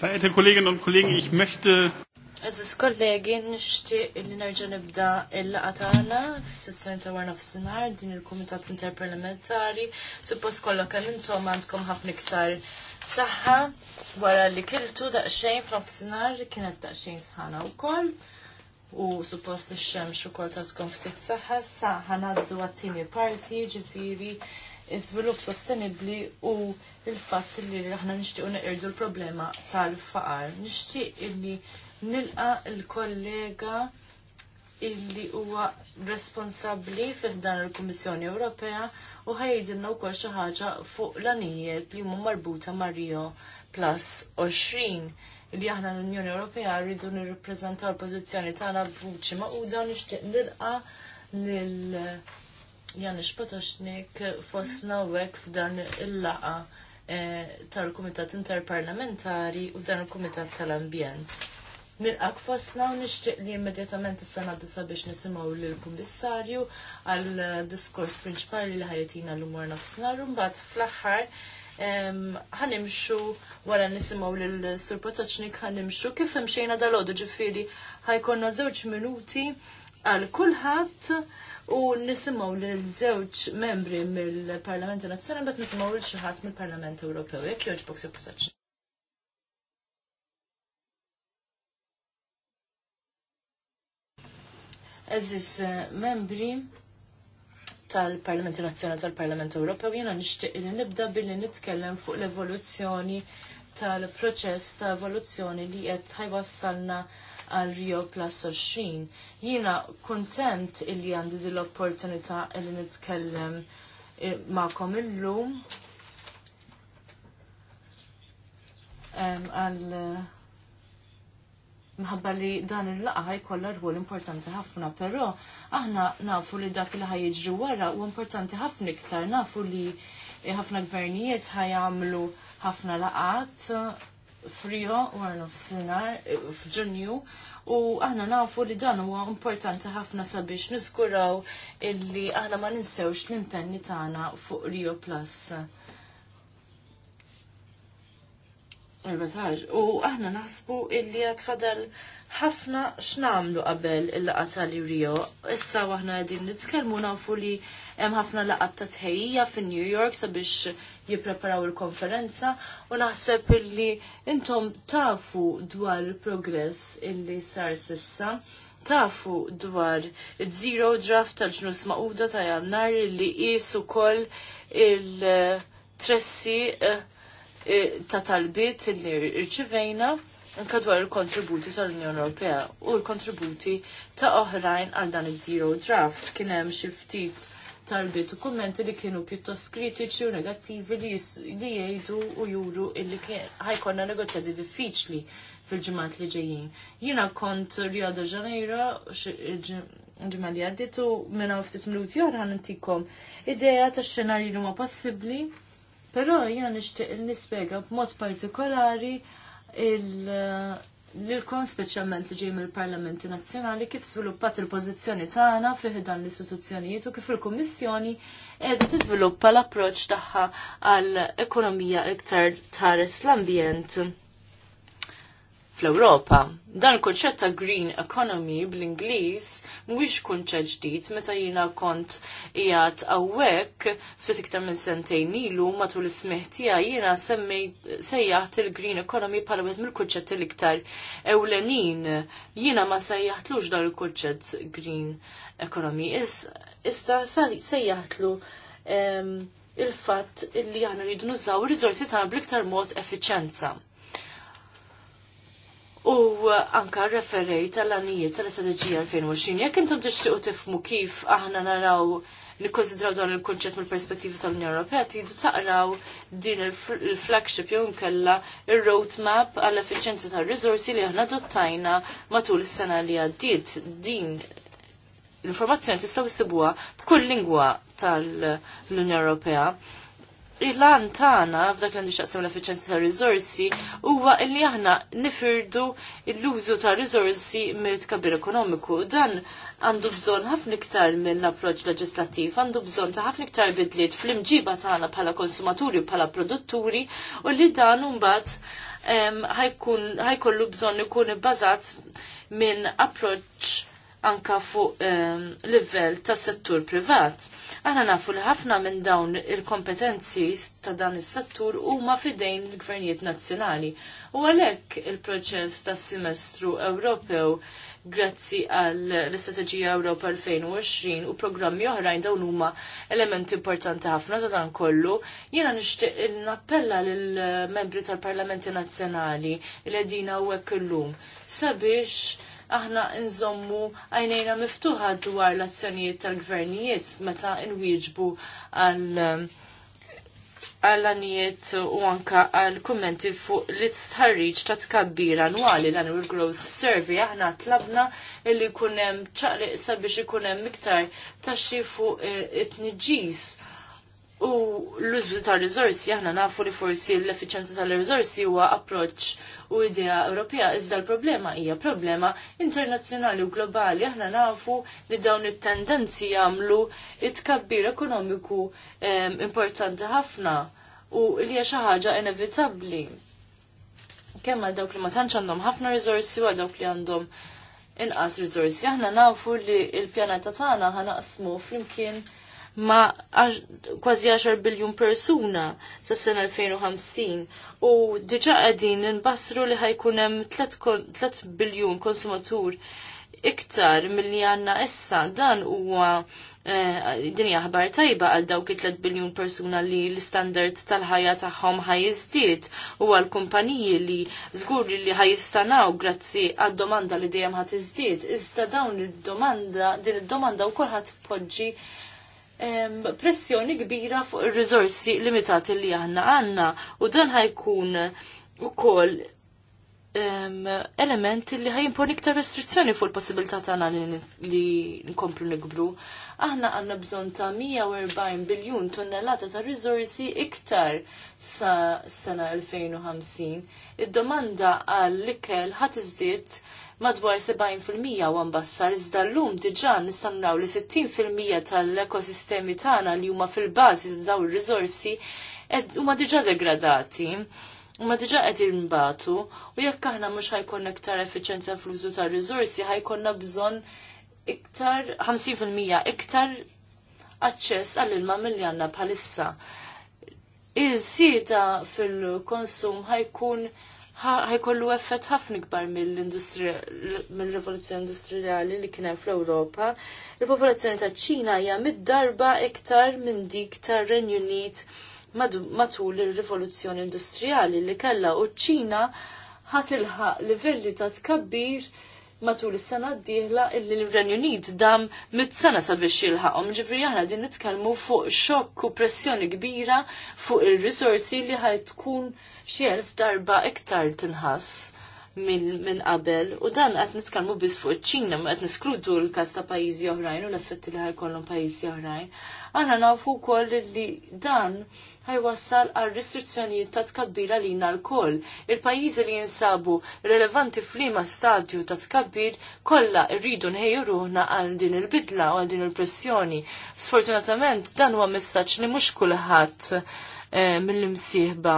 Verehrte Kolleginnen und Kollegen, ich möchte. Aziz kollegi, nishtiq li nerġa nibda il-laqa tagħna fis-sezzjoni ta' warna f'sinhar din il-Kumitat Interparlamentari. Suppost kollha kemm intom għandkom ħafna iktar saħħa wara li kiltu daqsxejn f'nofsinhar kienet daqsxejn sħana wkoll. U suppost ix-xemx ukoll tatkom ftit saħħa, sa ħanaddu għat-tieni parti ġifieri iżvilupp sostenibbli u il-fatt li aħna nixtiequ neqirdu l-problema tal-faqar. Nixtieq illi nilqa l-kollega illi huwa responsabbli fiħdan il-Kummissjoni Ewropea u ħajdilna wkoll xi ħaġa fuq l-anijiet li huma marbuta ma' Rio Plus 20 li aħna l-Unjoni Ewropea rridu nirrappreżentaw l-pożizzjoni tagħna b'vuċi ma' u dan nixtieq nilqa' lil Janix Potoxnik fosna wek f'dan il-laqa eh, tal-Kumitat Interparlamentari u f'dan il-Kumitat tal-Ambjent. Mirqak fosna u nixtieq li immedjatament issa ngħaddu sabiex nisimgħu lill-Kummissarju għal diskors prinċipali li ħajetina l-umor nafsinhar u fl-aħħar ħanimxu wara nisimgħu l Sur Potoċnik ħanimxu kif hemm xejna ħodu ġifieri ħajkonna żewġ minuti għal kulħadd u nisimgħu l żewġ membri mill-Parlament Nazzjonali bat nisimgħu lil xi ħadd mill-Parlament Ewropew jekk jogħġbok sippożazzjoni. Eżis eh, membri tal-Parlament Nazzjonali tal-Parlament Ewropew jiena nixtieq li nibda billi nitkellem fuq l-evoluzzjoni tal-proċess ta' evoluzzjoni li qed ħajwassalna għal Rio Plus 20. Jiena kuntent illi għandi din l-opportunità illi nitkellem eh, ma'kom illum għal eh, mħabba li dan il-laqa għu l importanti ħafna, pero aħna nafu li dak li ħajġri wara u importanti ħafna iktar, nafu li ħafna gvernijiet ħajamlu ħafna laqat frio sinar f eh, f'ġunju u aħna nafu li dan huwa importanti ħafna sabiex niżguraw illi aħna ma ninsewx l-impenni tagħna fuq Rio Plus. il u aħna naħsbu illi għatfadal ħafna x'namlu qabel il-laqgħa tal-Rio. Issa waħna qegħdin nitkellmu nafu li hemm ħafna laqgħat ta' tħejjija fin-New York sabiex jippreparaw il-konferenza u naħseb illi intom tafu dwar il-progress illi sar sissa tafu dwar zero draft tal-ġnus maquda ta' jannar li jisu kol il-tressi eh, eh, ta' talbiet illi rċivejna anka dwar il-kontributi tal-Unjoni Ewropea u l-kontributi ta' oħrajn għal dan il-zero draft kien hemm xi ftit talbiet u kummenti li kienu pjuttost kritiċi u negattivi li, jgħidu u juru illi ħajkonna negozjati diffiċli fil-ġimgħat li ġejjin. Jiena kont Rio de Janeiro ġimgħa li għaddit u minn hawn ftit minuti oħra ħantikom idea ta' xenarji li huma possibbli, però jiena nixtieq nispjega b'mod partikolari lilkom speċjalment li ġej mill-Parlamenti Nazzjonali kif sviluppat il-pożizzjoni tagħna fih dan l-istituzzjonijiet u kif il-Kummissjoni qiegħda tiżviluppa l-approċċ tagħha għall ekonomija iktar tares l-ambjent fl-Ewropa. Dan il-konċett ta' green economy bl-Ingliż mhuwiex kunċett ġdid meta jiena kont qiegħed hawnhekk ftit iktar minn sentejn ilu matul is-smih tiegħi jiena sejjaħt il-green economy bħala wieħed mill-kunċetti l-iktar ewlenin. Jiena ma sejjaħtlux dan il-kunċett green economy. Issa sejjaħtlu il-fatt li aħna rridu nużaw ir-riżorsi tagħna bl-iktar mod effiċenza. U anka referejt tal anijiet tal-istrateġija 2020, jekk intom tixtiqu tifmu kif aħna naraw nikkonsidraw dan il-konċett mill-perspettiva tal-Unjoni Ewropea, tidu taqraw din il-flagship jew nkella il-roadmap għall effiċjenza tal-riżorsi li aħna dottajna matul is-sena li għaddiet. Din l-informazzjoni tistgħu issibuha b'kull lingwa tal-Unjoni Ewropea il-lan tagħna f'dak li xaqsam l-effiċenza ta' riżorsi huwa li aħna nifirdu l-użu ta' riżorsi mill kabir ekonomiku. Dan għandu bżonn ħafna iktar minn approċċ leġislattiv, għandu bżonn ta' ħafna iktar bidliet fl-imġiba tagħna bħala konsumaturi u bħala produtturi u li dan mbagħad ħajkollu bżonn ikun ibbażat minn approċċ anka fuq um, livell tas settur privat. Aħna nafu li ħafna minn dawn il-kompetenzi ta' dan is-settur huma fidejn il-gvernijiet nazzjonali. U għalhekk il-proċess tas-semestru Ewropew grazzi għal l-Istrateġija Ewropa 2020 u programmi oħrajn dawn huma elementi importanti ħafna ta' dan kollu, jiena nixtieq nappella lill membri tal-Parlamenti Nazzjonali li qegħdin hawnhekk illum sabiex aħna nżommu għajnejna miftuħa dwar l-azzjonijiet tal-gvernijiet meta nwieġbu għal um, għall għanijiet u anka għall-kommenti fuq li tstħarriċ ta' tkabbir annwali l-Annual Growth Survey aħna tlabna li kunem ċaqliqsa biex ikunem miktar taxxi fuq eh, it-nġis U l-użbu ta' rizorsi aħna nafu li forsi l-effiċenza tal-rizorsi huwa approċċ u idea Ewropea iżda l-problema hija problema internazzjonali u globali aħna nafu li dawn it-tendenzi jagħmlu it-kabbir ekonomiku importanti ħafna u li hija xi ħaġa inevitabbli. Kemm għal dawk li ma tantx għandhom ħafna rizorsi u għal dawk li għandhom inqas rizorsi. aħna nafu li l-pjaneta tagħna ħanaqsmu flimkien ma kważi 10 biljun persuna sas sena 2050 u diġa qegħdin nbassru li ħajkun hemm 3 biljun konsumatur iktar milli għandna issa dan huwa eh, dinja ħbar tajba għal dawk 3 biljun persuna li l-standard tal-ħajja tagħhom ħajjiżdied u għal kumpaniji li żgur li ħajjistanaw grazzi għad-domanda li dejjem ħad iżdied. Iżda dawn id-domanda din id-domanda wkoll ħadd poġġi pressjoni kbira fuq ir rizorsi limitati li aħna għandna u dan ħajkun ukoll um, element li ħajimpon iktar restrizzjoni fuq il-possibilità tagħna li nkomplu nikbru. Aħna għandna bżonn ta' 140 biljun tonnellata ta' rizorsi iktar sa' sena 2050. Id-domanda għall ikel ħadd iżdiet madwar 70% u għambassar iżda llum diġà nistgħu nistannaw li 60% tal-ekosistemi tagħna li huma fil-bażi ta' dawn ir-riżorsi huma diġà degradati u ma diġa qed jinbatu u jekk aħna mhux ħajkun iktar effiċenza fl-użu tar-riżorsi ħajkonna bżonn iktar 50% iktar aċċess għall-ilma milli għandna bħalissa. Iż-sieda fil-konsum ħajkun ħajkollu effett ħafna kbar mill-rivoluzzjoni industrijali li kien hemm fl-Ewropa. Il-popolazzjoni ta' ċina hija mid-darba iktar minn dik tar renju Unit matul ir-rivoluzzjoni industrijali li kellha u ċina ilħaq livelli ta' tkabbir matul is-sena d-dieħla illi l-Renju Unit dam mit-sena sabiex jilħaqhom. Ġifri aħna din nitkellmu fuq xokk u pressjoni kbira fuq ir-risorsi li ħaj tkun xjerf darba iktar tinħass minn qabel u dan qed nitkellmu biss fuq iċ-Ċina ma qed niskludu l-każ ta' pajjiżi oħrajn u l-effetti li ħajkollhom pajjiżi oħrajn. Aħna nafu wkoll li dan ħajwassal għal restrizzjonijiet ta' tkabbir għalina l-koll. Il-pajjiżi li jinsabu relevanti f'liema stadju ta' tkabbir kollha rridu nħejju ruħna għal din il-bidla u għal din il-pressjoni. Sfortunatament dan huwa messaġġ li mhux kulħadd Eh, mill-imsieħba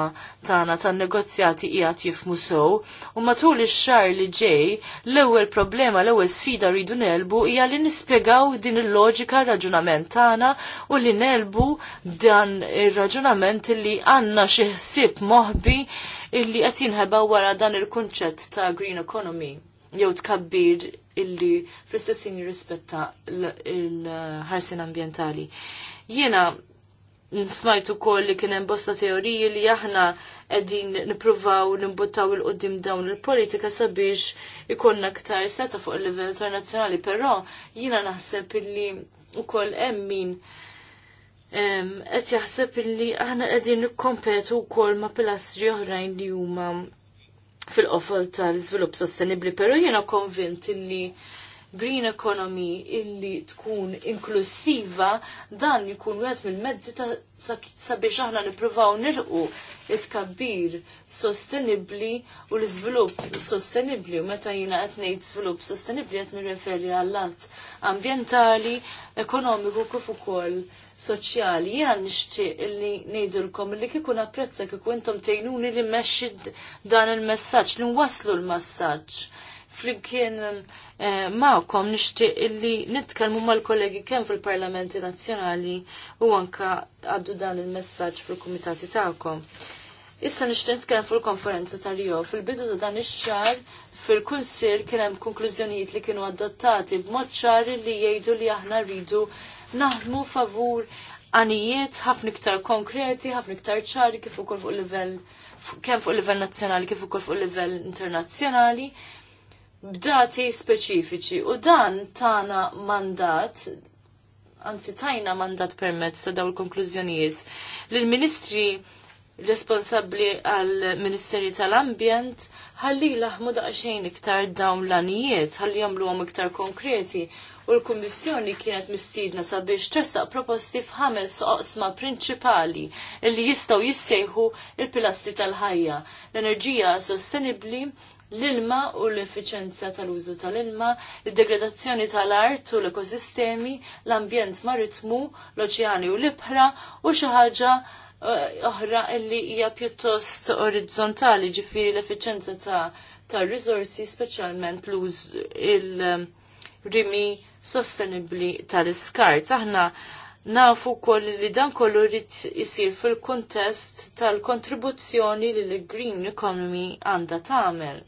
tagħna tan-negozjati qiegħed jifmu sew u matul ix-xahar li ġej l-ewwel problema l-ewwel sfida rridu nelbu hija li nispjegaw din il-loġika raġunament tagħna u li nelbu dan ir-raġunament li għandna xi ħsieb moħbi illi qed jinħeba wara dan il-kunċett ta' green economy jew tkabbir illi fl-istessin jirrispetta l-ħarsin ambjentali. Jiena nismajtu koll li kienem bosta teoriji li aħna edin nipruvaw nimbuttaw il-qoddim dawn il-politika sabiex ikonna ktar seta fuq il-level internazzjonali, però jina naħseb illi u koll emmin qed jaħseb li aħna qegħdin nikkompetu wkoll ma' pilastri oħrajn li huma fil-qofol tal-iżvilupp sostenibbli, però jiena konvint li green economy illi tkun inklusiva dan jkun wieħed mill-mezzi ta' sabiex aħna nippruvaw nilqu it-kabbir sostenibli u l-iżvilupp sostenibli u meta jiena qed ngħid żvilupp sostenibbli qed nirreferi għall-att ambjentali, ekonomiku kif ukoll soċjali, jena nixtieq illi ngħidulkom illi kikun napprezza kieku intom tgħinuni li mmexxi dan il-messaġġ, li nwasslu l massaġġ Flimkien ma'kom nixtieq illi nitkellmu mal-kollegi kemm fil-Parlamenti Nazzjonali u anka għaddu dan il-messaġġ fil-kumitati tagħkom. Issa nixtieq nitkellem fil-konferenza tal-jo fil-bidu ta' dan ix-xahar fil-Kunsill kien hemm konklużjonijiet li kienu adottati b'mod ċari li jgħidu li aħna rridu naħdmu favur għanijiet ħafna iktar konkreti, ħafna iktar ċari kif ukoll fuq livell kemm fuq livell nazzjonali kif ukoll fuq livell internazzjonali dati speċifiċi u dan tana mandat anzi tajna mandat permezz ta' daw il-konklużjonijiet lill ministri responsabli għal Ministeri tal-Ambjent ħalli laħmu daqxejn iktar dawn l-anijiet, ħalli jamlu għom iktar konkreti u l-Kummissjoni kienet mistidna sabiex tressaq proposti f'ħames oqsma prinċipali li jistgħu jissejħu il-pilastri tal-ħajja, l-enerġija sostenibbli, l-ilma u l-efficienza tal-użu tal-ilma, id-degradazzjoni tal-art u l-ekosistemi, l-ambjent maritmu, l-oċjani u l-ibħra u xi ħaġa eh, oħra illi hija pjuttost orizzontali ġifieri l-efficienza ta' tar-risorsi speċjalment l uż il-rimi sostenibbli tal-iskart. Aħna nafu koll li dan kollu rrit jisir fil-kontest tal-kontribuzzjoni li l-green economy għanda tagħmel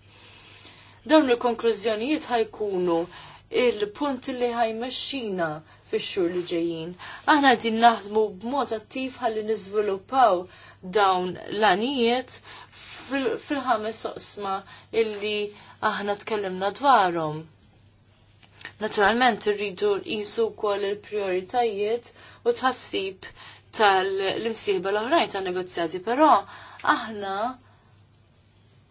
dawn il-konklużjonijiet ħajkunu il-punt li ħajmexxina fix-xhur li ġejjin. Aħna din naħdmu b'mod attiv ħalli niżviluppaw dawn l-anijiet fil-ħames soqsma illi aħna tkellimna dwarhom. Naturalment irridu nqisu wkoll il-prioritajiet u tħassib tal-imsieħba l-oħrajn tan negozjati, però aħna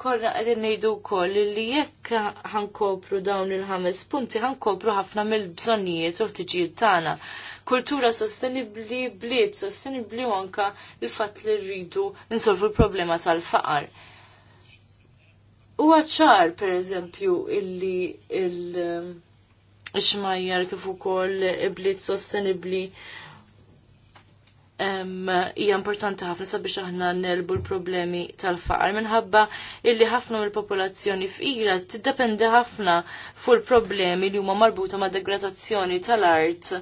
Korra għedin nejdu kol li jekk ħankopru dawn il-ħames punti ħankopru ħafna mill-bżonijiet u ħtiġijiet tagħna. Kultura sostenibli, bliet sostenibli u anka il-fatt li rridu insolvu l-problema tal-faqar. U għacċar, per eżempju, illi il-xmajjar kif ukoll bliet sostenibli hija importanti ħafna sabiex aħna nelbu l-problemi tal-faqar minħabba illi ħafna mill-popolazzjoni f'ira tiddependi ħafna fuq il-problemi li huma marbuta ma' degradazzjoni tal-art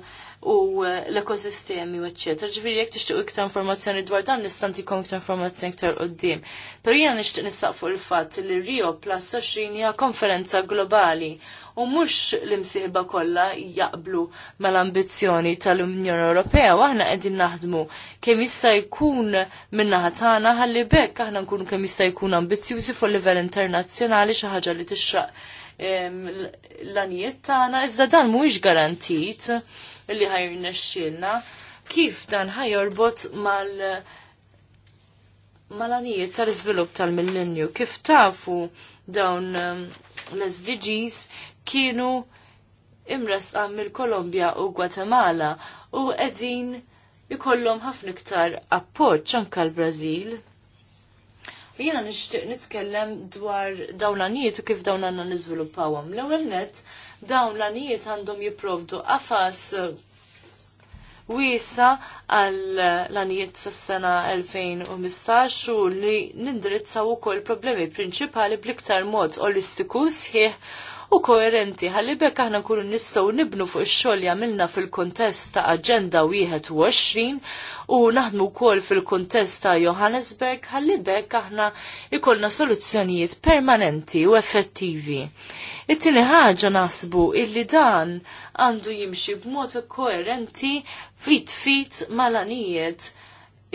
u l-ekosistemi u eccetera. Ġifieri jekk tixtieq iktar informazzjoni dwar dan nista' ntikom iktar informazzjoni iktar qudiem. Per jiena nixtieq nissaq fuq il-fatt li Rio Plus 20 hija konferenza globali u mhux l imsieħba kollha jaqblu mal-ambizzjoni tal-Unjoni Ewropea u aħna qegħdin naħdmu kemm jista' jkun min-naħa tagħna ħalli bekk aħna nkunu kemm jista' jkun ambizzjużi fuq livell internazzjonali xi ħaġa li tixraq l-anijiet tagħna iżda dan mhuwiex garantit li ħajrnexxielna kif dan ħajorbot mal- malanijiet tal iżvilupp tal-millenju, kif tafu dawn l-SDGs kienu imresqa mill-Kolombja u Gwatemala u qegħdin ikollhom ħafna iktar appoġġ anke l-Brażil. Jena jiena nixtieq nitkellem dwar dawn l-anijiet u kif dawn għandna niżviluppawhom. L-ewwel net, dawn l-anijiet għandhom jipprovdu qafas uh, wiesa għal l-anijiet s-sena 2015 u li nindirizzaw ukoll problemi prinċipali bl-iktar mod olistiku sħiħ u koerenti ħalli bekk aħna nkunu nistgħu nibnu fuq ix-xogħol għamilna fil-kuntest ta' Aġenda 21 u naħdmu wkoll fil-kuntest ta' Johannesburg ħalli bekk aħna ikollna soluzzjonijiet permanenti u effettivi. It-tieni ħaġa naħsbu illi dan għandu jimxi b'mod koerenti fit fit malanijiet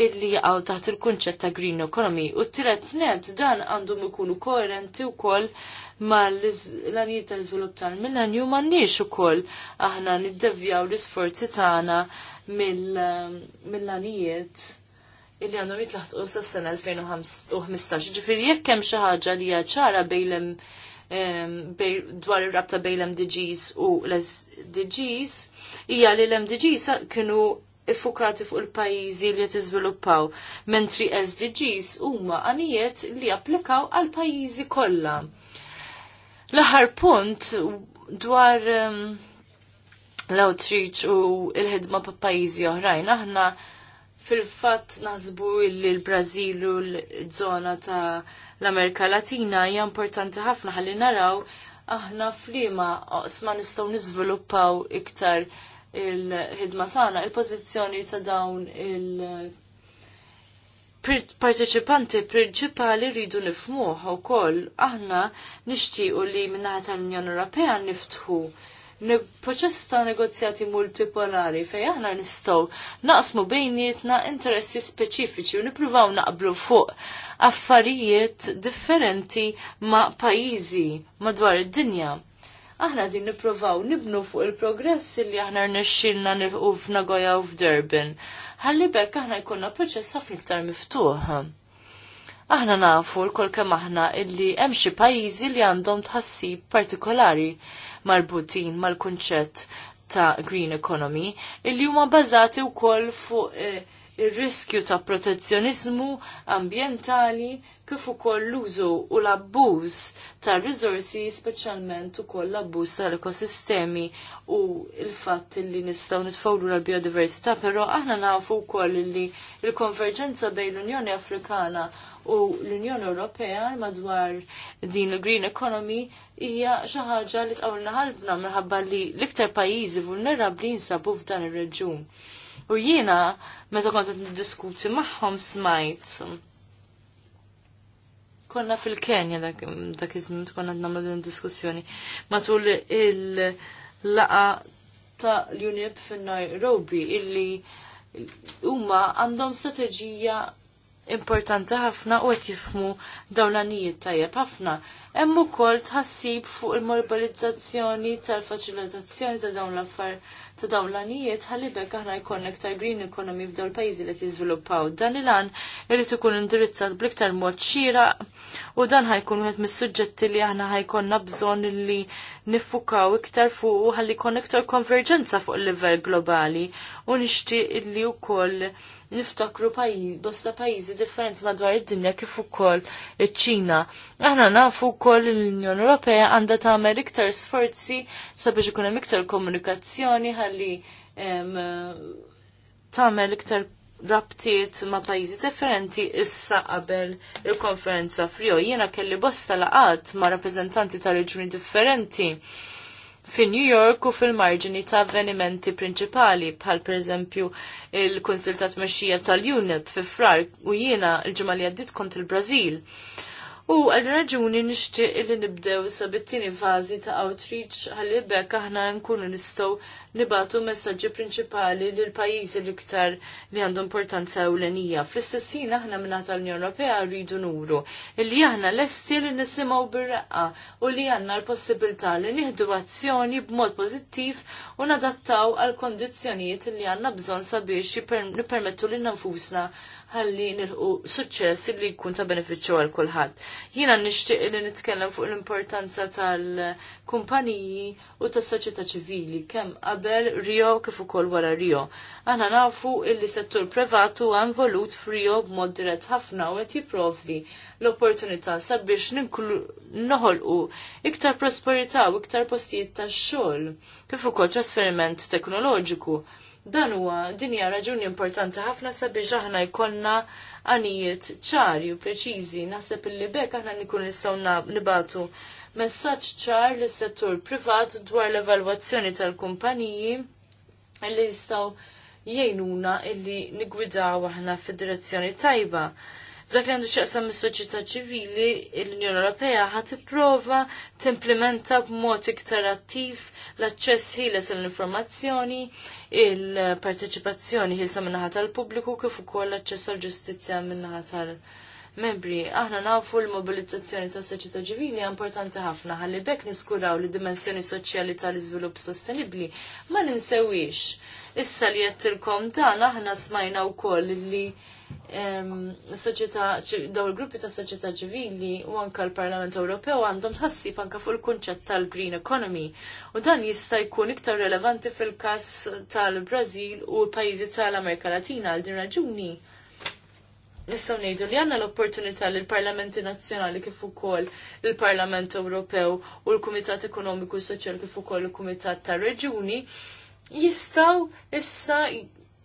illi għaw taħt il-kunċett ta' green economy u t tret net dan għandu mkunu koerenti u koll l-anijiet tal-izvilupp tal-millenju m'għandniex ukoll aħna niddevjaw l-isforzi tagħna mill-għanijiet um, illi għandhom jitlaħtu sas-sena 2015. Ġifieri jekk hemm xi ħaġa li hija ċara bejlem dwar ir-rabta bejn l-MDGs u l-SDGs hija li l-MDGs kienu iffukati fuq il-pajjiżi li qed mentri SDGs huma għanijiet li applikaw għal pajjiżi kollha. L-aħħar punt dwar um, l-outreach u l-ħidma pa' pajjiżi oħrajn, aħna fil-fatt naħsbu li l-Brażil u l-żona ta' l-Amerika Latina hija importanti ħafna ħalli naraw aħna flima oqsma nistgħu niżviluppaw iktar il-ħidma sana, il-pożizzjoni ta' dawn il- parteċipanti prinċipali rridu nifmuħ u koll aħna nishtiqu li minnaħat tal-Unjoni Ewropea niftħu proċess ta' negozjati multipolari fej aħna nistgħu naqsmu bejnietna interessi speċifiċi u nippruvaw naqblu fuq affarijiet differenti ma' pajjiżi madwar id-dinja. Aħna din nippruvaw nibnu fuq il-progress li aħna rnexxilna nilħu f'Nagoya u f'Durban ħalli bekk aħna jkollna proċess ħafna iktar miftuħ. Aħna nafu l-kol kem aħna illi hemm xi pajjiżi li għandhom tħassib partikolari marbutin mal-kunċett ta' green economy illi huma bażati wkoll fuq eh, ir-riskju ta' protezzjonizmu ambjentali kif ukoll l-użu u l-abbuż tar-riżorsi speċjalment ukoll l-abbuż tal-ekosistemi u l-fatt li nistgħu nitfawlu l-biodiversità, però aħna nafu wkoll li l-konverġenza bejn l-Unjoni Afrikana u l-Unjoni Ewropea madwar din il-green economy hija xi ħaġa li tqawlna ħalbna minħabba li l-iktar pajjiżi vulnerabbli jinsabu f'dan ir-reġjun. U jiena meta kont qed niddiskuti magħhom smajt konna fil-Kenja dak iż-żmien konna nagħmlu din diskussjoni matul il-laqa ta' l-UNIP fin-Nairobi illi huma għandhom strateġija importanti ħafna u qed jifhmu dawn l tajjeb ħafna. Hemm ukoll tħassib fuq il-mobilizzazzjoni tal-faċilitazzjoni ta' dawn l-affar ta' dawn l-anijiet ħalibek aħna jkollna iktar green economy f'dawn pajjiżi li tiżviluppaw. Dan il-għan irid ikun indirizzat bliktar mod xieraq u dan ħajkun wieħed mis-suġġetti li aħna ħajkonna bżonn li niffukaw iktar fuq u ħalli jkun iktar konverġenza fuq il-livell globali u nixtieq li wkoll niftakru pajjiż bosta pajjiżi differenti madwar id-dinja kif ukoll iċ-Ċina. Aħna nafu wkoll l-Unjoni Ewropea għandha tagħmel iktar sforzi sabiex ikun hemm iktar komunikazzjoni ħalli tagħmel iktar rabtiet ma' pajjiżi differenti issa qabel il-konferenza frio. Jiena kelli bosta laqat ma' rappreżentanti ta' reġuni differenti fi New York u fil-marġini ta' avvenimenti prinċipali bħal eżempju il-Kunsil ta' Tmexxija tal-UNEP fi Frar u jiena l-ġimgħa li għaddit kont il-Brażil. U għal raġuni nixtieq li nibdew sabit-tieni ta' outreach ħalli bekk aħna nkunu nistgħu nibatu messaġġi prinċipali lil pajjiżi l-iktar li għandu importanza ewlenija. Fl-istess aħna mingħata l-Unjoni Ewropea rridu nuru li aħna lesti li nisimgħu bir u li għandna l-possibilità li nieħdu azzjoni b'mod pożittiv u nadattaw għal kondizzjonijiet li għandna bżonn sabiex nippermettu lil nanfusna ħalli nirħu suċċess li jkun ta' benefiċċju għal kulħadd. Jiena nixtieq li nitkellem fuq l-importanza tal-kumpaniji u tas-soċjetà ċivili kemm qabel Rio kif ukoll wara Rio. Aħna nafu illi settur privatu għan volut f'Rio b'mod dirett ħafna u qed jipprovdi l-opportunità sabiex noħolqu iktar prosperità u iktar postijiet tax-xogħol kif ukoll trasferiment teknoloġiku. Dan huwa din hija raġuni importanti ħafna sabiex aħna jkollna għanijiet ċari u preċiżi. Naħseb li bekk aħna nkun nistgħu nibatu messaġġ ċar lis settur privat dwar l-evalwazzjoni tal-kumpaniji li jistgħu jgħinuna illi nigwidaw aħna fid-direzzjoni tajba. Dak li għandu xieqsam mis-soċjetà ċivili, l-Unjoni Ewropea ħat tipprova timplementa b'mod iktar attiv l-aċċess ħieles l-informazzjoni, il-parteċipazzjoni ħilsa minnaħa tal-pubbliku kif ukoll l-aċċess għall-ġustizzja minnaħa tal-membri. Aħna nafu l-mobilizzazzjoni tas-soċjetà ċivili hija importanti ħafna ħalli bekk niskuraw li dimensjoni soċjali tal-iżvilupp sostenibbli ma ninsewix. Issa li qed tilkom dan aħna smajna wkoll li soċieta, daw il-gruppi ta' soċjetà ċivili u anke l-Parlament Ewropew għandhom tħassib anke fuq il-kunċett tal-green economy u dan jista' jkun iktar relevanti fil-każ tal-Brażil u l-pajjiżi tal-Amerika Latina għal din raġuni nistgħu ngħidu li għandna l-opportunità li l-Parlamenti Nazzjonali kif ukoll il-Parlament Ewropew u l-Kumitat Ekonomiku Soċjal kif ukoll il-Kumitat tar Reġuni jistgħu issa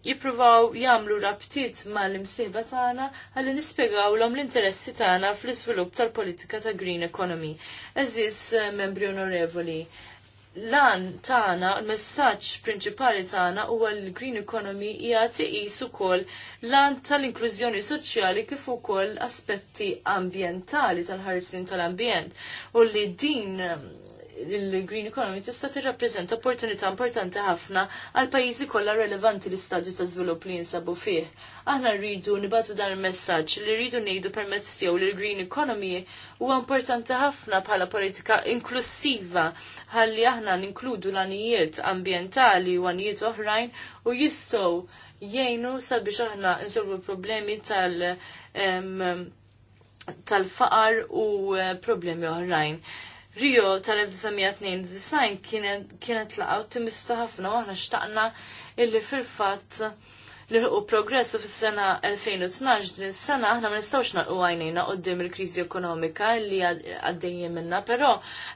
jamlu jagħmlu rabtiet mal-imsieħba tagħna ħalli nispjegawlhom l-interessi tagħna fl-iżvilupp tal-politika ta' green economy. Eżis eh, membri onorevoli, lan tagħna, l messaġġ prinċipali tagħna huwa l green economy hija tiqis ukoll lan tal-inklużjoni soċjali kif ukoll aspetti ambjentali tal-ħarsin tal-ambjent u li din eh, il-green economy tista' tirrappreżenta opportunità importanti ħafna għal pajjiżi kollha relevanti l-istadju ta' żvilupp li jinsabu fih. Aħna rridu nibatu dan il-messaġġ li rridu ngħidu permezz tiegħu li l-green economy huwa importanti ħafna bħala politika inklusiva ħalli aħna ninkludu l-anijiet ambjentali u anijiet oħrajn u jistgħu jgħinu sabiex aħna nsolvu problemi tal- tal-faqar u eh, problemi oħrajn. Rio tal-1992 kienet laqgħu timista ħafna u aħna xtaqna illi fil-fatt li ħuqu progressu fis-sena 2012 din is-sena aħna ma nistgħux naqgħu għajnejna qudiem il-kriżi ekonomika li għaddejjin minna, però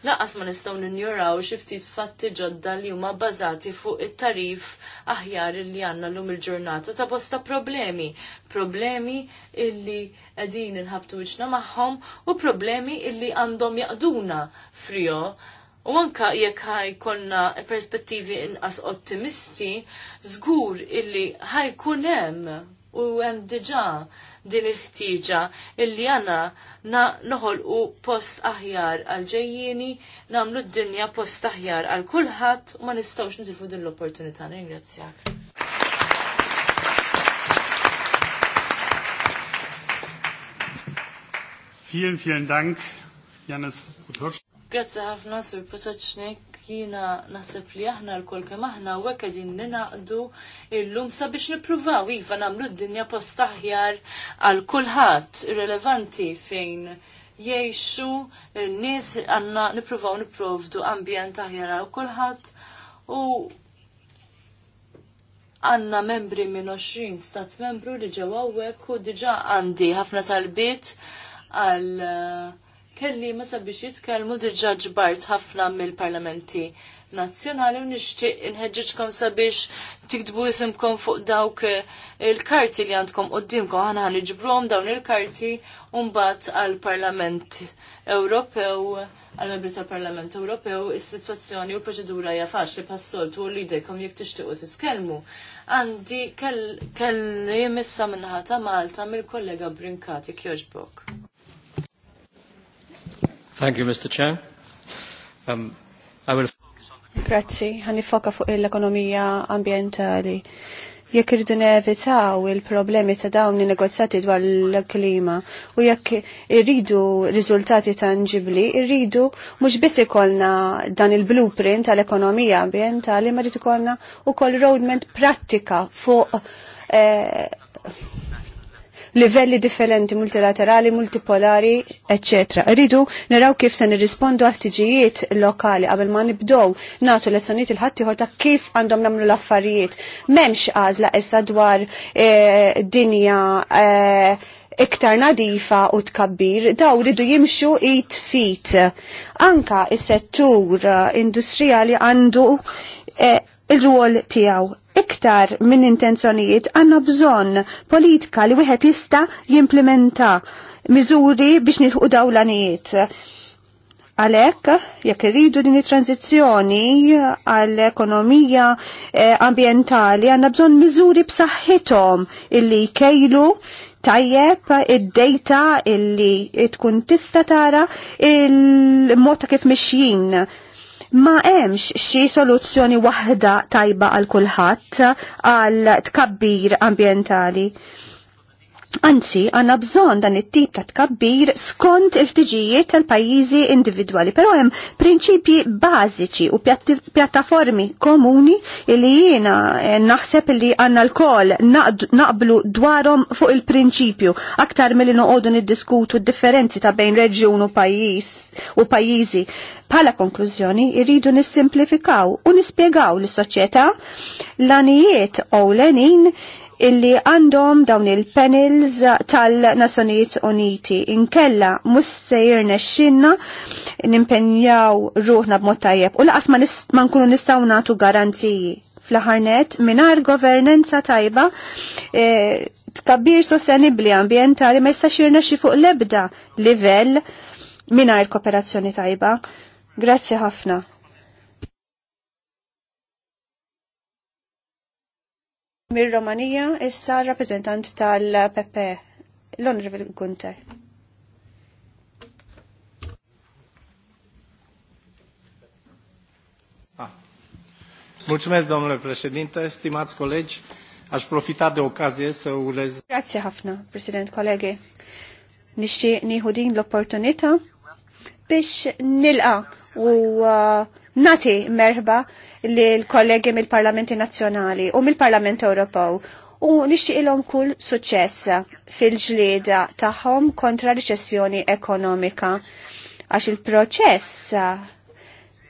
laqas ma nistgħu ninjuraw xi ftit fatti ġodda li huma bbażati fuq it-tarif aħjar li għandna lum il-ġurnata ta' bosta problemi, problemi illi qegħdin inħabtu wiċċna magħhom u problemi illi għandhom jaqduna frio U anka jekk ħajkonna perspettivi inqas ottimisti, żgur illi ħajkun hemm u hemm diġà din il-ħtieġa illi għana na noħolqu post aħjar għal ġejjini namlu d-dinja post aħjar għal kulħadd u ma nistgħux nitilfu din l-opportunità. Ringrazzjak. Vielen, vielen Dank, Janis Kutorski. Grazzi ħafna sur Potoċnik, jina naħseb li aħna l-kol kem aħna u għek għedin ninaqdu illum sabiex nipruvaw iva namlu d-dinja post aħjar għal kulħadd irrelevanti fejn jiexu n-nis għanna nipruvaw nipprovdu ambjent aħjar għal kulħadd u għanna membri minn 20 stat membru li ġew u diġa għandi ħafna talbiet għal uh, kellima sabiex jitkellmu diġà ġbart ħafna mill-parlamenti nazzjonali u nixtieq inħeġġiġkom sabiex tikdbu isimkom fuq dawk eh, il-karti li għandkom qoddimkom ħana ħan dawn il-karti mbagħad għall-Parlament Ewropew għal-membri tal-Parlament Ewropew is-sitwazzjoni u l-proċedura hija faċli passoltu u l-idejkom jekk tixtiequ tiskellmu. Għandi kelli missa minnħata ta' Malta mill-kollega Brinkati Kjoġbok. Thank you, Mr. Chair. Um, I will... Grazzi, għan nifoka fuq l-ekonomija ambientali. Jekk irridu nevitaw il-problemi ta' dawn in negozjati dwar l-klima u jekk irridu riżultati tangibli, irridu mhux biss ikollna dan il-blueprint tal-ekonomija ambientali, ma rrid ikollna ukoll roadmap prattika fuq eh, livelli differenti multilaterali, multipolari, ecc. Rridu naraw kif se nirrispondu għal tiġijiet lokali qabel ma nibdow natu lezzjonijiet il-ħaddieħor ta' kif għandhom nagħmlu l-affarijiet. M'hemmx għażla issa dwar e, dinja e, iktar nadifa u tkabbir daw ridu jimxu it fit. Anka is-settur industrijali għandu e, il-rwol tiegħu iktar minn intenzjonijiet għanna bżonn politika li wieħed jista' jimplementa miżuri biex nilħu dawlanijiet. Għalek, jekk irridu din it-tranzizzjoni għall-ekonomija eh, ambientali, għanna bżon miżuri b'saħħithom illi jkejlu tajjeb id-dejta illi tkun tista tara il-mod ta' kif mixjin Ma hemmx xi soluzzjoni waħda tajba għal kulħadd għal tkabbir ambjentali. Anzi, għanna bżon dan it-tip ta' tkabbir skont il-ħtiġijiet tal-pajjiżi individwali, però hemm prinċipji bażiċi u pjattaformi komuni li jiena eh, naħseb li għanna l-kol naqblu dwarhom fuq il-prinċipju aktar milli noqogħdu niddiskutu d-differenzi ta' bejn reġjun u pajjiż u pajjiżi. Bħala konklużjoni, irridu nissimplifikaw u nispjegaw l-soċjetà l-anijiet u l-enin illi għandhom dawn il-panels tal-Nazzjonijiet Uniti. Inkella mus sejr nexxinna nimpenjaw ruħna b'mod tajjeb u laqas ma nkunu nistgħu nagħtu garanziji fl-ħarnet minar governanza tajba e, tkabbir sostenibli ambientali ma jistax jirnexxi fuq l-ebda livell minar kooperazzjoni tajba. Grazzi ħafna. mir Romania, issa rappresentant tal-PP, l honorable Gunter. Ah. Mulțumesc, domnule președinte, stimați colegi, aș profita de ocazie să urez... Grazie, Hafna, președinte, colegi. Nici nieħu din l-opportunità biex nil-a u uh, Nati merħba l-kollegi mill-Parlamenti Nazzjonali u mill-Parlament Ewropew u ilhom kull suċċess fil-ġlieda tagħhom kontra riċessjoni ekonomika għax il-proċess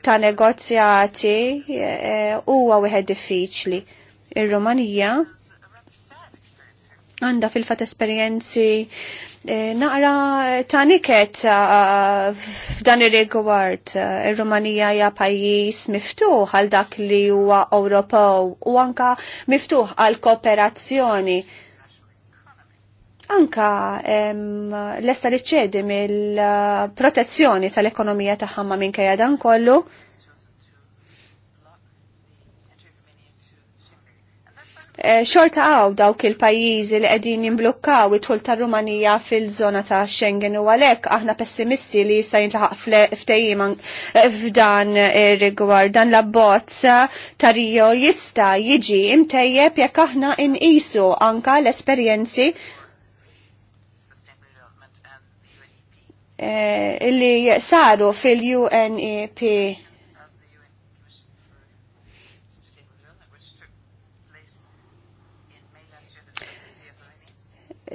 ta' negozjati eh, huwa wieħed diffiċli. Ir-Rumanija għanda fil-fat esperienzi eh, naqra niket eh, f'dan ir-rigward. Eh, Ir-Rumanija hija pajjiż miftuħ għal dak li huwa Ewropew u anka miftuħ għal kooperazzjoni. Anka lesta li ċedim mill-protezzjoni tal-ekonomija tagħha ma minkejja dan kollu. Eh, xorta għaw dawk il-pajizi li qegħdin jimblukkaw it-tul ta' Rumanija fil-żona ta' Schengen u għalhekk aħna pessimisti li jista' jintlaħaq f'tejim eh, f'dan eh, rigward dan l bozza ta' Rio jista' jiġi imtejjeb jekk aħna inqisu anka l-esperjenzi li saru fil-UNEP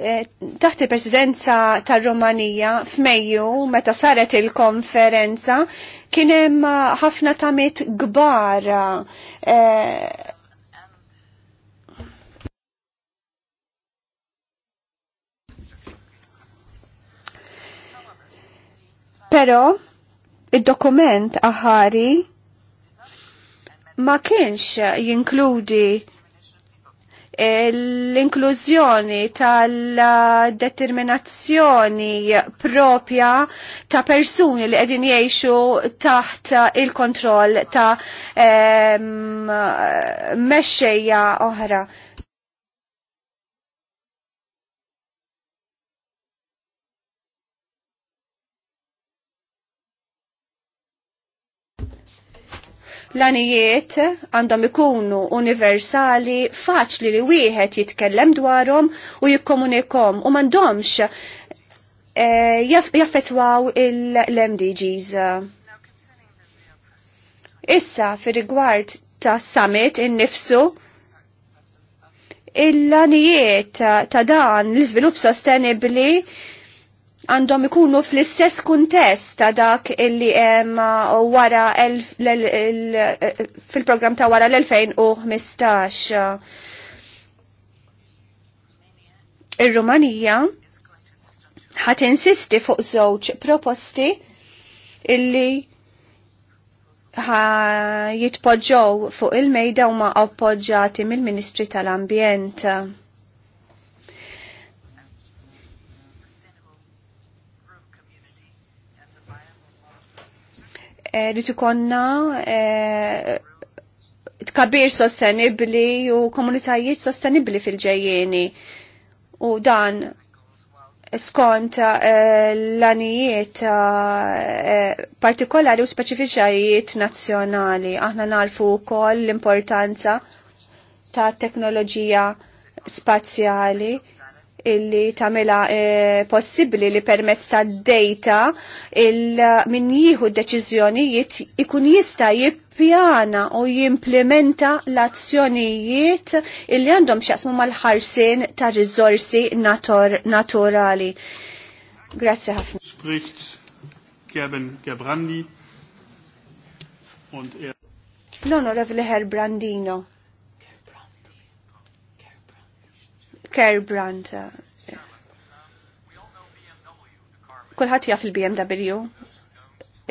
taħt il-presidenza tal-Romanija f'Mejju, meta saret il-konferenza, kien hemm ħafna tamit gbar. Eh, Pero, il-dokument aħari ma kienx jinkludi l-inklużjoni tal-determinazzjoni propja ta' persuni li qegħdin jgħixu taħt il-kontroll ta' mexxejja oħra L-anijiet għandhom ikunu universali, faċli li wieħed jitkellem dwarhom u jikkomunikom u m'għandhomx eh, jaffetwaw l-MDGs. Issa fir-rigward ta' summit innifsu il-lanijiet ta' dan l-iżvilupp sostenibli għandhom ikunu fl-istess kuntest ta' dak illi hemm wara fil-programm ta' wara l-2015. Ir-Rumanija ħat insisti fuq żewġ proposti illi jitpoġġow fuq il-mejda u ma' appoġġati mill-Ministri tal-Ambjent. Eh, rritu konna eh, tkabir sostenibli u komunitajiet sostenibli fil-ġejjeni. U dan skont eh, l-anijiet partikolari u speċifiċajiet nazzjonali. Aħna nalfu wkoll l-importanza ta' teknoloġija spazjali illi tamela e, possibli li permezz ta' data min jieħu deċiżjonijiet ikun jista jippjana u jimplementa l-azzjonijiet illi għandhom xaqsmu mal-ħarsin ta' rizorsi naturali. Grazie ħafna. Spricht Gerben Gerbrandi und er. L-onorevli Herbrandino. Brandino. Kerbrand. Eh. Kulħat jaf il-BMW,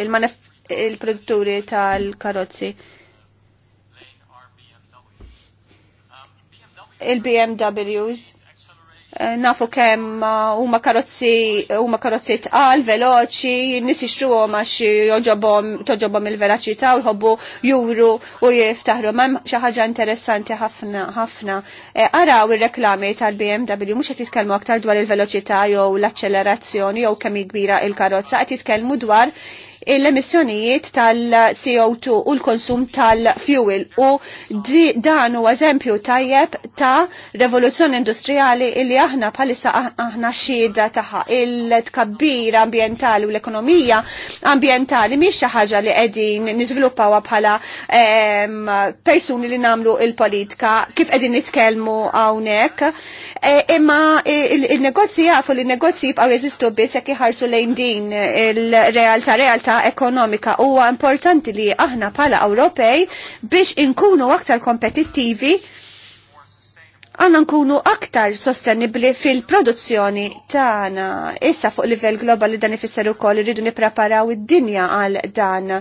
il-produtturi il tal-karozzi. Il-BMWs Eh, nafu kemm eh, huma karozzi ma karozzi tqal veloċi, nies ixtruhom għax joġobhom toġobom il-veloċità u jħobbu juru u jiftaħrom Ma xi ħaġa interessanti ħafna ħafna. Eh, araw ir-reklami tal-BMW mhux qed jitkellmu aktar dwar il-veloċità jew l-aċċelerazzjoni jew kemm kbira il-karozza, qed jitkellmu dwar l-emissjonijiet tal-CO2 u l-konsum tal-fuel u dan u eżempju tajjeb ta' revoluzzjoni industrijali illi aħna palissa aħna xieda taħħa il-tkabbir ambientali u l-ekonomija ambientali miex xi ħaġa li qegħdin niżviluppawha bħala persuni li namlu il-politika kif qegħdin nitkellmu hawnhekk. E, imma il-negozji jafu li negozji jibqgħu jeżistu biss jekk iħarsu lejn din il-realtà realtà ta' ekonomika huwa importanti li aħna pala Ewropej biex inkunu aktar kompetittivi għanna nkunu aktar sostenibli fil-produzzjoni tagħna. Issa fuq livell globali dan ifisser ukoll irridu nippreparaw id-dinja għal dan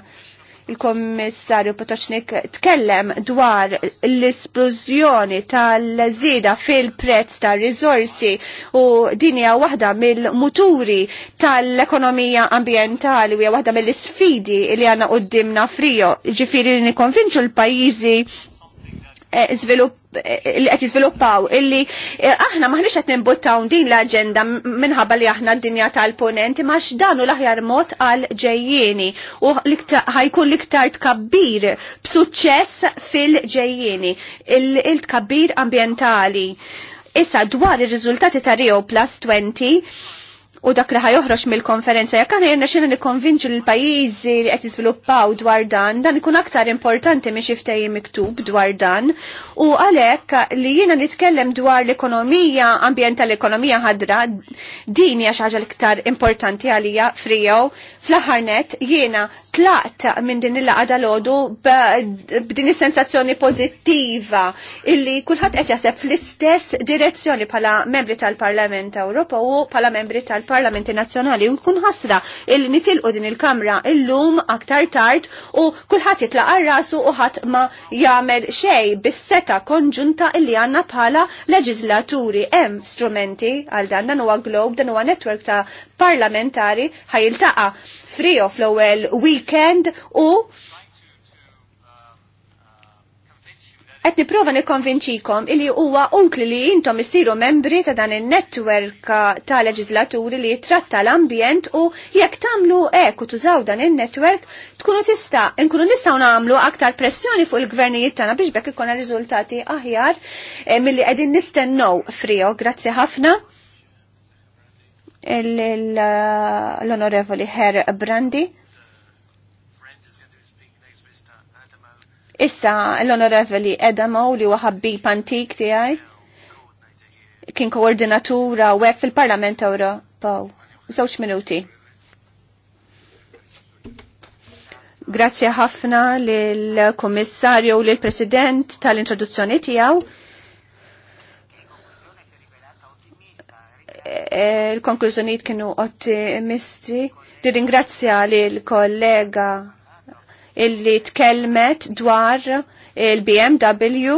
il-Kommissarju Potoċnik tkellem dwar l-esplużjoni tal-żida fil-prezz tal-rizorsi u din hija waħda mill-muturi tal-ekonomija ambientali u waħda mill-isfidi li għandna qudiemna frijo. Ġifieri nikonvinċu l-pajjiżi eh, żvilupp li qed jiżviluppaw illi eh, aħna maħniex qed nimbuttaw din l-aġenda minħabba li aħna d-dinja tal-ponent imma x'danu l-aħjar mod għal ġejjieni u ħajkun l-iktar tkabbir b'suċċess fil-ġejjieni il-tkabbir ambjentali. Issa dwar ir-riżultati ta' Rio Plus 20 u dak li ħajoħroġ mill-konferenza jekk aħna jenna xinu nikkonvinċu l-pajjiżi li qed jiżviluppaw dwar dan, dan ikun aktar importanti miex xi miktub dwar dan. U għalhekk li jiena nitkellem dwar l-ekonomija, ambjent tal-ekonomija ħadra, din hija xi ħaġa l-iktar importanti għalija frijaw, Fl-aħħar net jiena tlaqt minn din il-laqada l-ħodu b'din is-sensazzjoni pozittiva illi kulħadd qed jaseb fl-istess direzzjoni bħala membri tal-Parlament Ewropa u bħala membri tal-Parlamenti Nazzjonali u jkun ħasra illi nitilqu din il-Kamra illum aktar tard u kulħadd jitlaqa rasu u ħadd ma jagħmel xej bis-seta konġunta illi għandna bħala leġislaturi hemm strumenti għal dan dan huwa globe dan huwa netwerk ta' parlamentari ħajiltaqa frio fl-ewwel weekend u qed nipprova nikkonvinċikom illi huwa unkli li intom issiru membri ta' dan in-netwerk ta' leġislaturi li jitratta l-ambjent u jekk tagħmlu hekk u tużaw dan in-netwerk tkunu tista' nkunu nistgħu nagħmlu aktar pressjoni fuq il-gvernijiet tagħna biex bekk ikun riżultati aħjar eh, milli qegħdin nistennew frio. Grazzi ħafna l-onorevoli Herr Brandi. Issa l-onorevoli Edamo li waħabbi pantik tiegħi kien koordinatura u għek fil-Parlament Ewropew. Żewġ minuti. Grazzi ħafna lill-Kummissarju u lill-President tal-introduzzjoni tiegħu. E, il-konklużjonijiet kienu ottimisti. Ringrazzja li l-kollega illi tkellmet dwar il-BMW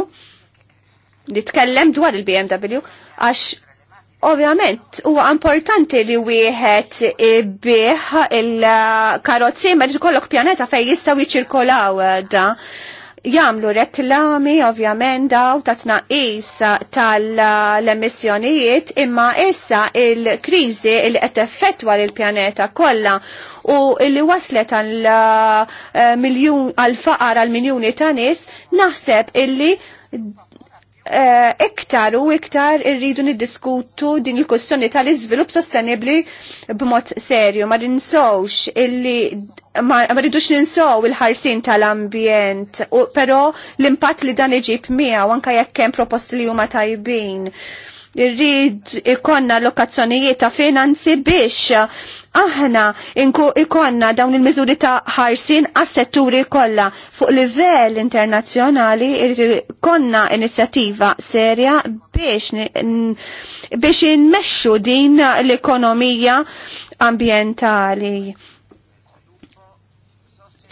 li tkellem dwar il-BMW għax ovvjament huwa importanti li wieħed bih il-karozzi ma kollok pjaneta fejn jistgħu jiċirkolaw da jamlu reklami ovvjament daw ta' tnaqis tal-emissjonijiet imma issa il-krizi il qed effettwa lil pjaneta kollha u li waslet għal eh, miljun għal faqar għal miljuni ta' nies naħseb illi Eh, iktar u iktar irridu niddiskutu din il-kustjoni tal-iżvilupp sostenibli b'mod serju. Ma rinsowx illi ma rridux ninsow il-ħarsin tal-ambjent, però l-impatt li dan iġib miegħu anke jekk hemm proposti li huma tajbin rrid ikonna lokazzjonijiet ta' finanzi biex aħna inku ikonna dawn il-miżuri ta' ħarsin għas-setturi kollha fuq livell internazzjonali rrid ikonna inizjattiva serja biex biex inmexxu din l-ekonomija ambientali.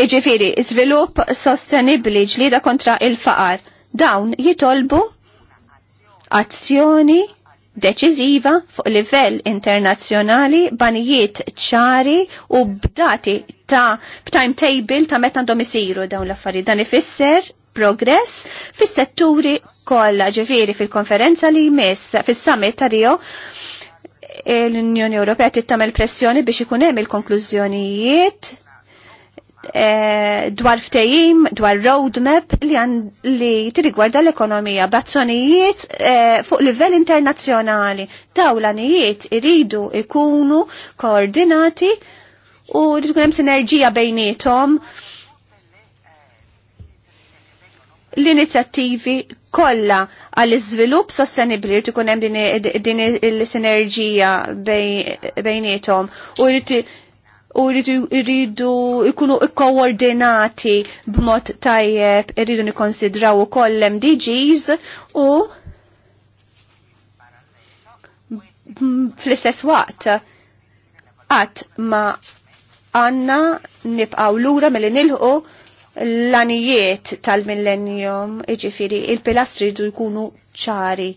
Iġifiri, svilup sostenibli ġlida kontra il-faqar. Dawn jitolbu azzjoni deċiżiva fuq livell internazzjonali, banijiet ċari u b'dati ta' timetable ta' meta għandhom isiru dawn l-affarijiet. Dan ifisser progress fis-setturi kollha ġifieri fil-konferenza li jmiss fis-summit ta' Rio l-Unjoni Ewropea tittamel pressjoni biex ikun hemm il-konklużjonijiet Eh, dwar ftejim, dwar roadmap li għan li tirigwarda l-ekonomija b'azzjonijiet eh, fuq livell internazzjonali. Daw l iridu ikunu koordinati u tkun hemm sinerġija bejnietom l-inizjattivi kollha għall iżvilupp sostenibbli li ikun hemm din il-sinerġija bejnietom u jrid u rridu ikunu ikkoordinati b'mod tajjeb, irridu nikonsidraw ukoll MDGs u fl-istess waqt għat ma għanna nibqaw lura mill nilħu l-anijiet tal-millennium, iġifiri, il-pilastri jdu jkunu ċari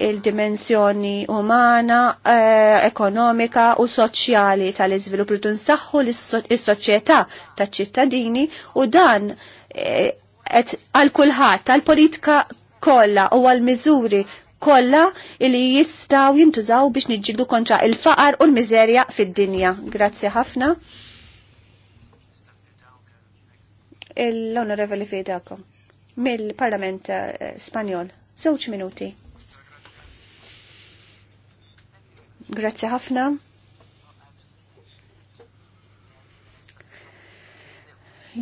il-dimensjoni umana, eh, ekonomika u soċjali tal-iżvilupp li tunsaħħu l-soċjetà taċ-ċittadini u dan qed eh, għal kulħadd tal-politika kollha u għall miżuri kollha li jistgħu jintużaw biex niġġieldu kontra il-faqar u l-miżerja fid-dinja. Grazzi ħafna. l onorevoli fidakom mill-Parlament eh, Spanjol. Żewġ minuti. Grazzi ħafna.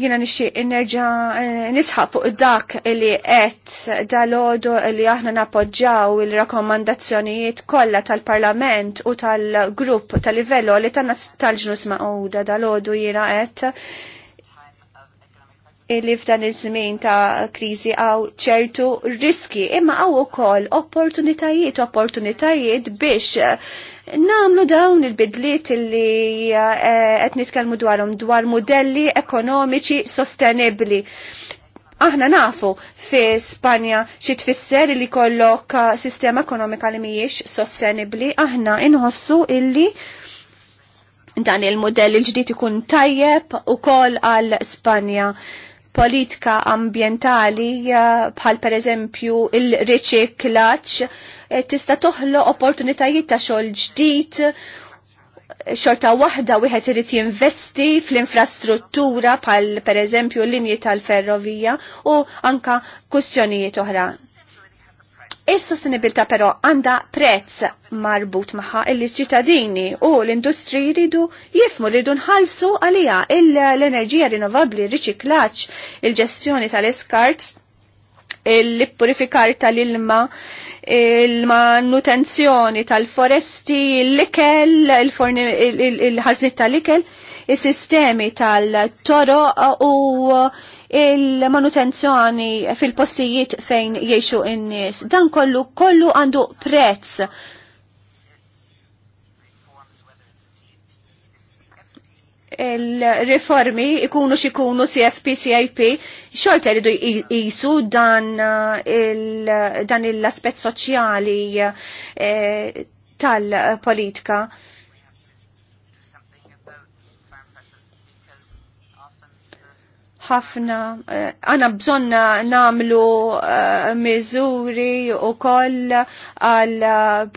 Jiena nixi nerġa eh, nisħaq fuq dak li qed dalodu li aħna napoġġaw il-rakkomandazzjonijiet kollha tal-Parlament u tal-grupp tal-livello li tan tal-ġnus dal dalodu jiena qed li f'dan iż-żmien ta' kriżi għaw ċertu riski, imma għaw ukoll opportunitajiet, opportunitajiet biex eh, namlu dawn il-bidliet li eh, qed nitkellmu dwarhom dwar modelli ekonomiċi sostenibbli. Aħna nafu fi Spanja xi tfisser li kollok eh, sistema ekonomika li mhijiex sostenibbli, aħna inħossu illi dan il-modell il-ġdid ikun tajjeb u kol għal Spanja politika ambientali eh, bħal per eżempju il-riċiklaċ eh, tista' toħlo opportunitajiet ta' xogħol ġdid xorta waħda wieħed irid jinvesti fl-infrastruttura bħal per eżempju linji tal-ferrovija u anka kustjonijiet oħra. Is-sostenibilità però għandha prezz marbut magħha il ċittadini u l-industri jridu jifmu rridu nħallsu għalija l-enerġija rinnovabbli, riċiklaġġ, il-ġestjoni tal-iskart, il-purifikar tal-ilma, il-manutenzjoni tal-foresti, l-ikel, il-ħaznit tal-ikel, il-sistemi tal-toro u il-manutenzjoni fil-postijiet fejn jiexu in-nies. Dan kollu kollu għandu prezz. il-reformi ikunu xikunu CFP, CIP, xorta jridu jisu dan uh, il-aspet soċjali uh, tal-politika. ħafna, eh, għana bżonna namlu uh, miżuri u koll għal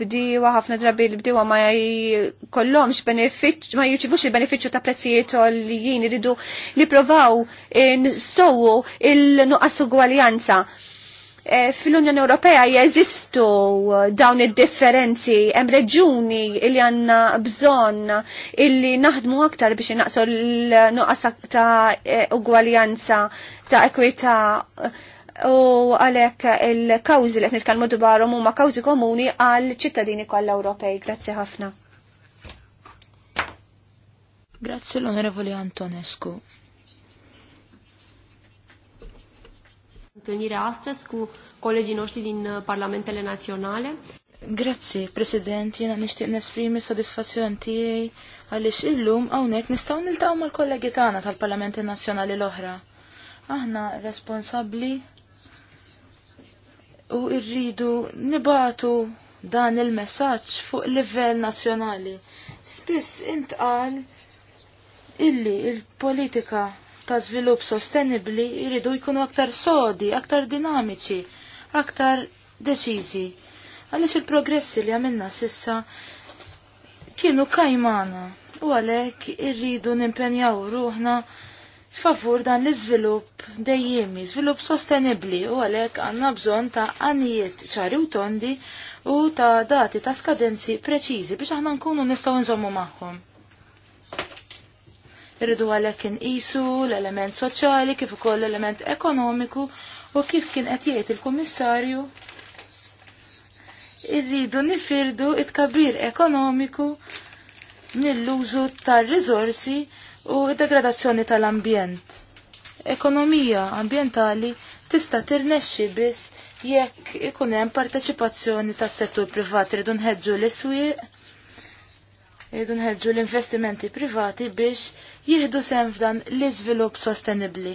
bdiwa, ħafna drabi l-bdiwa ma jkollomx benefiċ, ma jirċivux il beneficju ta' prezzijiet li jien iridu li provaw in-sowu il-nuqqas gwaljanza. Eh, fil-Unjoni Ewropea jeżistu eh, dawn id-differenzi hemm reġuni li għandna bżonn illi naħdmu aktar biex naqsu l-nuqqas ta' eh, ugwaljanza ta' ekwità u għalek il-kawzi li nitkellmu dwarhom huma kawzi komuni għal ċittadini kollha Ewropej. Grazzi ħafna. Grazzi l-Onorevoli Antonescu. întâlnire astăzi cu colegii noștri din uh, parlamentele naționale. Grazzi, President, jena nishtiq nesprimi soddisfazzjon tiegħi għaliex illum hawnhekk nistgħu niltaw mal-kollegi tagħna tal-Parlamenti Nazzjonali l-oħra. Aħna responsabbli u rridu nibatu dan il-messaġġ fuq livell nazzjonali. Spiss intqal illi il-politika ta' żvilupp sostenibbli jridu jkunu aktar sodi, aktar dinamiċi, aktar deċiżi. Għaliex il-progressi li għamilna sissa kienu kajmana u għalhekk irridu nimpenjaw ruħna favur dan l-iżvilupp dejjemi, żvilupp sostenibbli u għalhekk għandna bżonn ta' għanijiet ċari u tondi u ta' dati ta' skadenzi preċiżi biex aħna nkunu nistgħu nżommu magħhom. Irridu kien isu l-element soċjali kif ukoll l-element ekonomiku u kif kien qed jgħid il-Kummissarju irridu nifirdu it-kabir ekonomiku mill-użu tar-riżorsi u d-degradazzjoni tal-ambjent. Ekonomija ambjentali tista' tirnexxi biss jekk ikun hemm parteċipazzjoni tas-settur privat irridu nħeġġu l-iswieq, irridu nħeġġu l-investimenti privati biex jieħdu sem f'dan l-iżvilupp sostenibbli.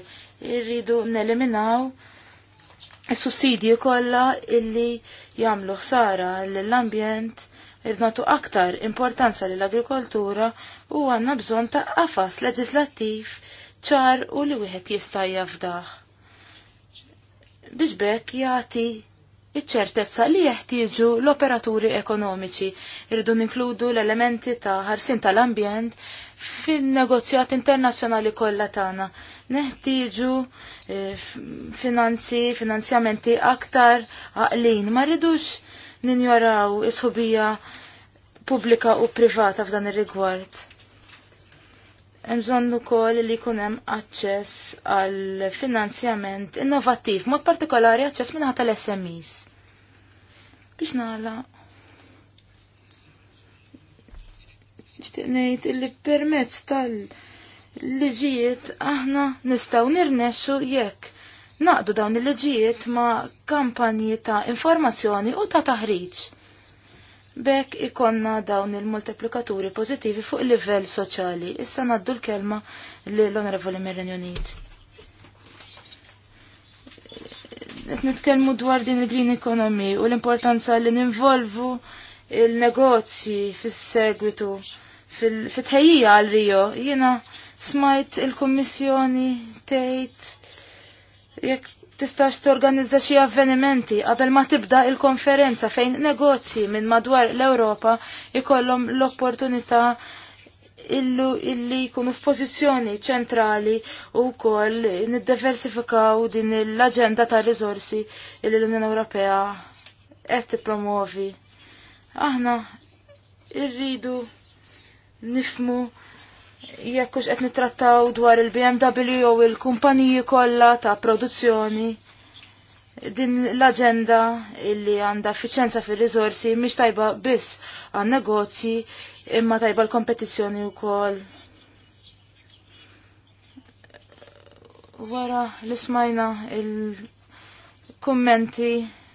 Irridu neliminaw is-sussidji kollha illi jagħmlu ħsara lill-ambjent irnatu aktar importanza lill agrikoltura u għanna bżon ta' għafas leġislattiv ċar u li wieħed jista' jafdaħ. Biex bekk jagħti iċ-ċertezza li jeħtieġu l-operaturi ekonomiċi. Irridu ninkludu l-elementi ta' ħarsin tal-ambjent fin-negozjat internazzjonali kollha tagħna. Neħtieġu eh, finanzi, finanzjamenti aktar għaqlin. Ma rridux ninjoraw is-ħubija pubblika u privata f'dan ir-rigward. Hemm bżonn ukoll li jkun hemm aċċess għal finanzjament innovattiv, mod partikolari aċċess minn tal-SMEs. Biex nala. Nishtiqnejt li permezz tal-liġijiet aħna nistaw nirnexxu jekk naqdu dawn il-liġijiet ma' kampanji ta' informazzjoni u ta' taħriġ. Bekk ikonna dawn il-multiplikaturi pozittivi fuq il-livell soċjali. Issa naddu l-kelma l-Onorevoli Mirren Unit. qed nitkellmu dwar din il-green economy u l-importanza li ninvolvu il-negozji fis-segwitu fit-tħejjija għal Rio. Jiena smajt il-Kummissjoni tgħid jekk tistax torganizza xi avvenimenti qabel ma tibda il-konferenza fejn negozji minn madwar l-Ewropa ikollhom l-opportunità illu illi jkunu f'pożizzjoni ċentrali u wkoll niddiversifikaw din l-aġenda ta' rizorsi illi l-Unjoni Ewropea qed tippromovi. Aħna irridu nifmu jekk hux qed nittrattaw dwar il-BMW jew il-kumpaniji kollha ta' produzzjoni din l-agenda illi għanda effiċenza fil rizorsi miex tajba biss għan negozji imma tajba l-kompetizzjoni wkoll. Wara l-ismajna il-kummenti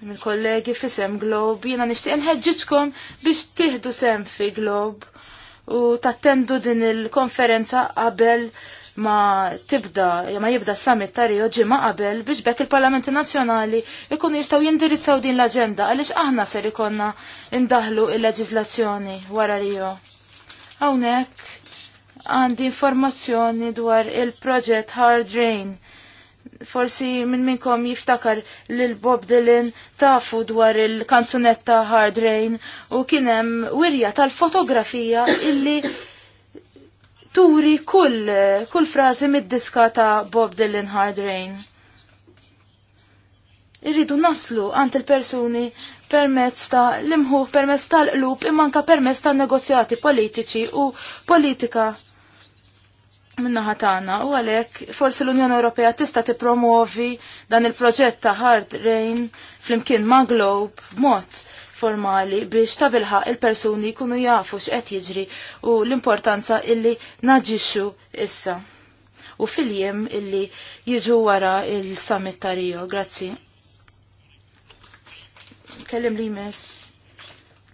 mill-kollegi fi Sem Globe, jiena nixtieq nħeġġitkom biex tieħdu sem fi Globe u tattendu din il-konferenza qabel ma tibda, ma jibda summit ta' Rio ma qabel biex bekk il-Parlamenti Nazzjonali ikun jistgħu jindirizzaw din l-aġenda għaliex aħna ser ikonna indaħlu il leġizlazzjoni wara Rio. Hawnhekk għandi informazzjoni dwar il-proġett Hard Rain. Forsi minn minnkom jiftakar lil Bob Dylan tafu dwar il-kanzunetta Hard Rain u kienem wirja tal-fotografija illi turi kull, kull frażi mid-diska ta' Bob Dylan Hard Rain. Irridu naslu għant il-persuni permezz ta' l-imħuħ, permezz tal-qlub, ka' permezz ta' negozjati politiċi u politika minnaħa tagħna u għalhekk forsi l-Unjoni Ewropea tista' tippromuovi dan il-proġett ta' Hard Rain flimkien ma' Globe b'mod formali biex tabilħa il-persuni kunu jafu x'qed jiġri u l-importanza illi naġixxu issa. U fil-jem illi jiġu wara il-summit ta' Rio. Grazzi. Kellim li mes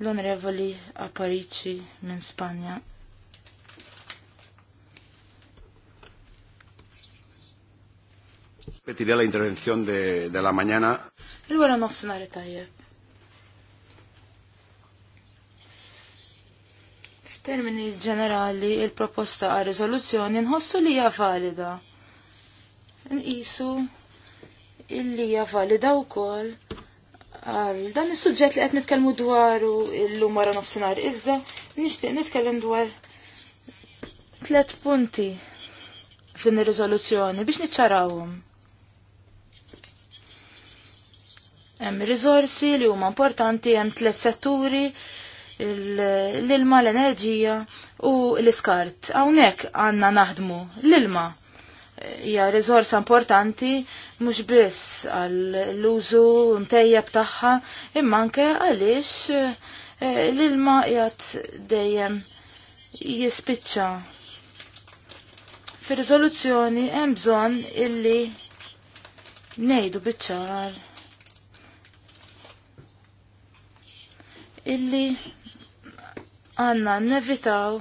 l-onorevoli Aparici minn Spanja. Repetiré la intervención de, de la mañana. Il-wara nofsinari tajjeb. Termini ġenerali il-proposta għal riżoluzzjoni nħossu li hija valida. Nqisu illi hija valida wkoll għal dan is-suġġett li qed nitkellmu dwaru illum wara nofsinhar iżda nixtieq nitkellem dwar tliet punti f'din ir-riżoluzzjoni biex niċċarawhom. Hemm riżorsi li huma importanti, hemm tliet setturi l-ilma, l-enerġija u l-iskart. Hawnhekk għandna naħdmu l-ilma hija riżorsa importanti mhux biss għall-użu ntejjeb tagħha imma anke għaliex eh, l-ilma qiegħed dejjem jispiċċa. Fir-riżoluzzjoni hemm bżonn illi ngħidu biċ-ċar illi għanna nevitaw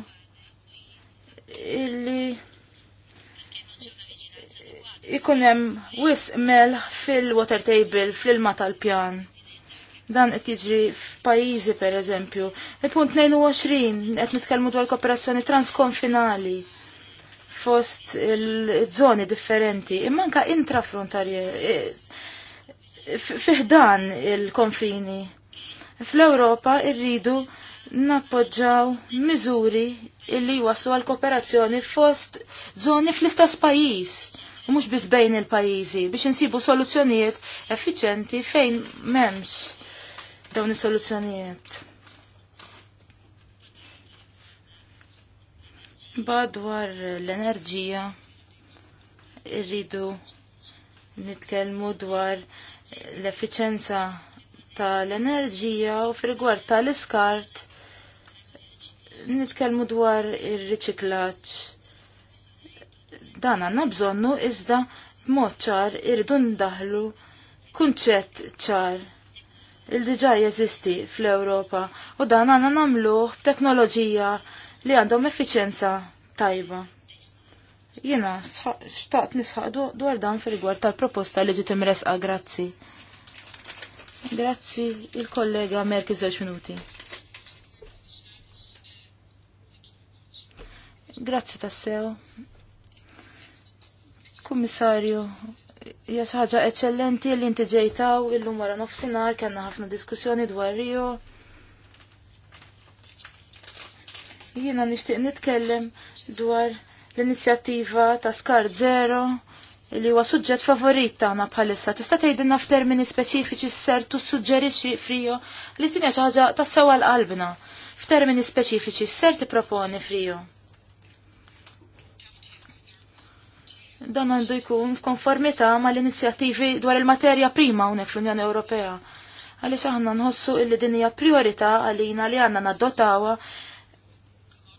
illi ikunem wis melħ fil-water table, fil-ilma tal-pjan. Dan qed jiġri f'pajjiżi per eżempju. Il-punt 22 qed nitkellmu dwar kooperazzjoni transkonfinali fost il-żoni differenti, imma anka intrafrontarje fiħdan il-konfini. Fl-Ewropa irridu il nappoġġaw miżuri illi waslu għal kooperazzjoni fost zoni fl-istess pajis u mhux biss bejn il-pajjiżi biex insibu soluzzjonijiet effiċenti fejn m'hemmx dawn is-soluzzjonijiet. Badwar l-enerġija irridu nitkellmu dwar l-effiċenza tal-enerġija u fil-gwar tal-iskart nitkellmu dwar ir-riċiklaġġ. Dan għandna bżonnu iżda b'mod ċar irridu ndaħlu kunċett ċar il-diġa jeżisti fl-Ewropa u dan għandna nagħmluh teknoloġija li għandhom effiċenza tajba. Jiena xtaqt nisħaq dwar dan fil gwar tal-proposta li ġiet imresqa grazzi. Grazzi il-kollega Merki żewġ minuti. Grazzi tassew. Kummissarju, hija xi ħaġa eċċellenti li inti ġejtaw illum wara nofsinhar kellna ħafna diskussjoni dwar Rio. Jiena nixtieq nitkellem dwar l-inizjattiva ta' Skar Zero li huwa suġġett favorit tagħna bħalissa. Tista' tgħidilna f'termini speċifiċi ser tissuġġerixxi frijo li din hija xi ħaġa tassew għal qalbna. F'termini speċifiċi ser tipproponi frijo. dan għandu jkun f'konformità mal-inizjattivi dwar il-materja prima unek fl-Unjoni Ewropea. Għaliex aħna nħossu illi din hija priorità għalina li għandna naddotawha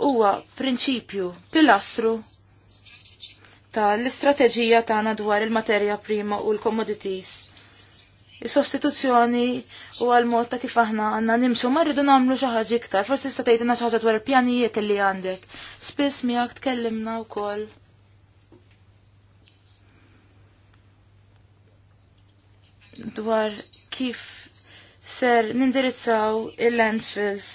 huwa prinċipju pilastru tal-istrateġija tagħna dwar il-materja prima u l-commodities. Is-sostituzzjoni u għal-mod ta' kif aħna għanna nimxu ma rridu nagħmlu xi ħaġa iktar, forsi sta' tgħidna xi ħaġa dwar il-pjanijiet li għandek. Spiss miegħek tkellimna wkoll dwar kif ser nindirizzaw il-landfills.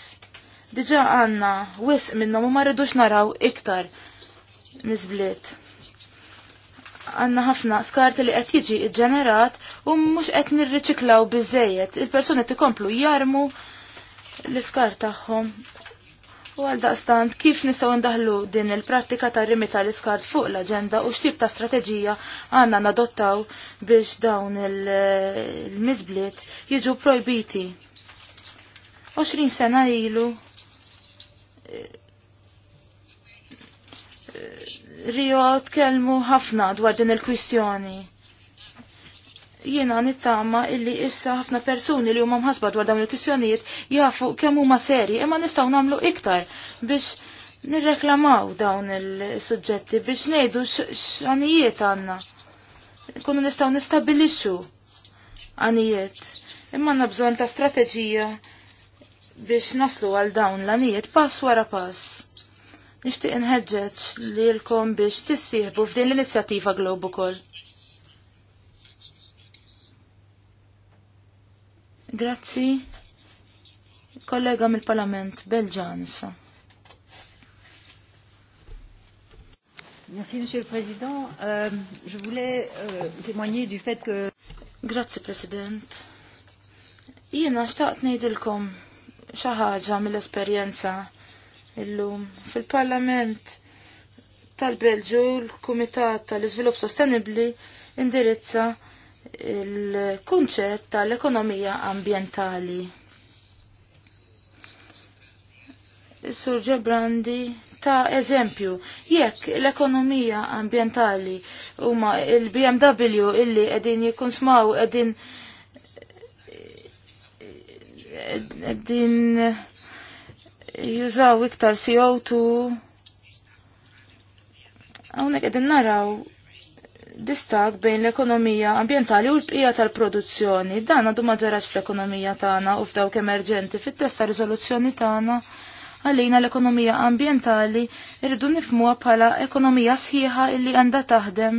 Diġa għanna, wis minnom u ma rridux naraw iktar mizbliet. Għanna ħafna skart li qed jiġi ġenerat u mhux qed nirriċiklaw biżejjed. Il-persuni tikomplu jarmu l-iskar tagħhom U għal daqstant, kif nistaw ndaħlu din il-prattika ta' rimita l-iskart fuq l-agenda u xtib ta' strategija għanna nadottaw biex dawn il mizblit jiġu projbiti. 20 sena ilu eh, eh, Rio tkellmu ħafna dwar din il-kwistjoni jiena nittama illi issa ħafna persuni li huma mħasba dwar dawn il-kwistjonijiet jafu kemm huma seri imma nistgħu nagħmlu iktar biex nirreklamaw dawn il-suġġetti biex ngħidu x'għanijiet għandna. Kunu nistgħu nistabilixxu għanijiet. Imma għandna bżonn ta' strateġija biex naslu għal dawn l-għanijiet pass wara pass. Nixtieq inħeġġeġ lilkom biex tissieħbu f'din l-inizjattiva Globu Call Grazzi, kollega mill-Parlament Belġan issa. Merci, Monsieur le Président. Euh, je voulais euh, témoigner du fait que... Grazie, President. Jiena xtaqt ngħidilkom xi ħaġa mill-esperjenza illum fil-Parlament tal-Belġu l-Kumitat tal-Iżvilupp Sostenibbli indirizza il-kunċett tal-ekonomija ambientali. Sur Ġebrandi ta' eżempju, jekk l-ekonomija ambientali huma il-BMW illi jikun smaw qegħdin edin jużaw iktar CO2 għawnek edin naraw distak bejn l-ekonomija ambientali u l-bqija tal-produzzjoni. Dan għadu ma ġarax fl-ekonomija tagħna u f'dawk emerġenti fit testa riżoluzzjoni tagħna. Għalina l-ekonomija ambientali irridu nifmuha bħala ekonomija sħiħa illi għandha taħdem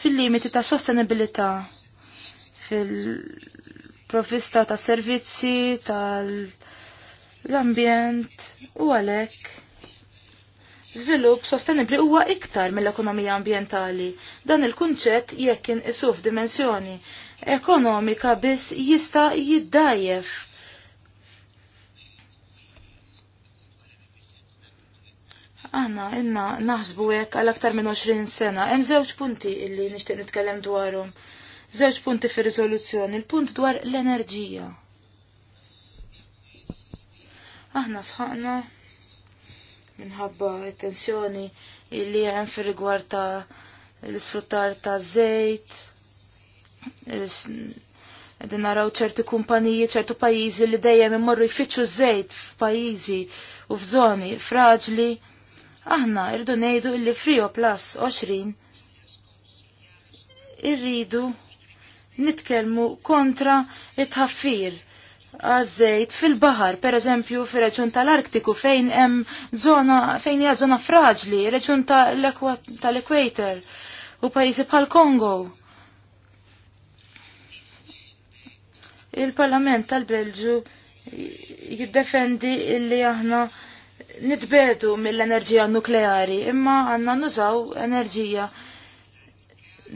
fil-limiti ta' sostenibilità fil-provista ta' servizzi tal-ambjent u għalhekk Żvilupp sostenibbli huwa iktar mill-ekonomija ambjentali. Dan il-kunċett jekk isuf dimensjoni ekonomika biss jista' jiddajjef. Aħna inna naħsbu hekk għal aktar minn 20 sena. Hemm żewġ punti illi nixtieq nitkellem dwarhom. Żewġ punti fir-riżoluzzjoni, il-punt dwar l-enerġija. Aħna sħaqna minħabba tensjoni illi hemm fi rigward ta' l-sfruttar ta' zejt, għedin naraw ċerti kumpaniji, ċertu pajjiżi li dejjem imorru jfittxu żejt f'pajjiżi u f'żoni fraġli. Aħna irdu ngħidu illi frio plus 20 irridu nitkellmu kontra it-ħaffir għazzejt fil-bahar, per eżempju fil-reġun tal-Arktiku fejn hemm zona fejn hija zona fraġli, reġun tal-Ekwator u pajjiżi bħal Kongo. Il-Parlament tal-Belġu jiddefendi illi aħna nitbedu mill-enerġija nukleari, imma għanna nużaw enerġija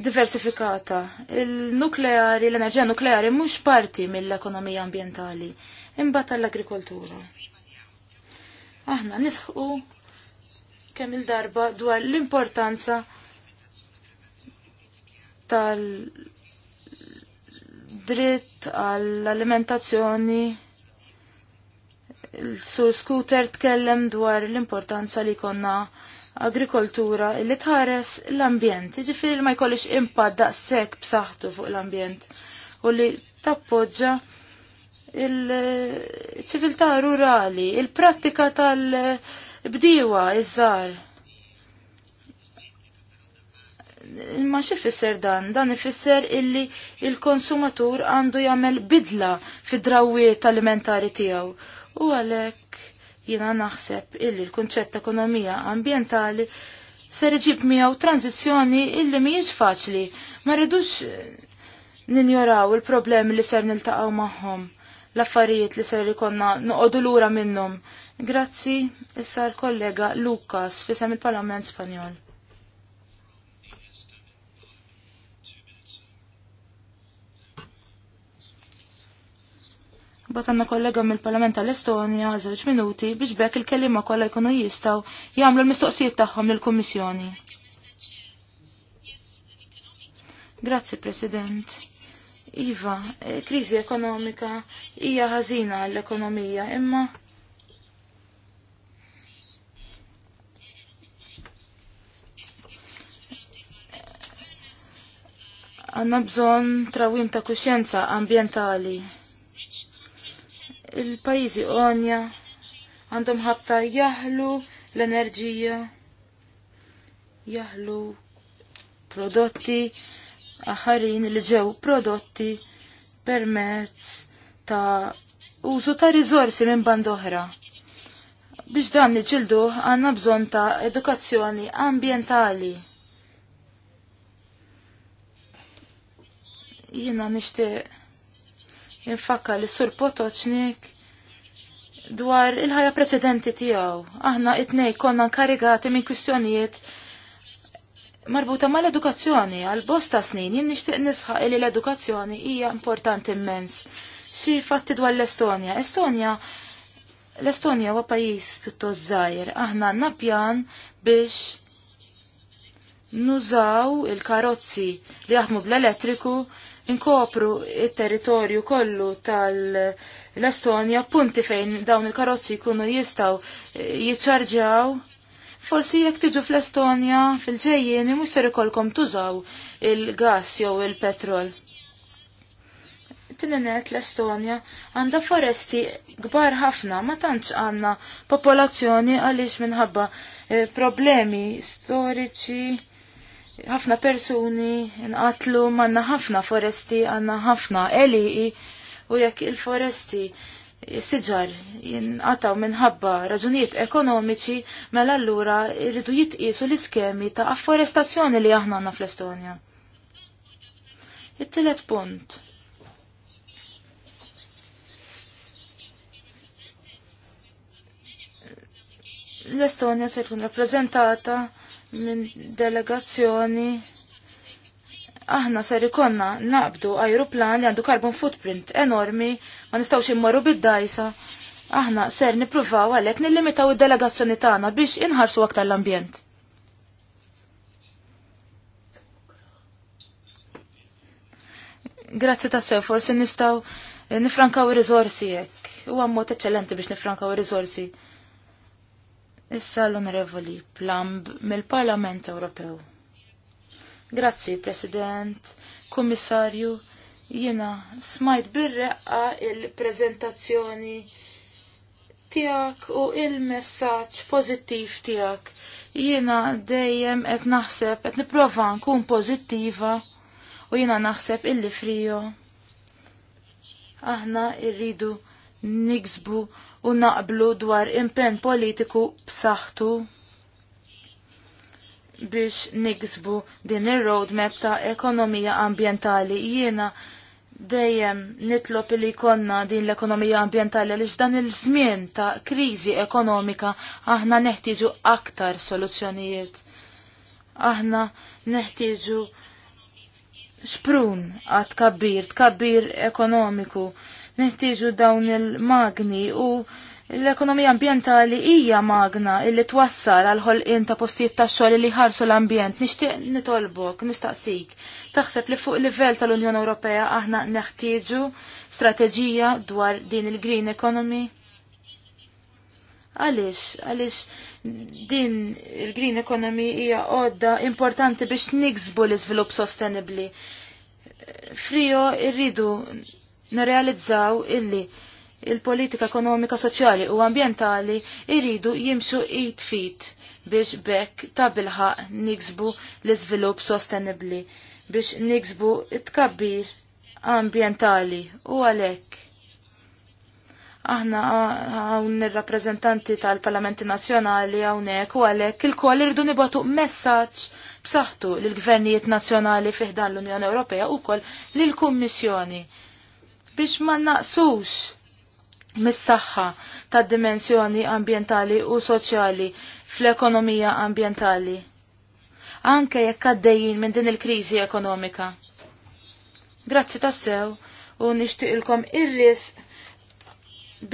diversifikata. Il-nukleari, l-enerġija nukleari mhux parti mill-ekonomija ambientali, imbagħad tal-agrikoltura. Aħna nisħu kemm il-darba dwar l-importanza tal-dritt għall-alimentazzjoni Sur scooter tkellem dwar l-importanza li konna agrikoltura li tħares l-ambjent, ġifiri li ma jkollix impatt daqshekk b'saħħtu fuq l-ambjent u li tappoġġa il-ċiviltà rurali, il-prattika tal bdiwa iż-żar. Ma xifisser dan? Dan ifisser illi il-konsumatur għandu jagħmel bidla fid-drawwiet alimentari tiegħu. U għalhekk Jina naħseb illi l-kunċett ekonomija ambientali ser iġib miegħu tranzizzjoni illi mhijiex faċli, ma rridux eh, ninjoraw il-problemi li ser niltaqgħu magħhom, l-affarijiet li ser ikonna noqogħdu lura minnhom. Grazzi, issa l-kollega Lukas fisem il-Parlament Spanjol. Bat għanna kollega mill-Parlament tal-Estonja, żewġ minuti, biex bekk il kellima kolla jkunu jistgħu jagħmlu l-mistoqsijiet tagħhom l kummissjoni Grazzi, President. Iva, eh, kriżi ekonomika hija ħażina l-ekonomija, imma għanna bżon trawim ta' kuxjenza ambientali il-pajizi onja għandhom ħabta jaħlu l-enerġija, jaħlu prodotti aħarin li ġew prodotti permezz ta' użu ta' rizorsi minn band oħra. Biex dan niġildu għanna bżon ta' edukazzjoni ambientali. Jiena nishtiq jinfakka li sur Potoċnik dwar il-ħajja preċedenti tiegħu. Aħna itnej konna nkarigati minn kwistjonijiet marbuta mal-edukazzjoni għal bosta snin jien nixtieq nisħaq li l-edukazzjoni hija importanti immens. Xi fatti dwar l-Estonja. Estonja l-Estonja huwa pajjiż pjuttost żgħir. Aħna għandna pjan biex nużaw il-karozzi li jaħdmu bl-elettriku inkopru il-territorju kollu tal-Estonja punti fejn dawn il-karozzi jkunu jistaw eh, jitxarġaw. Forsi jekk tiġu fl-Estonja fil-ġejjien mhux ser ikolkom tużaw il-gas jew il-petrol. Tininet l-Estonja għandha foresti kbar ħafna ma tantx għandna popolazzjoni għaliex minħabba eh, problemi storiċi ħafna persuni nqatlu manna ħafna foresti għanna ħafna eliqi u jekk il-foresti siġar jinqataw minħabba raġunijiet ekonomiċi mela allura irridu jitqisu l-iskemi ta' afforestazzjoni li aħna għanna fl-Estonja. It-tielet punt. L-Estonja se tkun rappreżentata minn delegazzjoni aħna ser ikonna naqbdu aeroplan li għandu carbon footprint enormi, ma nistawx immorru bid-dajsa. Aħna ser nipruvaw għalek nillimitaw id-delegazzjoni tagħna biex inħarsu aktar l-ambjent. Grazzi ta' sew, forsi nistaw nifrankaw ir-riżorsi jekk. Huwa mod eċċellenti biex nifrankaw ir-riżorsi. Issa l-Onorevoli Plamb mill-Parlament Ewropew. Grazzi, President, Kummissarju, jiena smajt birreqqa il-prezentazzjoni tijak u il messagġ pozittiv tijak. Jiena dejjem qed naħseb qed nipprova nkun pozittiva u jiena naħseb illi frijo. Aħna irridu niksbu u naqblu dwar impenn politiku b'saħħtu biex niksbu din ir-roadmap ta' ekonomija ambientali. Jiena dejjem nitlob li konna din l-ekonomija ambientali għaliex f'dan il-żmien ta' kriżi ekonomika aħna neħtieġu aktar soluzzjonijiet. Aħna neħtieġu sprun għat kabbir, tkabbir ekonomiku neħtieġu dawn il-magni u l-ekonomija ambientali hija magna illi twassal għal ħolqien ta' postijiet ta' xogħol li ħarsu l-ambjent. Nixtieq nitolbok, nistaqsik. Taħseb li fuq livell tal-Unjoni Ewropea aħna neħtieġu strateġija dwar din il-green economy? Għalix, għalix din il-green economy hija għodda importanti biex niksbu l-iżvilupp sostenibli. Frio irridu nirrealizzaw illi il-politika ekonomika, soċjali u ambientali iridu jimxu id fit biex bekk ta' bilħa niksbu l-iżvilupp sostenibli biex niksbu it-kabbir ambientali u għalek. Aħna għawn il-rappresentanti tal-Parlamenti Nazjonali għawnek u għalek il-koll irridu nibatu messaċ b'saħħtu l-gvernijiet nazjonali fiħdan l-Unjoni Ewropea u koll l-Kummissjoni biex ma naqsux mis-saħħa tad dimensjoni ambientali u soċjali fl-ekonomija ambientali. Anke jekk għaddejjin minn din il-kriżi ekonomika. Grazzi tassew u nixtieqilkom irris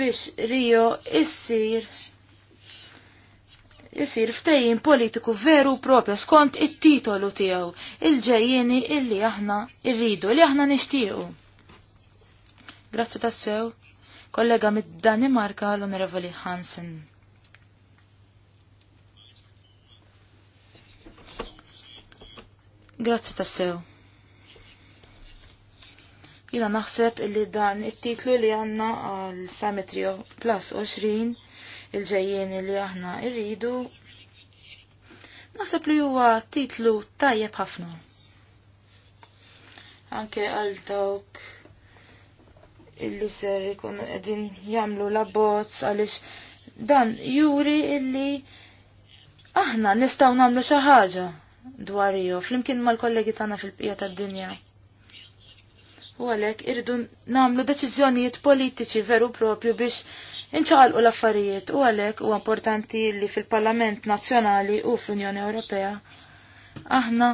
biex Rio issir jisir ftejjin politiku veru propju skont it-titolu tiegħu il-ġejjieni illi aħna irridu li aħna nixtiequ. Grazzi tassew, kollega mid-Danimarka l-Onorevoli Hansen. Grazzi tassew. Jina naħseb illi dan it-titlu li għanna għal Sametrio Plus 20 il-ġejjien li aħna irridu. Naħseb li huwa titlu tajjeb ħafna. Anke għal dawk illi ser ikunu qegħdin jagħmlu l-abbozz għaliex dan juri illi aħna nistgħu nagħmlu xi ħaġa dwar jew flimkien mal-kollegi tagħna fil-bqija tad-dinja. U għalhekk irridu nagħmlu deċiżjonijiet politiċi veru propju biex inċalqu l-affarijiet u għalhekk huwa importanti li fil-Parlament Nazzjonali u fl-Unjoni Ewropea aħna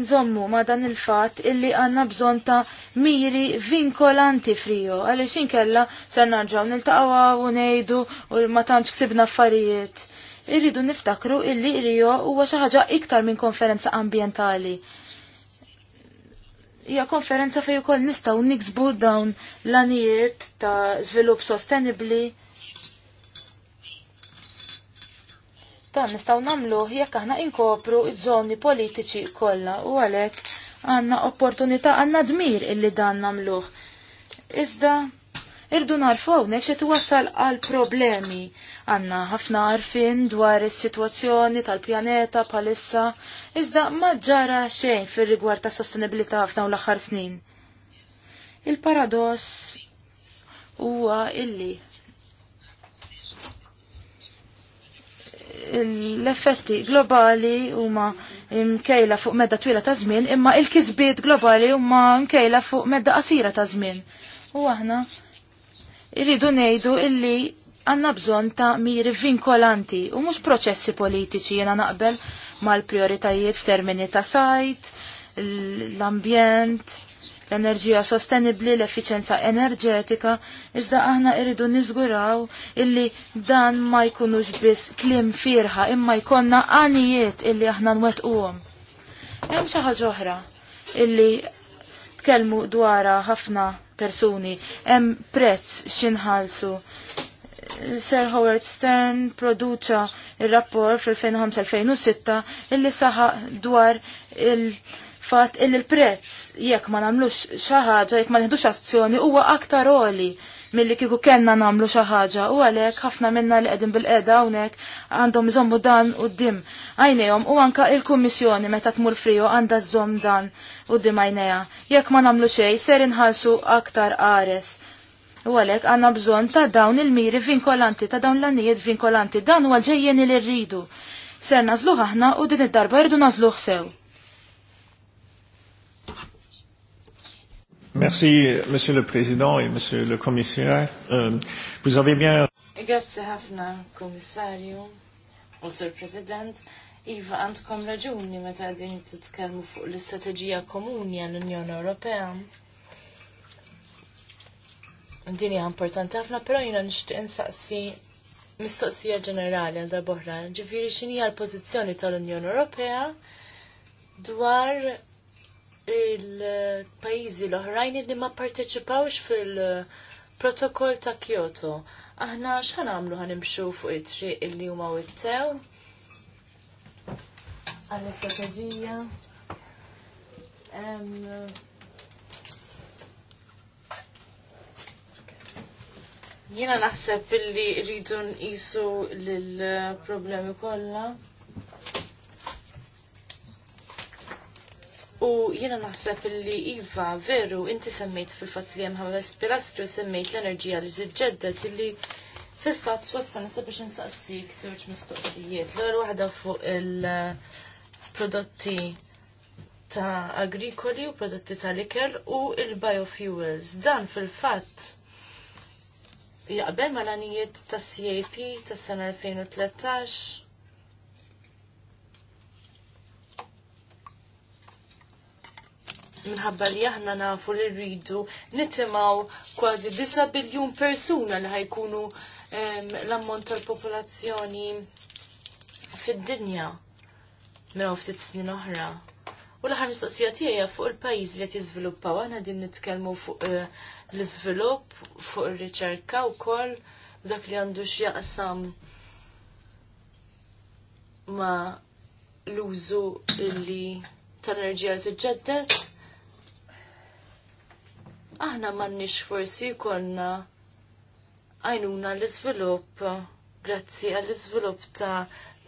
nżommu ma dan il-fat illi għanna bżon ta' miri vinkolanti frijo, għalix inkella ser narġaw nil-taqwa u nejdu u ma tantx ksibna affarijiet. Irridu niftakru illi Rio huwa xi ħaġa iktar minn konferenza ambientali. Hija konferenza fejn ukoll nistgħu niksbu dawn l-anijiet ta' żvilupp sostenibbli Dan nistgħu nagħmluh jekk aħna inkopru ż-żoni politiċi kollha u għalhekk għandna opportunità għandna dmir illi dan nagħmluh. Iżda irdu narfu hawnhekk xi tuwassal għal problemi. Għandna ħafna għarfien dwar is-sitwazzjoni tal-pjaneta bħalissa, iżda ma ġara xejn fir-rigward ta' sostenibilità f'dawn l-aħħar snin. Il-paradoss huwa illi l-effetti globali huma mkejla fuq medda twila ta' żmien, imma il-kisbiet globali huma mkejla fuq medda qasira ta' żmien. U aħna irridu ngħidu illi għandna bżonn ta' miri vinkolanti u mhux proċessi politiċi jiena naqbel mal-prioritajiet f'termini ta' sajt, l-ambjent, l-enerġija sostenibli, l efficienza enerġetika, iżda aħna irridu niżguraw illi dan ma jkunux biss klim firħa imma jkonna għanijiet illi aħna nwettquhom. Hemm xi ħaġa oħra illi tkellmu dwara ħafna persuni, hemm prezz xinħalsu. Sir Howard Stern produċa il-rapport fil-2005-2006 illi saħa dwar il- fatt il prezz jekk ma nagħmlux xi ħaġa jekk ma nieħdux azzjoni huwa aktar oli milli kieku kellna nagħmlu xi ħaġa u għalhekk ħafna minna li qegħdin bil-qeda hawnhekk għandhom iżommu dan quddiem għajnejhom u għanka il-kummissjoni meta tmur frijo għandha żomm dan quddiem għajnejha. Jekk ma nagħmlu xejn ser inħallsu aktar għares. U għalek għanna bżon ta' dawn il-miri vinkolanti, ta' dawn l-annijiet vinkolanti, dan u għalġejjeni li rridu. Ser nazluħ aħna u din id-darba rridu nazluħ sew. Merci, Monsieur le Président et Monsieur le Commissaire. Euh, vous avez bien... Grazie ħafna, Komissarju, u Sir President. Iva, għandkom raġuni meta għadin titkellmu fuq l-istrateġija komuni għall-Unjoni Ewropea. Din hija importanti ħafna, però jiena nixtieq insaqsi mistoqsija ġenerali għal darba oħra. Ġifieri x'inhi l-pożizzjoni tal-Unjoni Ewropea dwar il-pajizi l-oħrajn li ma parteċipawx fil-protokoll ta' Kyoto. Aħna xan għamlu imxu fuq it-triq il-li huma wittew? Għal-istrateġija. Jiena naħseb illi rridu nqisu l problemi kollha. U jiena naħseb li Iva, veru, inti semmejt fil-fat li hemm ħames pilastri semmejt l-enerġija li tiġġedded li fil-fat s-wassan nisa biex nsaqsik żewġ mistoqsijiet. L-ewwel waħda fuq il-prodotti ta' agrikoli u prodotti tal-ikel u il-biofuels. Dan fil-fatt jaqbel malanijiet anijiet ta' CAP ta' sena 2013 minħabba li aħna nafu li rridu nittimaw kważi 9 biljun persuna li ħajkunu l-ammont tal-popolazzjoni fid-dinja minn ftit snin oħra. U l-ħar mistoqsija tiegħi fuq il-pajjiż li qed jiżviluppaw aħna din nitkellmu fuq eh, l-iżvilupp, fuq ir-riċerka wkoll dak li għandu x'jaqsam ma l-użu illi tal-enerġija li tiġġedded aħna m'għandniex forsi jkollna għajnuna l-iżvilupp grazzi għall-iżvilupp ta'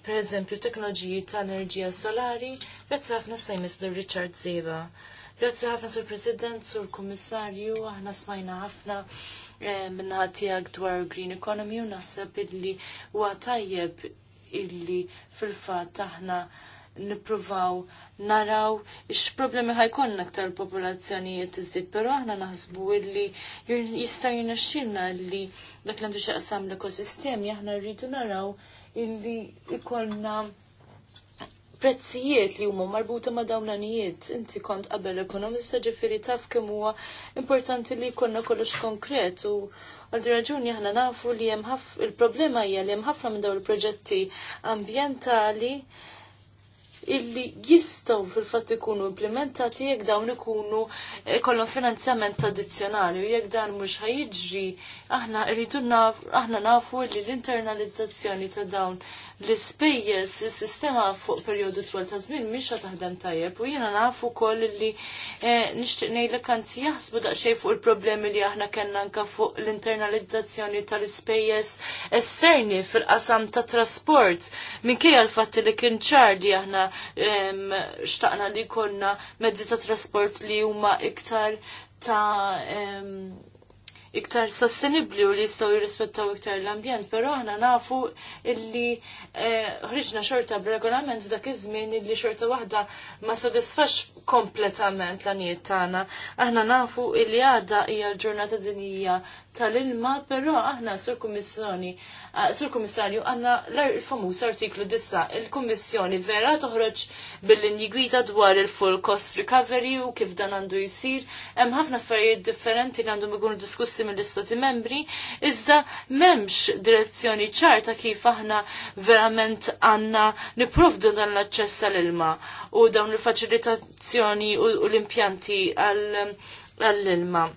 pereżempju teknoloġiji ta' enerġija solari grazzi ħafna sejmis li Richard Zeba. Grazzi ħafna sur President, sur Kummissarju, aħna smajna ħafna eh, minnaħat għag dwar Green Economy u naħseb illi huwa tajjeb illi fil-fat aħna nippruvaw naraw ix problemi ħajkonna aktar popolazzjonijiet iżdid, pero aħna naħsbu li jista' jinaxxilna li dak li għandu xaqsam l-ekosistemi aħna rridu naraw illi ikonna prezzijiet li huma marbuta ma' dawn Inti kont qabel ekonomista ġifieri taf kemm huwa importanti li jkollna kollox konkret u għal raġuni aħna nafu li hemm il-problema hija li hemm ħafna minn dawn il-proġetti ambjentali illi jistgħu fil-fatt ikunu implementati jekk dawn ikunu eh, kollon finanzjament addizzjonali u jekk dan mux ħajjiġri aħna rridu aħna nafu li l-internalizzazzjoni ta' dawn l-ispejjeż is-sistema fuq perjodu twal ta' żmien miexa taħdem tajjeb u jiena nafu kol li eh, nixtieq ngħidlek anzi jaħsbu daqsxejn fuq il-problemi li aħna kellna nka fuq l-internalizzazzjoni tal-ispejjeż esterni fil-qasam ta' trasport minkejja l-fatt li kien ċar li aħna xtaqna li konna mezzi ta' trasport li huma iktar ta' iktar sostenibli u li jistgħu jirrispettaw iktar l-ambjent, però aħna nafu illi eh, ħriġna xorta b'regolament f'dak iż-żmien illi xorta waħda ma sodisfax kompletament l-għanijiet tagħna. Aħna nafu illi għadha hija l-ġurnata dinija tal-ilma, però aħna sur kummissjoni, sur kummissarju għanna l-famus artiklu dissa, il-kummissjoni vera toħroġ bil-linji gwida dwar il-full cost recovery u kif dan għandu jisir, hemm ħafna affarijiet differenti li għandhom ikunu diskussi mill-istati membri, iżda memx direzzjoni ċarta kif aħna verament għanna niprovdu dan l-aċċess għall-ilma u dawn il-faċilitazzjoni u l-impjanti għall-ilma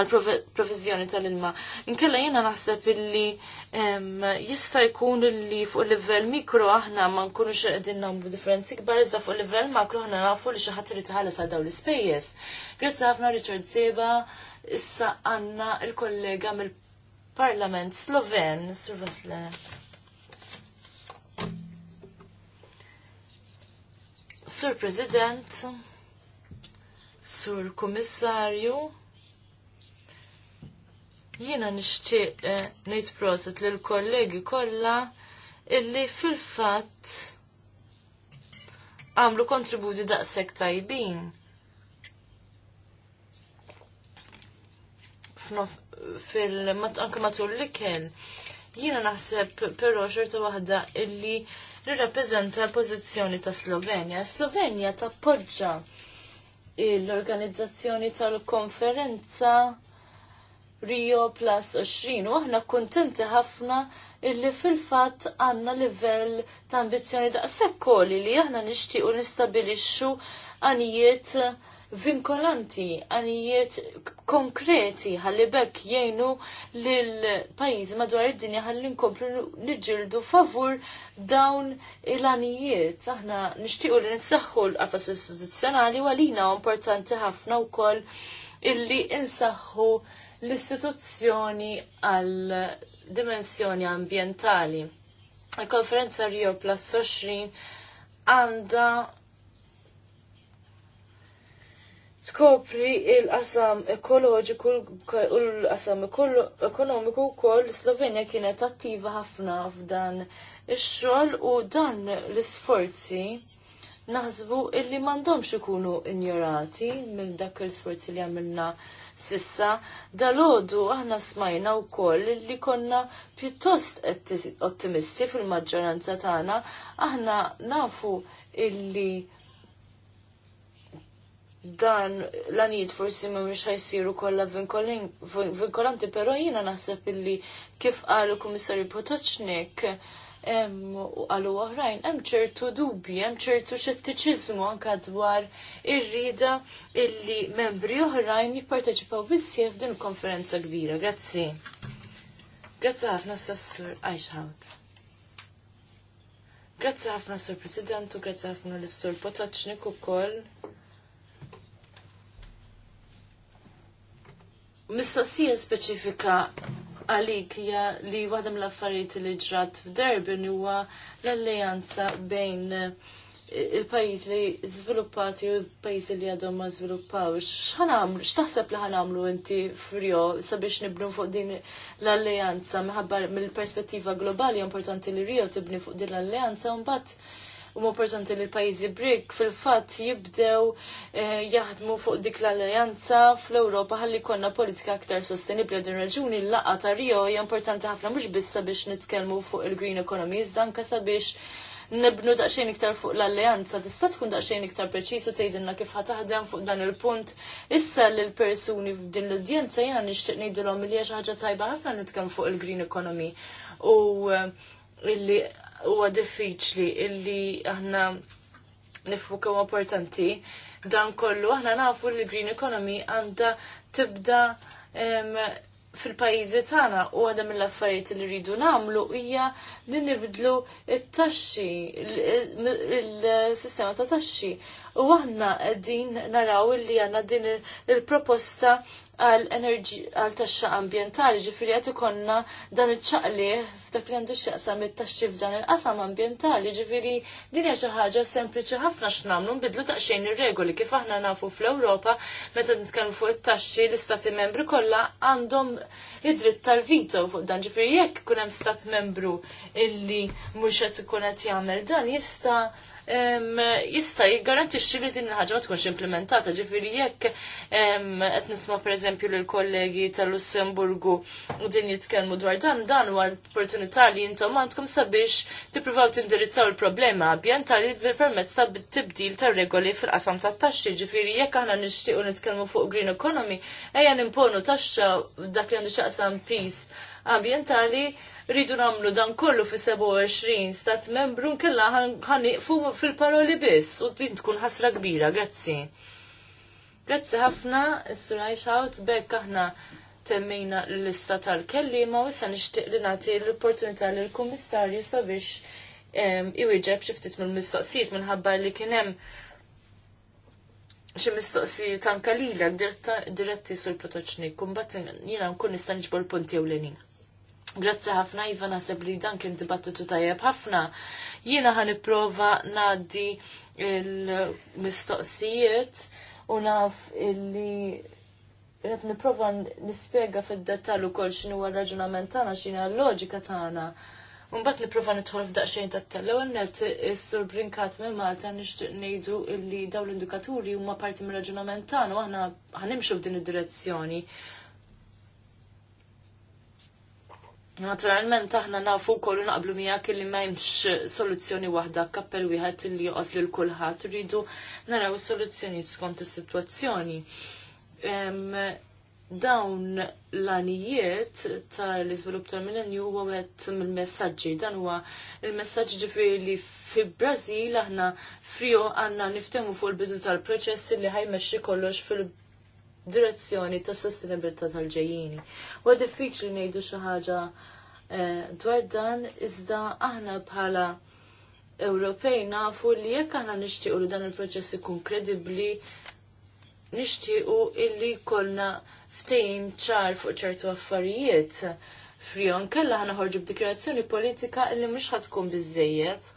għal-provizjoni tal-ilma. Inkella jena naħseb illi jista jkun illi fuq livell mikro aħna ma nkunux għedin nagħmlu differenzi kbar iżda fuq livell makro aħna nafu li xi ħadd irid għal dawn l-ispejjeż. Grazzi ħafna Richard Zeba, issa għandna il-kollega mill-Parlament Sloven, Sur Vasle. Sur President, Sur Kummissarju, Jiena nixtieq eh, ngħid proset lill kollegi kollha illi fil-fatt għamlu kontributi daqshekk tajbin. fil-anke matul l-ikel. Jiena naħseb però xorta waħda illi nirrappreżenta l-pożizzjoni ta' Slovenja. Slovenja tappoġġa l-organizzazzjoni tal-konferenza Rio Plus 20 u aħna kuntenti ħafna illi fil-fatt għanna livell ta' ambizjoni daqshekk sekkoli li aħna nixtiequ nistabilixxu għanijiet vinkolanti, għanijiet konkreti ħalli bekk jgħinu l-pajizi madwar id-dinja ħalli nkomplu nġildu favur dawn il-għanijiet. Aħna nishtiqu li nsaxħu l-qafas istituzzjonali għalina importanti ħafna u koll illi insaħħu l-istituzzjoni għal dimensjoni ambientali. Il-konferenza Rio Plus 20 għanda tkopri il-qasam ekoloġiku u l-qasam ekonomiku wkoll Slovenja kienet attiva ħafna f'dan ix-xogħol u dan l-isforzi naħsbu illi m'għandhomx ikunu injorati minn dak l-isforzi li għamilna sissa dalodu aħna smajna wkoll li konna pjuttost ottimisti fil-maġġoranza tagħna aħna nafu illi dan l-għanijiet forsi ma mux ħajsiru kolla vinkolanti, pero jina naħseb illi kif għal komissarju Potoċnik, u għalu oħrajn, hemm ċertu dubji, hemm ċertu xettiċiżmu anke dwar ir-rida illi membri oħrajn jipparteċipaw bissieħ f'din konferenza kbira. Grazzi. Grazzi ħafna s-sassur Eichhout. Grazzi ħafna sur President grazzi ħafna l-sur Potaċnik ukoll. Mistoqsija speċifika għalik hija li waħda mill-affarijiet li ġrat f'Durban huwa l-alleanza bejn eh, il-pajjiż li żviluppati u l-pajjiż li għadhom ma żviluppawx. X'ħanamlu, x'taħseb li ħanamlu inti frio sabiex nibnu fuq din l-alleanza minħabba mill-perspettiva globali importanti li Rio tibni fuq din l-alleanza u mbagħad u importanti li l-pajjiżi brik fil-fatt jibdew eh, jaħdmu fuq dik l-alleanza fl-Ewropa ħalli konna politika aktar sostenibli din raġuni l laqqa ta' Rio hija importanti ħafna mhux biss sabiex nitkellmu fuq il-green economy iżda anke sabiex nibnu daqsxejn iktar fuq l-alleanza. Tista' tkun daqsxejn iktar preċiżu tgħidilna kif ħataħdem fuq dan il-punt. Issa lil persuni f'din l-udjenza jiena nixtieq ngħidilhom li hija xi ħaġa tajba ħafna nitkellmu fuq il-green economy. U eh, illi huwa diffiċli illi aħna nifmu kemm importanti dan kollu aħna nafu li green economy għandha tibda fil-pajjiżi tagħna u għadha mill-affarijiet li rridu nagħmlu hija li nibdlu it-taxxi il-sistema ta' taxxi. U aħna qegħdin naraw li għandna din il-proposta il proposta għal għal taxxa ambientali, ġifiri għati konna dan iċċaqli f'dak li għandu x'jaqsam it taxxi f'dan il-qasam ambientali, ġifiri din hija xi ħaġa sempliċi ħafna x'namlu nbidlu taqxejn ir-regoli kif aħna nafu fl-Ewropa meta nitkellmu fuq it-taxxi l-istati membri kollha għandhom id-dritt tal-vito fuq dan ġifiri jekk ikun hemm stat membru illi mhux qed ikun qed jagħmel dan jista' jista' jiggarantixxi li din il ma tkunx implementata. ġifiri jekk qed nisma' pereżempju l kollegi tal-Lussemburgu din jitkellmu dwar dan dan huwa l-opportunità li intom għandkom sabiex tippruvaw tindirizzaw il-problema ambjentali permezz ta' tibdil tar regoli fil-qasam tat-taxxi. Ġifieri jekk aħna nixtiequ nitkellmu fuq green economy, ejja nimponu taxxa dak li għandu xaqsam peace ambientali rridu namlu dan kollu fi 27 stat membru nkella ħaniqfu fil-paroli biss u din tkun ħasra kbira, grazzi. Grazzi ħafna, s-sur għajxawt, bekk aħna temmina l-lista tal-kellima u s-san nixtieq li nagħti l-opportunità lill-Kummissarju sabiex iwieġeb xi ftit mill-mistoqsijiet minħabba li kien hemm xi mistoqsijiet anke lilek diretti sul Potoċnik, kumbat jiena nkun nista' niġbor punti ewlenin. Grazzi ħafna Iva naħseb li dan kien dibattitu tajjeb ħafna. Jiena ħan nipprova ngħaddi il-mistoqsijiet u naf illi Rrit niprofa nispiega fid detalu ukoll xinu għal r-raġunament tagħna x'inha l-loġika tagħna Mbagħad nipprova nidħol f'daqsxejn tat-tella u net is-sur Brinkat minn Malta nixtieq ngħidu li dawn l-indikaturi huma parti mir-raġunament tagħna u għahna għanimxu f'din id-direzzjoni. Naturalment aħna nafu kollu naqblu miegħek li m'hemmx soluzzjoni waħda kappell wieħed li joqgħod lil kulħadd rridu naraw soluzzjonijiet skont is-sitwazzjoni dawn l-anijiet tal izvilup tal-millenju huwa għet mill-messagġi. Dan huwa il messagġi ġifiri li fi Brazil aħna frio għanna niftemu fuq il-bidu tal-proċess li ħajmexxi kollox fil-direzzjoni tas sostenibilità tal-ġejjini. Huwa diffiċli ngħidu xi ħaġa eh, dwar dan iżda aħna bħala Ewropej nafu li jekk aħna nixtiequ li dan il-proċess ikun kredibbli nixtiequ illi kollna ftejim ċar fuq ċertu affarijiet frijon kella ħana ħorġu b'dikjerazzjoni politika illi mhux ħatkun bizzejiet.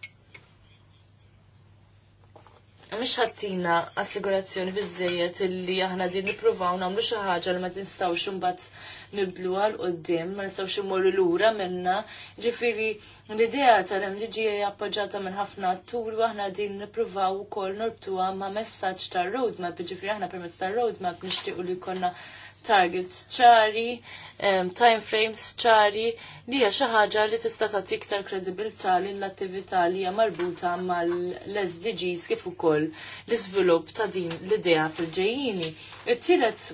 Mux ħattina assigurazzjoni bizzejiet illi aħna din nippruvaw nagħmlu xi ħaġa li ma tinstawx imbagħad nibdlu għal qudiem, ma nistgħux immorru lura minna. Ġifieri l-idea tal li hija appoġġjata minn ħafna tur u aħna din nippruvaw ukoll norbtuha ma' messaġġ tar-roadmap, ġifiri aħna permezz tar-roadmap nixtiequ li jkollna targets ċari, time frames ċari li hija xi ħaġa li tista' tagħti iktar kredibilità lill-attività li hija marbuta mal-SDGs kif ukoll l-iżvilupp ta' din l-idea fil-ġejjini. It-tielet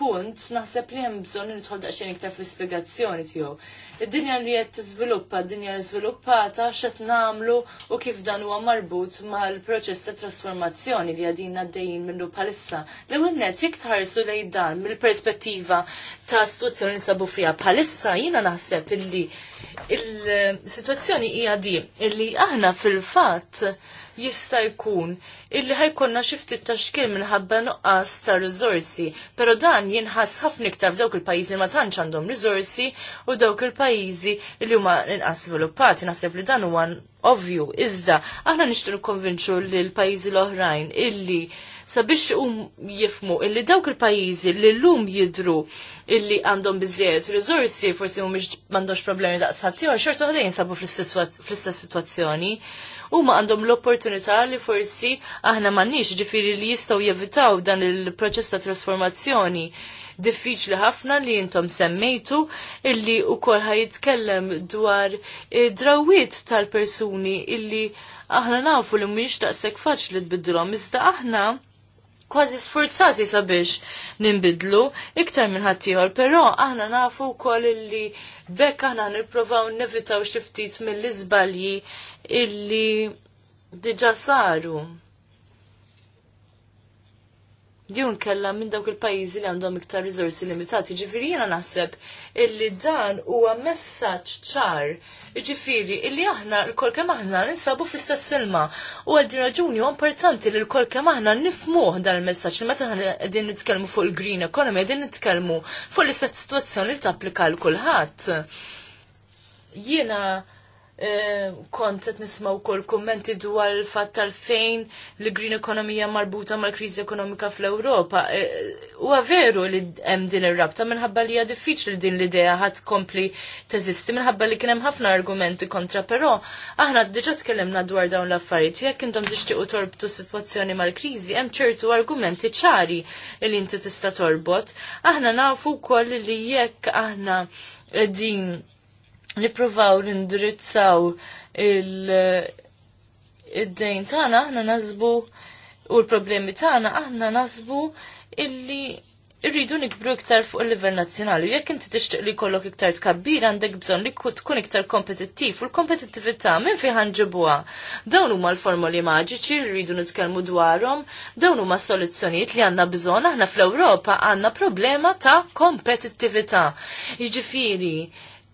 punt naħseb li hemm bżonn nidħol daqsxejn iktar fl-ispjegazzjoni tiegħu. Id-dinja li qed tiżviluppa, d-dinja żviluppata x'qed nagħmlu u kif dan huwa marbut mal-proċess ta' trasformazzjoni li għadin għaddejjin minnu bħalissa. L-ewwel nett jekk tħarsu lejn dan mill-perspettiva ta' situazzjoni sabu fiha bħalissa jiena naħseb illi il-sitwazzjoni hija di illi aħna fil-fatt jista' jkun illi ħajkonna xi ftit ta' xkil minħabba nuqqas ta' riżorsi, però dan jinħass ħafna iktar f'dawk il-pajjiżi ma tantx għandhom riżorsi u dawk il-pajjiżi li huma inqas sviluppati naħseb li dan huwa ovvju. Iżda aħna nixtru li l pajjiżi l-oħrajn illi sabiex um jifmu illi dawk il-pajjiżi li llum jidru illi għandhom biżżejjed riżorsi forsi mhumiex m'għandhomx problemi daqs tiegħu xorta ħdejn sabu fl-istess sitwazzjoni huma għandhom l-opportunità li forsi aħna m'għandniex ġifieri li jistgħu jevitaw dan il-proċess ta' trasformazzjoni diffiċli ħafna li jintom semmejtu illi u kol ħajitkellem dwar drawiet tal-persuni illi aħna nafu li mhix taqsek faċli tbiddilhom iżda aħna kważi sforzati sabiex nimbidlu iktar minn ħaddieħor, però aħna nafu wkoll illi bekk aħna nipprovaw nevitaw xi ftit mill-iżbalji illi diġa saru. Jun kella minn dawk il-pajjiżi li għandhom iktar rizorsi limitati, ġifiri jiena naħseb illi dan huwa messaġġ ċar, ġifiri illi aħna l-kol kem aħna ninsabu fl-istess ilma. U għal raġuni huwa importanti li l-kol kemm aħna nifmuħ dan il-messaġġ li meta qegħdin nitkellmu fuq il-green economy qegħdin nitkellmu fuq l-istess sitwazzjoni li tapplika l kulħadd. Jiena Ehm, kont qed nisma' wkoll kummenti dwar il-fatt tal-fejn li green ekonomija marbuta mal-kriżi ekonomika fl-Ewropa. Ehm, huwa veru li hemm din ir-rabta minħabba li hija diffiċli din l-idea ħadd kompli teżisti minħabba li kien hemm ħafna argumenti kontra, però aħna diġà tkellimna dwar dawn l-affarijiet u jekk intom tixtiequ torbtu sitwazzjoni mal-kriżi hemm ċertu argumenti ċari li inti tista' torbot. Aħna nafu wkoll li jekk aħna din nippruvaw nindirizzaw il-dejn tagħna aħna nasbu u l-problemi tagħna aħna nasbu illi irridu nikbru iktar fuq il-livell nazzjonali. Jekk inti tixtieq li jkollok iktar tkabbir għandek bżonn li tkun iktar kompetittiv u l-kompetittività minn fi ħanġibuha. Dawn huma l-formoli maġiċi li rridu nitkellmu dwarhom, dawn huma soluzzjonijiet li għandna bżonn aħna fl-Ewropa għandna problema ta' kompetittività. Jiġifieri,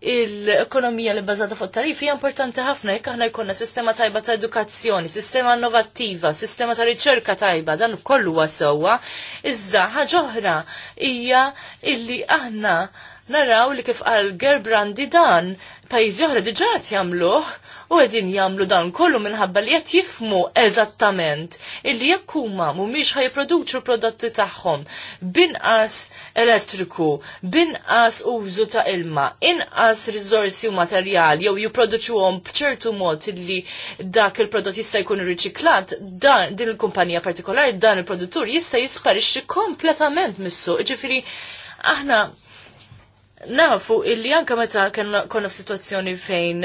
l-ekonomija li bbażata fuq tarif hija importanti ħafna jekk aħna jkollna sistema tajba ta' edukazzjoni, sistema innovattiva, sistema ta' riċerka tajba, dan kollu huwa sewwa. Iżda ħaġa oħra hija illi aħna naraw li kif għal Gerbrandi dan pajjiżi oħra diġà jamluħ jagħmluh u għedin jamlu dan kollu minħabba li għet jifmu eżattament illi jekk huma mhumiex ħajproduċu prodotti tagħhom binqas elettriku, binqas użu ta' ilma, inqas rizorsi u materjali jew jipproduċuhom b'ċertu mod illi dak il-prodott jista' jkun riċiklat, dan din il-kumpanija partikolari dan il-produttur jista' jisparixxi kompletament mis-suq. aħna nafu illi anka meta konna f-situazzjoni fejn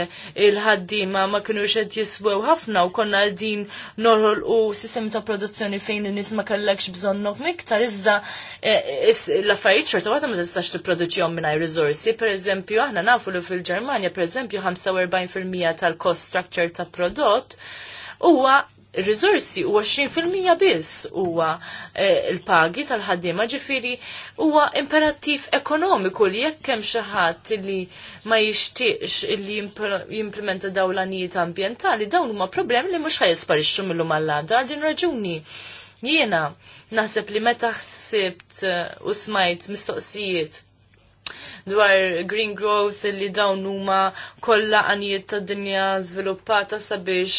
il-ħaddima ma kienu xed jiswew ħafna u konna din norħol u sistemi ta' produzzjoni fejn in-nies ma kellekx bżonnok miktar iżda e, e, l-affarijiet xorta waħda ma tistax tipproduċihom mingħajr Per Pereżempju aħna nafu li fil-Ġermanja pereżempju 45% tal-cost structure ta' prodott huwa rizorsi u 20% biss huwa eh, l-pagi tal-ħaddiema ġifiri huwa imperattiv ekonomiku li jekk hemm xi ħadd li ma jixtieqx li jimplementa dawn l-anijiet ambjentali dawn huma problemi li mhux ħajisparixxu minnhom għall-għadda għal din raġuni. Jiena naħseb li meta ħsibt eh, u smajt mistoqsijiet dwar green growth li dawn huma kollha għanijiet ta' dinja żviluppata sabiex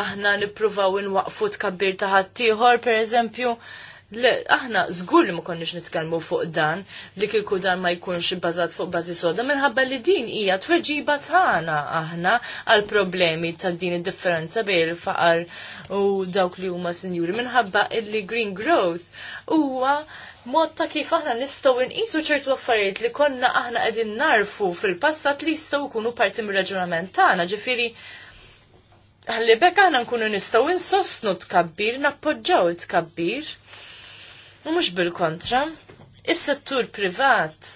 aħna nippruvaw inwaqfu tkabbir ta' ħaddieħor pereżempju. Le, aħna żgur li ma konniex nitkellmu fuq dan li kieku dan ma jkunx ibbażat fuq bażi soda minħabba li din hija tweġiba tagħna aħna għal problemi ta' din id-differenza bejn il-faqar u dawk li huma sinjuri minħabba illi green growth huwa mod ta' kif aħna nistgħu nqisu ċertu affarijiet li konna aħna qegħdin narfu fil-passat li jistgħu jkunu parti mir-raġunament tagħna, ġifieri ħalli bekk aħna nkunu nistgħu insostnu tkabbir, nappoġġaw tkabbir. U mhux bil-kontra, is-settur privat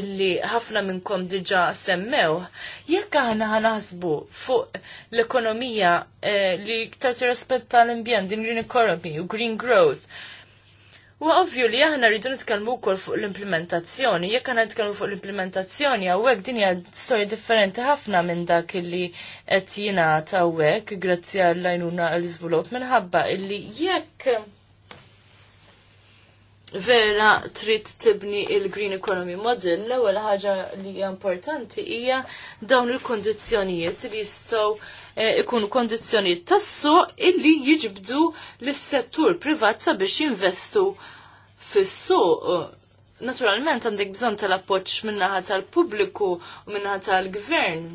illi ħafna minnkom diġa semmew, jekk aħna ħanaħsbu fuq l-ekonomija eh, li ktar tirrispetta l imbjend din green economy u green growth, U ovvju li aħna rridu nitkellmu wkoll fuq l-implementazzjoni. Jekk aħna nitkellmu fuq l-implementazzjoni hawnhekk din hija storja differenti ħafna minn dak illi qed jingħata hawnhekk grazzi għall-għajnuna l-iżvilupp minħabba illi jekk vera trid tibni il-green economy model, l-ewwel ħaġa li hija importanti hija dawn il-kondizzjonijiet li jistgħu Eh, ikunu kondizjoni tassu illi jiġbdu l-settur privat sabiex jinvestu fis-suq. Naturalment għandek bżon tal-appoċ minnaħat tal-pubbliku u minnaħat tal-gvern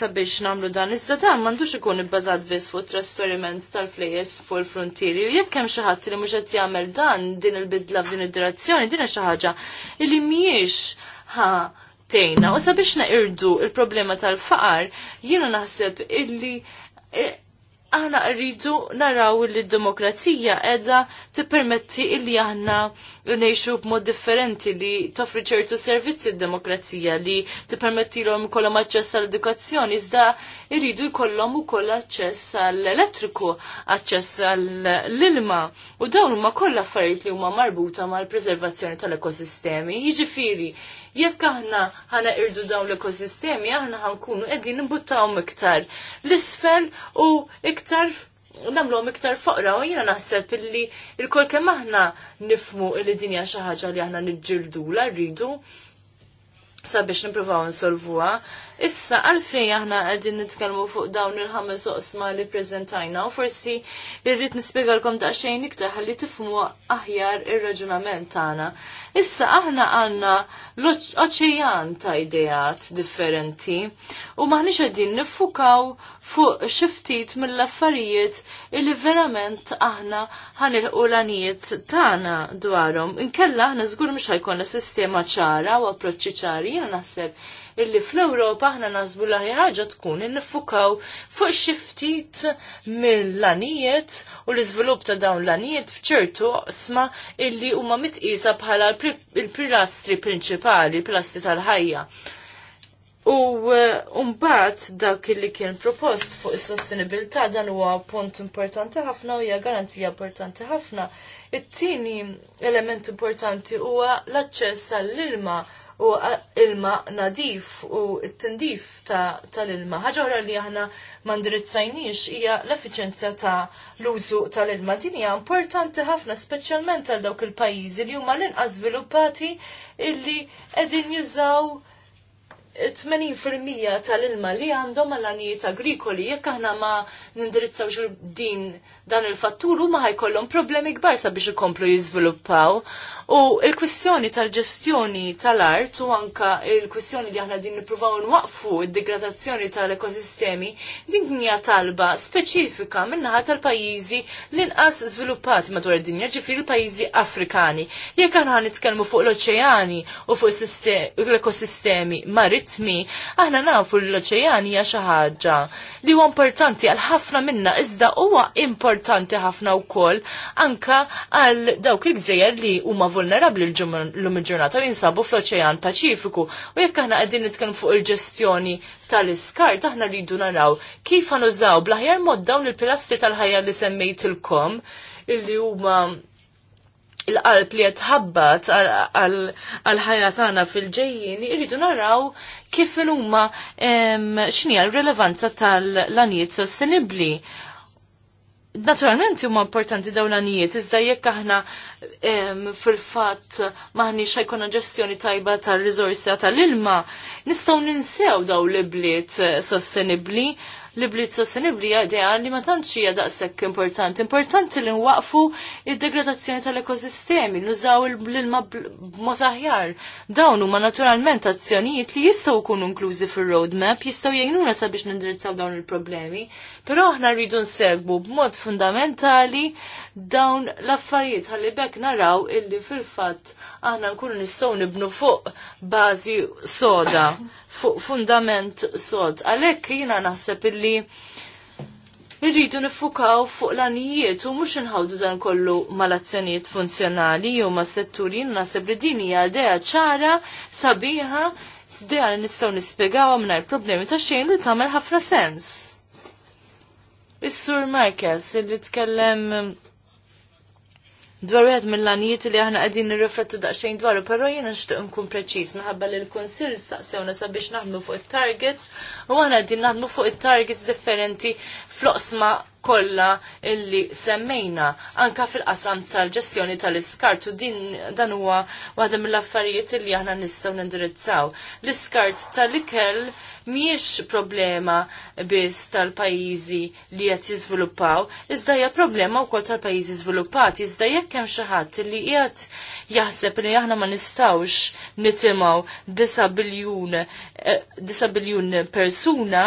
sabiex namlu dan. Iżda ta' mandux ikun ibbażat biss fuq trasferiment tal-flejes fuq il-frontieri. U jekk hemm xi ħadd li mhux qed jagħmel dan din il-bidla f'din id-direzzjoni, din hija xi ħaġa li mhijiex ha' tejna. U sabiex irdu il-problema tal-faqar, jiena naħseb illi e, aħna rridu naraw li d-demokrazija edha tippermetti illi aħna nejxu b'mod differenti li toffri ċertu servizzi d-demokrazija li tippermetti l-om kollom aċċess għall-edukazzjoni, iżda irridu jkollhom ukoll aċċess għall-elettriku, aċċess għal ilma U dawn huma kollha affarijiet li huma marbuta mal-preservazzjoni tal-ekosistemi. Jiġifieri, Jekk aħna ħana irdu dawn l-ekosistemi, aħna ħankunu qegħdin nimbuttawhom iktar l-isfel u iktar namlom iktar foqra u jina naħseb illi il-kol kemm aħna nifmu illi dinja xi ħaġa li aħna niġġildu la rridu sabiex nipruvaw nsolvuha. Issa għalfejn aħna għedin nitkellmu fuq dawn il-ħames oqsma li prezentajna u forsi irrid nispjegalkom daqsxejn iktar ħalli tifhmu aħjar ir-raġunament tagħna. Issa aħna għandna l-oċejan ta' ideat differenti u maħniex qegħdin niffukaw fuq xiftit mill-affarijiet illi verament aħna ħanilqu il anijiet tagħna dwarhom. Inkella aħna żgur mhux ħajkonna sistema ċara u approċċi ċari jiena naħseb illi fl-Ewropa aħna naħsbu laħi ħaġa tkun il-nifukaw fuq xiftit mill-anijiet u l-iżvilupp ta' dawn l-anijiet fċertu sma illi huma mitqisa bħala il-pilastri prinċipali, il-pilastri tal-ħajja. U mbagħad eh, dak li kien propost fuq is-sostenibilità dan huwa punt importanti ħafna u hija garanzija importanti ħafna. It-tieni element importanti huwa l-aċċess għall-ilma u ilma nadif u t-tindif tal-ilma. ħaġa oħra li aħna ndirizzajniex hija l-effiċenza ta' l-użu tal-ilma. Din hija importanti ħafna speċjalment għal dawk il-pajjiżi li huma l-inqas żviluppati illi qegħdin jużaw 80% tal-ilma li għandhom għal-għanijiet agrikoli, jekk aħna ma nindirizzawx din dan il-fattur, huma ħajkollhom problemi kbar sabiex ikomplu jiżviluppaw. U il-kwistjoni tal-ġestjoni tal-art u anka il-kwistjoni li aħna din nipruvaw nwaqfu id-degradazzjoni tal-ekosistemi din hija talba speċifika minnaħa tal-pajjiżi li inqas żviluppati madwar id-dinja ġifieri l-pajjiżi Afrikani. Jekk aħna nitkellmu fuq l-oċeani u fuq l-ekosistemi maritmi, aħna nafu l-oċeani hija xi ħaġa li huwa importanti għal ħafna minna iżda huwa importanti ħafna wkoll anka għal dawk il-gżejjer li huma vulnerabli l-lum il-ġurnata u jinsabu fl-Oċean Paċifiku. U jekk aħna qegħdin nitkellmu fuq il-ġestjoni tal-iskart, aħna rridu naraw kif ħanużaw bl blaħjar mod dawn il-pilastri tal-ħajja li semmejt il-kom, illi huma il-qalb li jtħabbat għal-ħajja tagħna fil-ġejjin, irridu naraw kif huma x'nija l-rilevanza tal-lanijiet sostenibbli. Naturalment huma importanti dawn l-anijiet, iżda jekk aħna fil-fatt maħniex xajkuna ġestjoni tajba tal rizorsi tal-ilma, nistgħu ninsew daw l-ibliet eh, sostenibbli li bliet sostenibbli idea li ma tantx hija daqshekk importanti. Importanti li nwaqfu id-degradazzjoni tal-ekosistemi, nużaw l blilma b'mod aħjar. Dawn huma naturalment azzjonijiet li jistgħu jkunu inklużi fir-roadmap, jistgħu jgħinuna sabiex nindirizzaw dawn il-problemi, però aħna rridu nsegbu b'mod fundamentali dawn l-affarijiet ħalli bekk naraw illi fil-fatt aħna nkunu nistgħu nibnu fuq bażi soda fuq fundament sod. Għalhekk jiena naħseb illi irridu nifukaw fuq l-anijiet u mux nħawdu dan kollu mal-azzjonijiet funzjonali u ma' setturi nasib li din hija idea ċara, sabiħa, s'dea li nistgħu nispjegaw mingħajr problemi ta' xejn li tagħmel ħafna sens. Is-Sur Marquez li tkellem dwar wieħed mill lanijiet li aħna qegħdin nirriflettu daqsxejn dwaru, però jiena nixtieq nkun preċiż minħabba li l-Kunsill saqsewna sabiex naħdmu fuq it-targets u aħna qegħdin naħdmu fuq it-targets differenti fl-oqsma kollha illi semmejna anka fil-qasam tal-ġestjoni tal-iskart u din dan huwa waħda mill-affarijiet illi aħna nistgħu nindirizzaw. L-iskart tal-ikel mhijiex problema biss tal-pajjiżi li qed jiżviluppaw, iżda hija problema wkoll tal-pajjiżi żviluppati, iżda jekk hemm xi ħadd li qiegħed jaħseb li aħna ma nistgħux nitimgħu 9 eh, biljun persuna,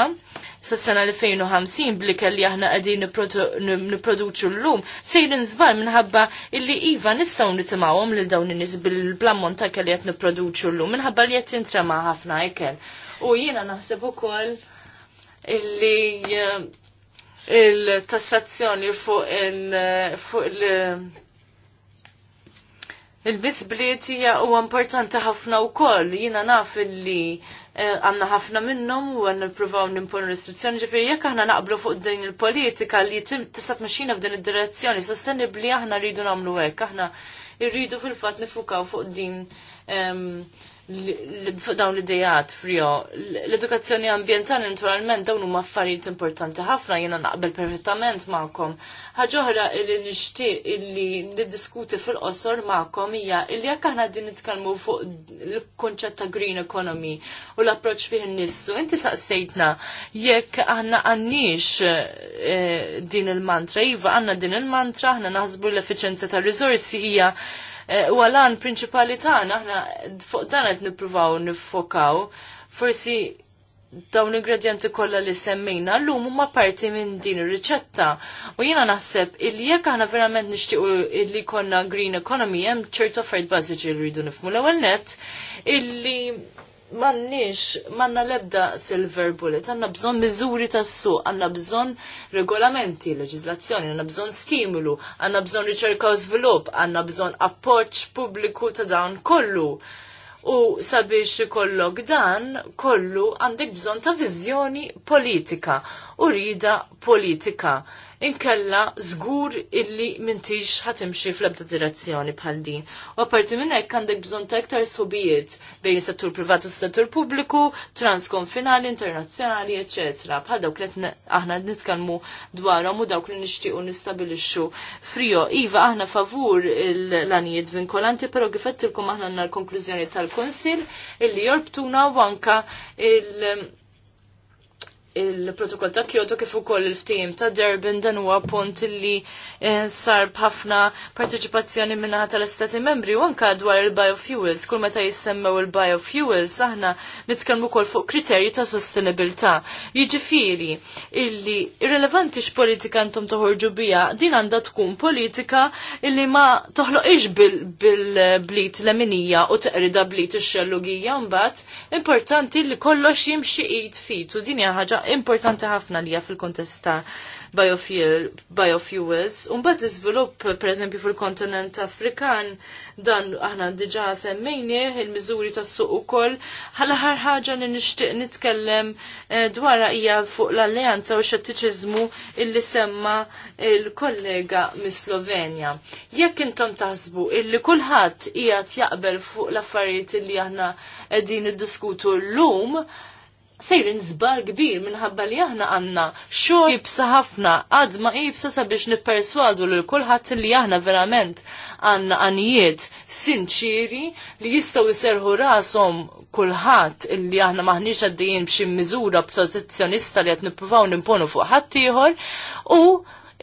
s sena 2050 bli kelli aħna qegħdin nipproduċu llum sejrin żbar minħabba illi iva nistgħu nitimawom lil dawn in-nies bil-blammont ta' kelli niproduċu nipproduċu llum minħabba li qed jintrema ħafna ikel. U jiena naħseb ukoll illi eh, il-tassazzjoni fuq il-fuq il, fuq il il bisbliet hija huwa importanti ħafna wkoll. Jiena naf illi eh, għandna ħafna minnhom u għandna nippruvaw nimponu restrizzjoni ġifieri jekk aħna naqblu fuq din il-politika li tim tista' tmexxina f'din id-direzzjoni sostenibbli aħna rridu nagħmlu hekk. Aħna rridu fil-fatt nifukaw fuq din em, dawn l-idejat frio. L-edukazzjoni ambientali naturalment dawn huma affarijiet importanti ħafna jiena naqbel perfettament magħkom. Ħaġa oħra li nixtieq illi niddiskuti fil-qosor magħkom hija illi jekk aħna din nitkellmu fuq il-konċett ta' green economy u l-approċċ fih innissu. Inti saqsejtna jekk aħna għandniex eh, din il-mantra, iva għandna din il-mantra, aħna naħsbu l-effiċenza tar-riżorsi hija Eh, u għalan prinċipali tagħna aħna fuq dan qed nippruvaw niffokaw. Forsi dawn l-ingredienti kollha li semmejna llum huma parti minn din ir-riċetta. U jiena naħseb illi jekk aħna verament nixtiequ illi konna green economy hemm ċertu affarijiet bażiċi li rridu nifmu l-ewwel net illi mannix, manna lebda silver bullet, għanna bżon miżuri tas suq għanna bżon regolamenti, leġizlazzjoni, għanna bżon stimulu, għanna bżon riċerka u svilup, għanna bżon appoċ publiku ta' dawn kollu. U sabiex kollok dan, kollu għandek bżon ta' vizjoni politika u rida politika inkella żgur illi mintix ħatimxie fl-ebda direzzjoni bħal din. U apparti minn hekk għandek bżonn ta' iktar subijiet bejn is-settur privat u s-settur pubbliku, transkonfinali, internazzjonali, eċetera. Bħal dawk li aħna nitkellmu dwarhom u dawk li nixtiequ nistabilixxu frijo. Iva aħna favur l-anijiet vinkolanti, però kif qedtilkom aħna l konklużjoni tal-Kunsill illi jorbtuna u anka il- il-protokoll ta' Kyoto kif ukoll il-ftim ta' Durban dan huwa punt li eh, sar b'ħafna parteċipazzjoni minnaħa tal-Istati Membri u anka dwar il-biofuels. Kull meta jissemmew il-biofuels aħna nitkellmu wkoll fuq kriterji ta' sostenibilità. Jiġifieri illi irrelevanti x'politika intom toħorġu biha din għandha tkun politika illi ma toħloqx bil-blit leminija u teqrida bliet ix-xellugija mbagħad importanti li kollox jimxi id fit u din hija ħaġa importanti ħafna li fil-kontest ta' biofuel, biofuels. Umbat l-izvilupp, per eżempju, fil-kontinent Afrikan, dan aħna diġa semmejni, il-mizuri ta' suq u koll. ħal-ħar ħagġa li nishtiq nitkellem eh, dwar hija fuq l-alleanza u xettiċizmu illi semma il-kollega mis-Slovenja. Jekk intom taħsbu illi kulħadd qiegħed jaqbel fuq l-affarijiet illi aħna qegħdin iddiskutu l-lum, sejrin zbal kbir minħabba li aħna għanna xogħol jibsa ħafna għad ma jibsa sabiex nipperswadu lil kulħadd li aħna verament għanna għanijiet sinċiri li jistgħu jserħu rashom kulħadd li aħna maħniex għaddejjin b'xi miżura protezzjonista li qed nippruvaw nimponu fuq ħadd u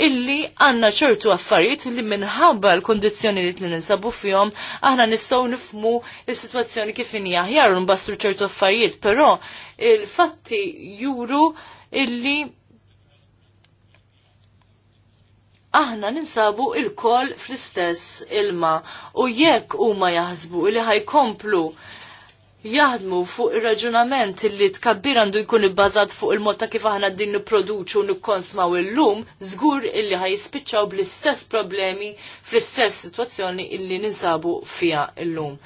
illi għanna ċertu affarijiet li minħabba l kondizjoni li ninsabu fihom aħna nistgħu nifmu is-sitwazzjoni kif inhi aħjar u nbastru ċertu affarijiet, però il-fatti juru illi aħna ninsabu il-kol fl-istess ilma u jekk huma jaħsbu li ħajkomplu jaħdmu fuq ir-raġunament li tkabbir għandu jkun ibbażat fuq il-mod ta' kif aħna din nipproduċu u nikkonsmaw illum, żgur illi ħajspiċċaw bl-istess problemi fl-istess sitwazzjoni illi ninsabu fiha illum.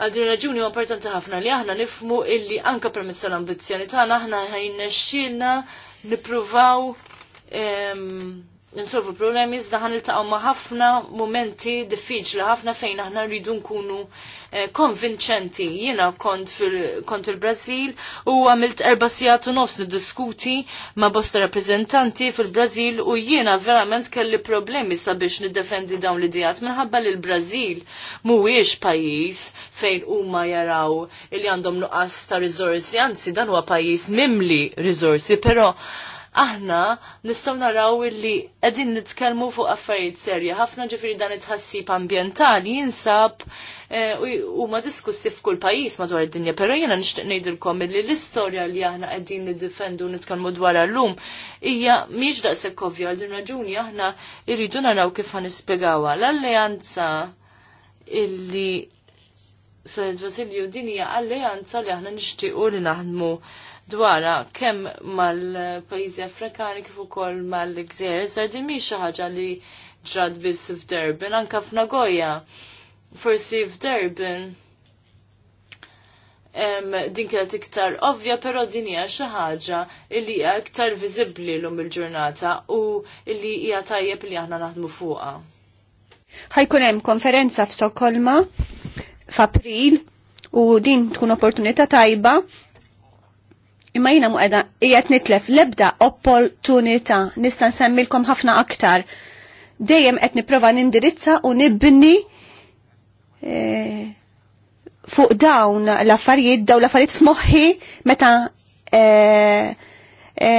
Għal din raġuni importanti ħafna li aħna nifmu illi anka permessa tal-ambizzjoni tagħna aħna ħajnexxielna nippruvaw nsolvu problemi iżda ħan iltaqgħu ma' ħafna momenti diffiċli ħafna fejn aħna rridu nkunu eh, konvinċenti. Jiena kont fil kont il-Brażil u għamilt erba' sigħat u nofs niddiskuti ma' bosta rappreżentanti fil-Brażil u jiena verament kelli problemi sabiex niddefendi dawn l-idejat minħabba li l-Brażil mhuwiex pajjiż fejn huma jaraw li għandhom nuqqas ta' riżorsi, anzi dan huwa pajjiż mimli riżorsi, però aħna nistgħu naraw illi għedin nitkellmu fuq affarijiet serja. Ħafna ġifiri dan it-ħassib ambjentali jinsab eh, u ma diskussi f'kull pajjiż madwar id-dinja, però jiena nixtieq ngħidilkom li l-istorja li aħna qegħdin niddifendu nitkellmu dwar llum hija miex daqshekk ovvja għal din raġuni aħna irridu naraw kif ħanispjegawha. L-alleanza illi San Vasilju din hija alleanza li aħna nixtiequ li naħdmu dwara kemm mal-pajjiżi Afrikani kif ukoll mal-Gżejjer sar din mhix xi ħaġa li ġrad biss f'Durban anke f'Nagoya. Forsi f'Durban din kienet iktar ovvja, però din hija xi ħaġa li hija iktar viżibbli lum il-ġurnata u li hija tajjeb li aħna naħdmu fuqha. Ħajkun hemm konferenza f'Stokkolma f'April u din tkun opportunità tajba imma jina muqeda ijat nitlef lebda opportunità nista' nsemmilkom ħafna aktar dejjem qed nipprova nindirizza u nibni e, fuq dawn l-affarijiet daw l-affarijiet f'moħħi meta e, e,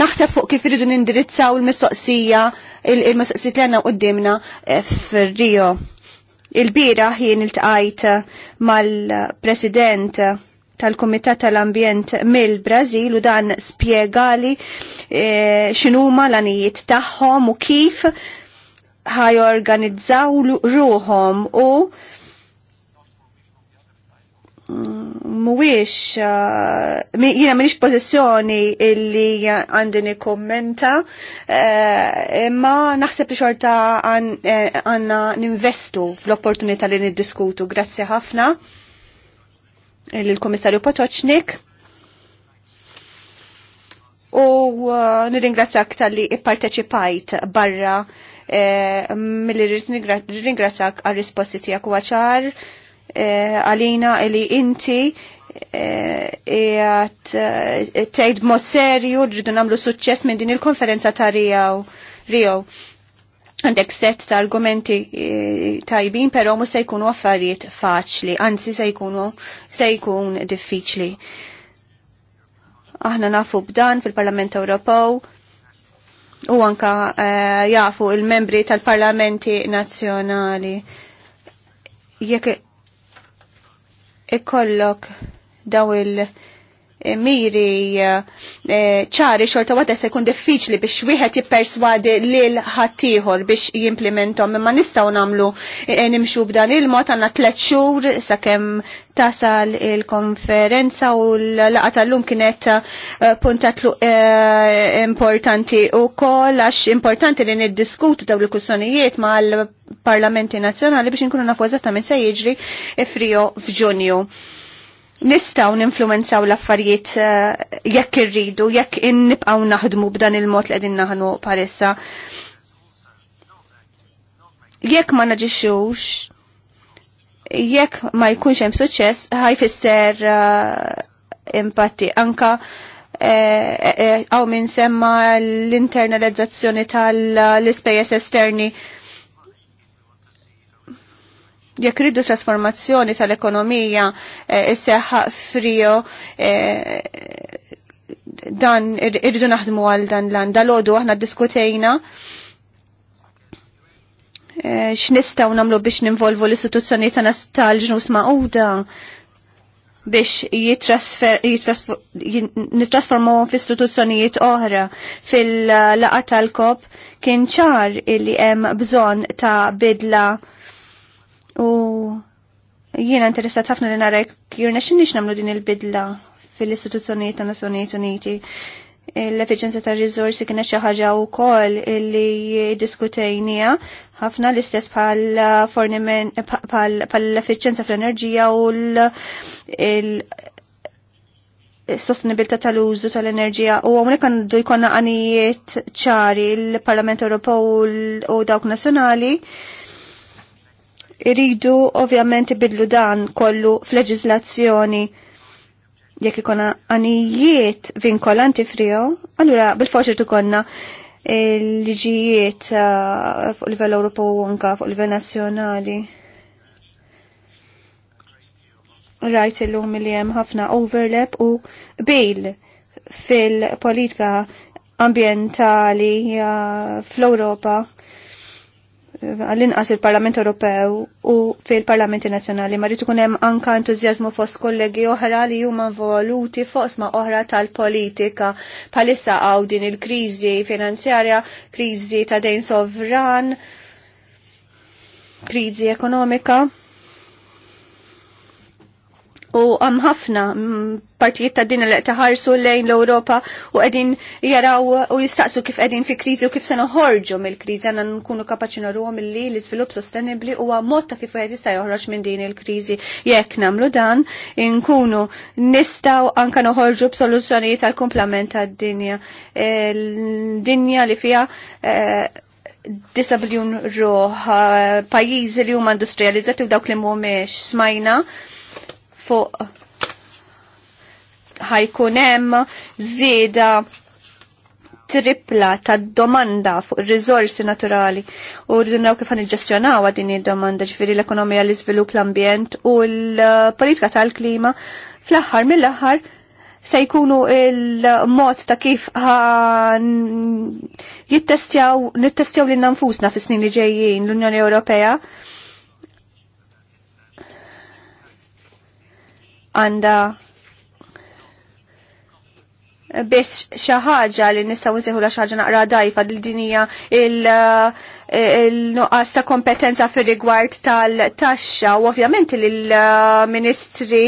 naħseb fuq kif iridu nindirizzaw l mistoqsija il-mistoqsijiet li għandna qudiemna e, fir-Rio. Il-bira jien iltqajt mal-president tal-Komitat tal-Ambjent mill-Brazil u dan spjegali e, eh, x'inhuma l-anijiet tagħhom u kif ħajorganizzaw ruħom u mwix, uh, jina mwix pozizjoni illi għandini kommenta, uh, imma naħseb li xorta uh, għanna ninvestu fl-opportunità li niddiskutu. Grazzi ħafna l-Komissarju Potoċnik. U nirringrazzjak tal-li parteċipajt barra mill-li ringrazzjak għal-risposti tijak u għacħar Eh, għalina li inti eh, jgħat eh, tgħid mod serju rridu nagħmlu suċċess minn din il-konferenza ta' Rio. Għandek set ta' argumenti tajbin, però mhux se jkunu affarijiet faċli, anzi se jkunu se jkun diffiċli. Aħna nafu b'dan fil-Parlament Ewropew u anka jafu il-membri tal-parlamenti nazzjonali jekk ikollok daw il- miri eh, ċari xorta għadda se jkun diffiċli biex wieħed jipperswadi lil ħaddieħor biex jimplementom imma nistgħu nagħmlu eh, nimxu b'dan il-mod għandna tlet xhur sakemm tasal il-konferenza u l-laqa tal-lum kienet eh, puntat importanti u koll għax importanti li niddiskutu daw l-kussonijiet ma l-parlamenti nazjonali biex nkunu nafu eżattament se jiġri frio f'ġunju nistaw ninfluenzaw l-affarijiet eh, jekk irridu, jekk nibqaw naħdmu b'dan il-mod li qegħdin naħnu palissa. Jekk ma naġixxux, jekk ma jkunx hemm suċċess, ħajfisser eh, impatti anka eh, għaw minn semma l-internalizzazzjoni tal-ispejjeż esterni jekk ridu trasformazzjoni tal-ekonomija eh, isseħħa frio eh, dan irridu naħdmu għal dan l-an. Dal-ħodu aħna diskutejna eh, x'nistgħu nagħmlu biex ninvolvu l-istituzzjoni tal-ġnus ma'uda biex f f'istituzzjonijiet oħra fil-laqa tal-kop kien ċar illi hemm bżonn ta' bidla U jiena interessat ħafna li nara jirna x'inniex nagħmlu din il-bidla fil-istituzzjonijiet ta' Nazzjonijiet Uniti l-efficienza ta' rizorsi kienet xi ħaġa wkoll li diskutejnija ħafna l-istess bħal forniment bħal efficienza fl-enerġija u l sostenibilità tal-użu tal-enerġija u għamlek għandu jkonna għanijiet ċari l-Parlament Ewropew u dawk nazzjonali Iridu ovvjament ibidlu dan kollu f'leġiżlazzjoni jekk ikona għanijiet vinkolanti frio, allura bil-forsi tukonna eh, liġijiet eh, fuq livell Ewropew u anka fuq livell nazzjonali. Rajt illum li hemm ħafna overlap u bil fil-politika ambientali eh, fl-Ewropa għall-inqas il-Parlament Ewropew u fil-Parlamenti Nazzjonali ma ikun hemm anka entużjażmu fost kollegi oħra li huma fost fosma oħra tal-politika bħalissa għaw din il-kriżi finanzjarja, kriżi ta' dejn sovran, kriżi ekonomika u għam ħafna partijiet ta' din li taħarsu lejn l-Europa u għedin jaraw u jistaqsu kif għedin fi krizi u kif se noħorġu mill-krizi għanna nkunu kapaċi narru li l-izvilup sostenibli u għamotta ta' kif għed jista' joħroġ minn din il-krizi jekk namlu dan nkunu nistaw anka noħorġu b'soluzzjonijiet tal-komplement ta' dinja e, Dinja li fija e, disabljun ruħ, e, pajizi li huma industrializzati u dawk li mhumiex smajna fuq ħajkun hemm żieda tripla ta' domanda fuq ir-rizorsi naturali u rridunaw kif ġestjonaw din id-domanda ġifiri l-ekonomija l iżvilupp l-ambjent u l-politika tal-klima fl-aħħar mill-aħħar se jkunu il-mod ta' kif jittestjaw nittestjaw lil innanfusna fis-snin li ġejjin l-Unjoni Ewropea għanda biss xi ħaġa li nistaw nsejħu la ħaġa naqra dajfa li din hija il-nuqqas ta' kompetenza fir-rigward tal-taxxa u ovvjament lill-ministri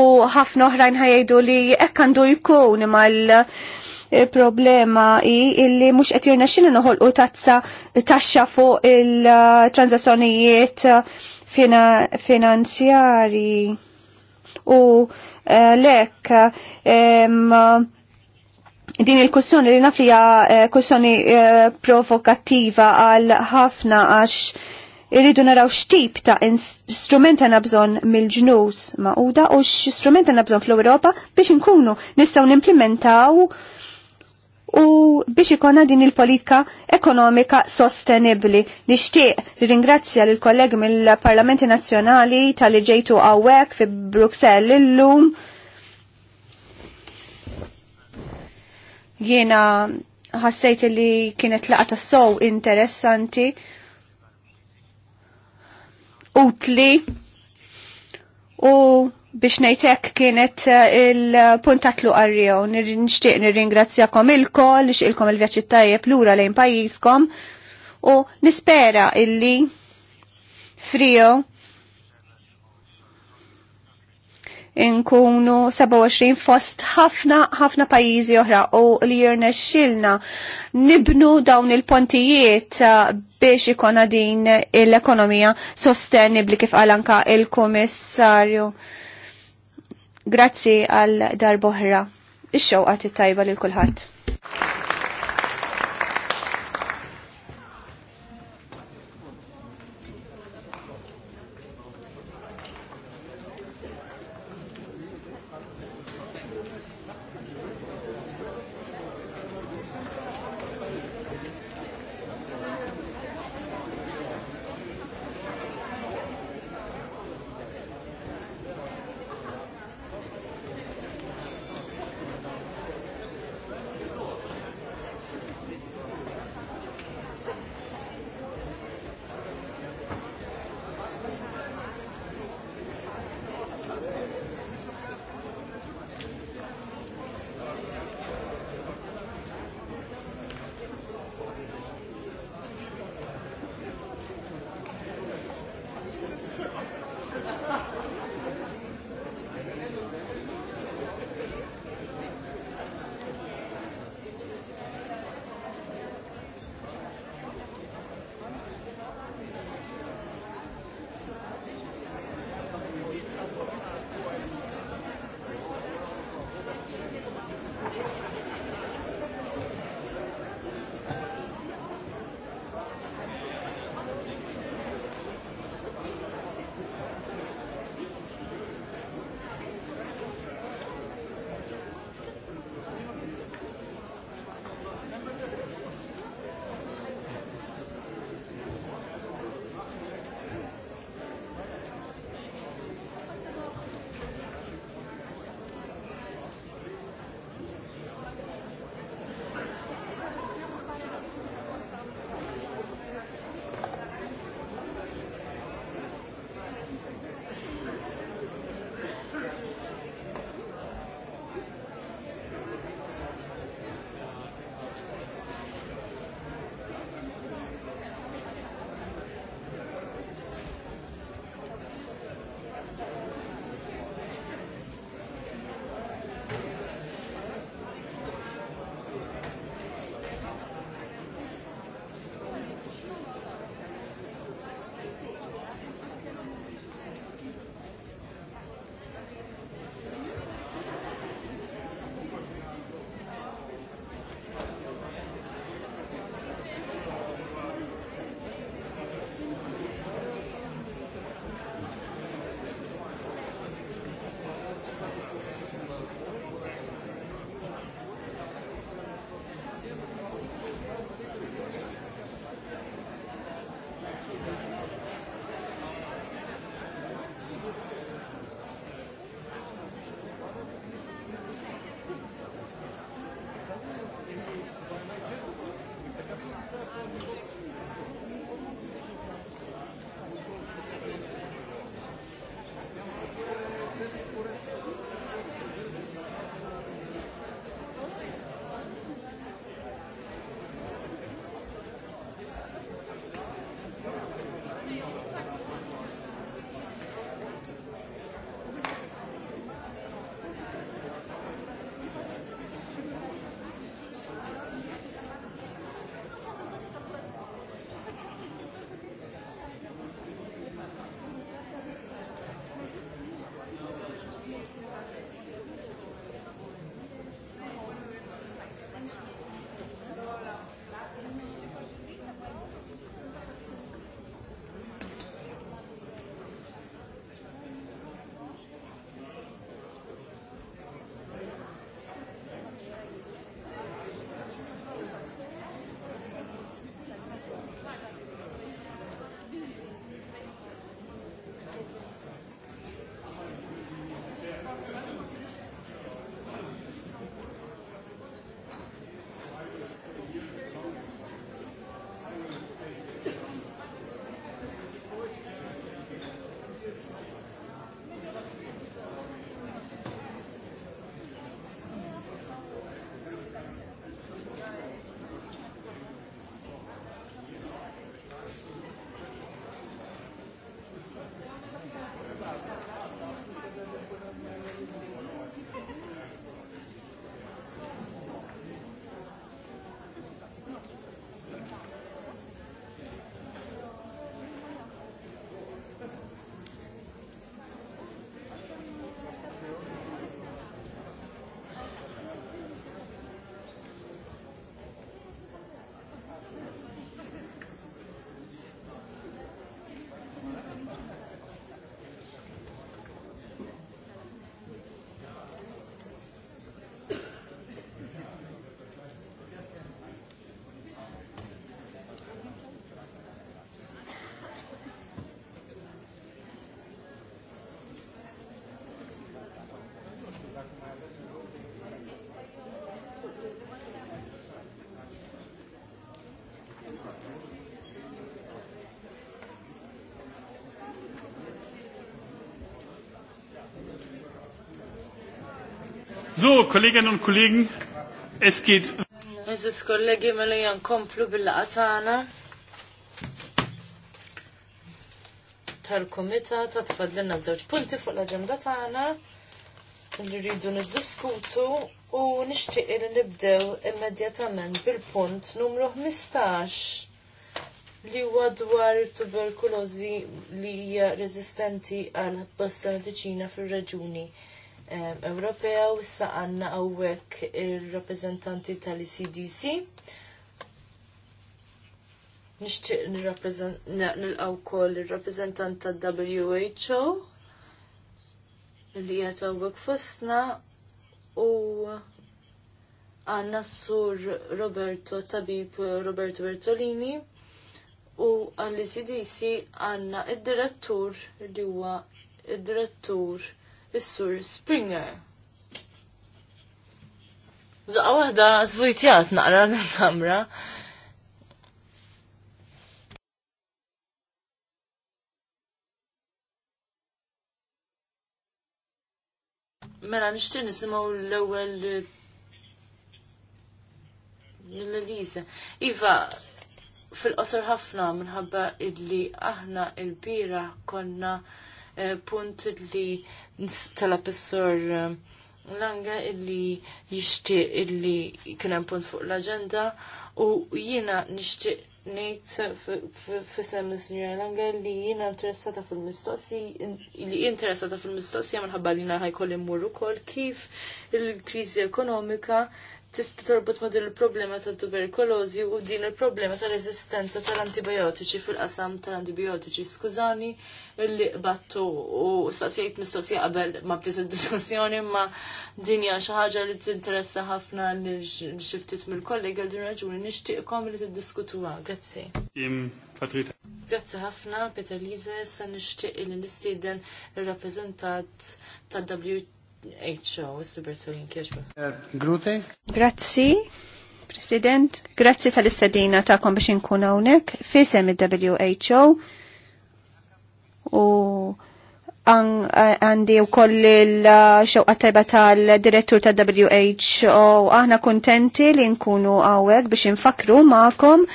u ħafna oħrajn ħajdu li hekk għandu jkun mal problema i illi mhux qed jirna xina noħolqu tazza taxxa fuq il-transazzjonijiet finanzjari u eh, lek din il-kussjoni li naflija eh, kussjoni eh, provokativa għal ħafna għax irridu naraw x'tip ta' instrumenta nabżon mill-ġnus ma' u x-instrumenta nabżon fl-Ewropa biex nkunu nistgħu nimplementaw implementaw u biex ikonna din il-politika ekonomika sostenibli. Nixtieq ringrazzja lil kollegi mill-Parlamenti Nazzjonali tal ġejtu għawek fi Bruxelles illum. Jiena ħassejt li kienet laqa tas-sow interessanti utli u biex nejtek kienet eh, il-puntatlu għarriju. Nishtiq nirringrazzjakom ringrazzjakom il-kol, xilkom il-vjaċi tajjeb lura lejn pajiskom u nispera illi frio inkunu 27 fost ħafna ħafna pajizi oħra u li jirna xilna nibnu dawn il-pontijiet eh, biex ikona din l-ekonomija sostenibli kif għalanka il-komissarju. il komissarju Grazzi għal oħra. Ix-xewqa tajba lil kulħadd. So, Kolleginnen und Kollegen, es geht. Eżis kollegi mela jankomplu bil-laqatana tal-komita ta' tfadlina żewġ punti fuq l agenda tagħna li rridu niddiskutu u nixtieq li nibdew immedjatament bil-punt numru 15 li huwa dwar tuberkulożi li hija reżistenti għal bosta mediċina fir-reġuni Ewropew, issa għanna għawek il-rappresentanti tal-ICDC. Nishtiq nil-għaw kol il-rappresentant tal-WHO li għat għawek fosna u għanna s-sur Roberto Tabib Roberto Bertolini u għall-ICDC għanna id-direttur li huwa id-direttur is-Sur Springer. Daqqa waħda zvujtjat naqra l-kamra. Mela nixtieq nisimgħu l-ewwel l elisa Iva, fil-qosor ħafna minħabba illi aħna il-bira konna Eh, punt li tala is eh, Langa illi jishti illi kien hemm punt fuq l-aġenda u jiena nixtieq ngħid f'isem is-Sinjora Langa li jiena interessata fil-mistoqsi li interessata fil-mistoqsija minħabba li jiena ħajkolli ukoll kif il-kriżi ekonomika tista' torbot ma' din il-problema ta' tuberkulożi u din il-problema ta' reżistenza tal-antibiotiċi fil-qasam tal-antibiotiċi. Skużani li battu u saqsejt mistoqsija qabel ma bdiet id-diskussjoni ma dinja xi ħaġa li tinteressa ħafna li xiftit mill-kollega din raġuni nixtieqkom li tiddiskutuha. Grazzi. Grazzi ħafna, Peter Lise, sa nixtieq li nistieden ir-rappreżentant tal-WT HO, Sibertolin Kirchberg. Eh, Grute. Grazzi, President. Grazzi tal-istadina ta'kom biex nkun hawnhekk fisem il-WHO u għandi u koll il-xewqa tajba tal-direttur tal-WHO. Aħna kontenti li nkunu għawek biex nfakru ma'kom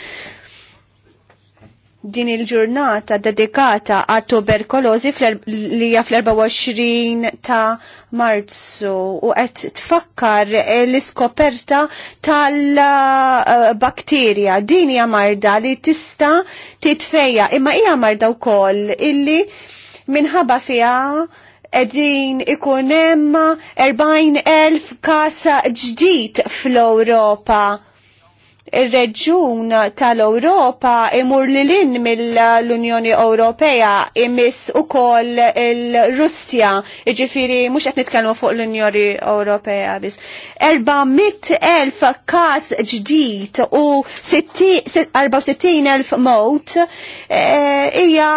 din il-ġurnata dedikata għat tuberkolozi li hija fl-24 ta' Marzu u qed tfakkar eh, l-iskoperta tal-bakterja. Eh, din hija marda li tista' titfejja imma hija marda wkoll illi minħabba fiha edin ikun hemm 40,000 kasa ġdid fl-Ewropa il-reġjun tal-Europa imur li lin mill-Unjoni Ewropea imis u koll il-Russja, iġifiri mux għet nitkellmu fuq l-Unjoni Ewropea bis. 400.000 kas ġdijt u 64.000 mot e, ija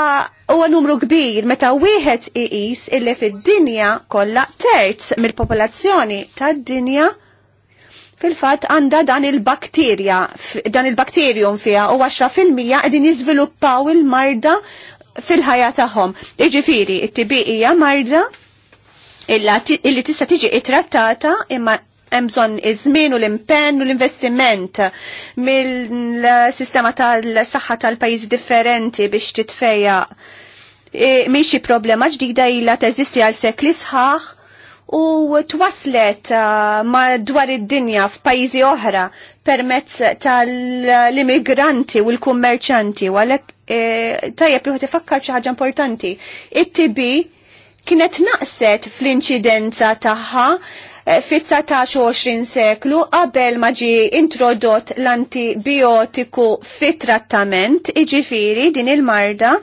huwa numru kbir meta wieħed iqis illi fid-dinja kollha terz mill-popolazzjoni tad-dinja fil-fatt għandha dan il-bakterja, dan il-bakterjum fiha u 10% qegħdin jiżviluppaw il-marda fil-ħajja tagħhom. Iġifieri, it tibi hija marda illi tista' tiġi ittrattata imma hemm bżonn iż-żmien u l-impenn u l-investiment mill-sistema tal-saħħa tal-pajjiż differenti biex titfejja e, miexi problema ġdida illa teżisti għal sekli sħaħ u twaslet uh, madwar id-dinja f'pajjiżi oħra permezz tal-immigranti u l-kummerċanti u għalhekk eh, tajjeb li tifakkar xi ħaġa importanti. It-TB kienet naqset fl-inċidenza tagħha eh, fit-19 20 seklu qabel ma ġie introdott l-antibiotiku fit-trattament, iġifiri din il-marda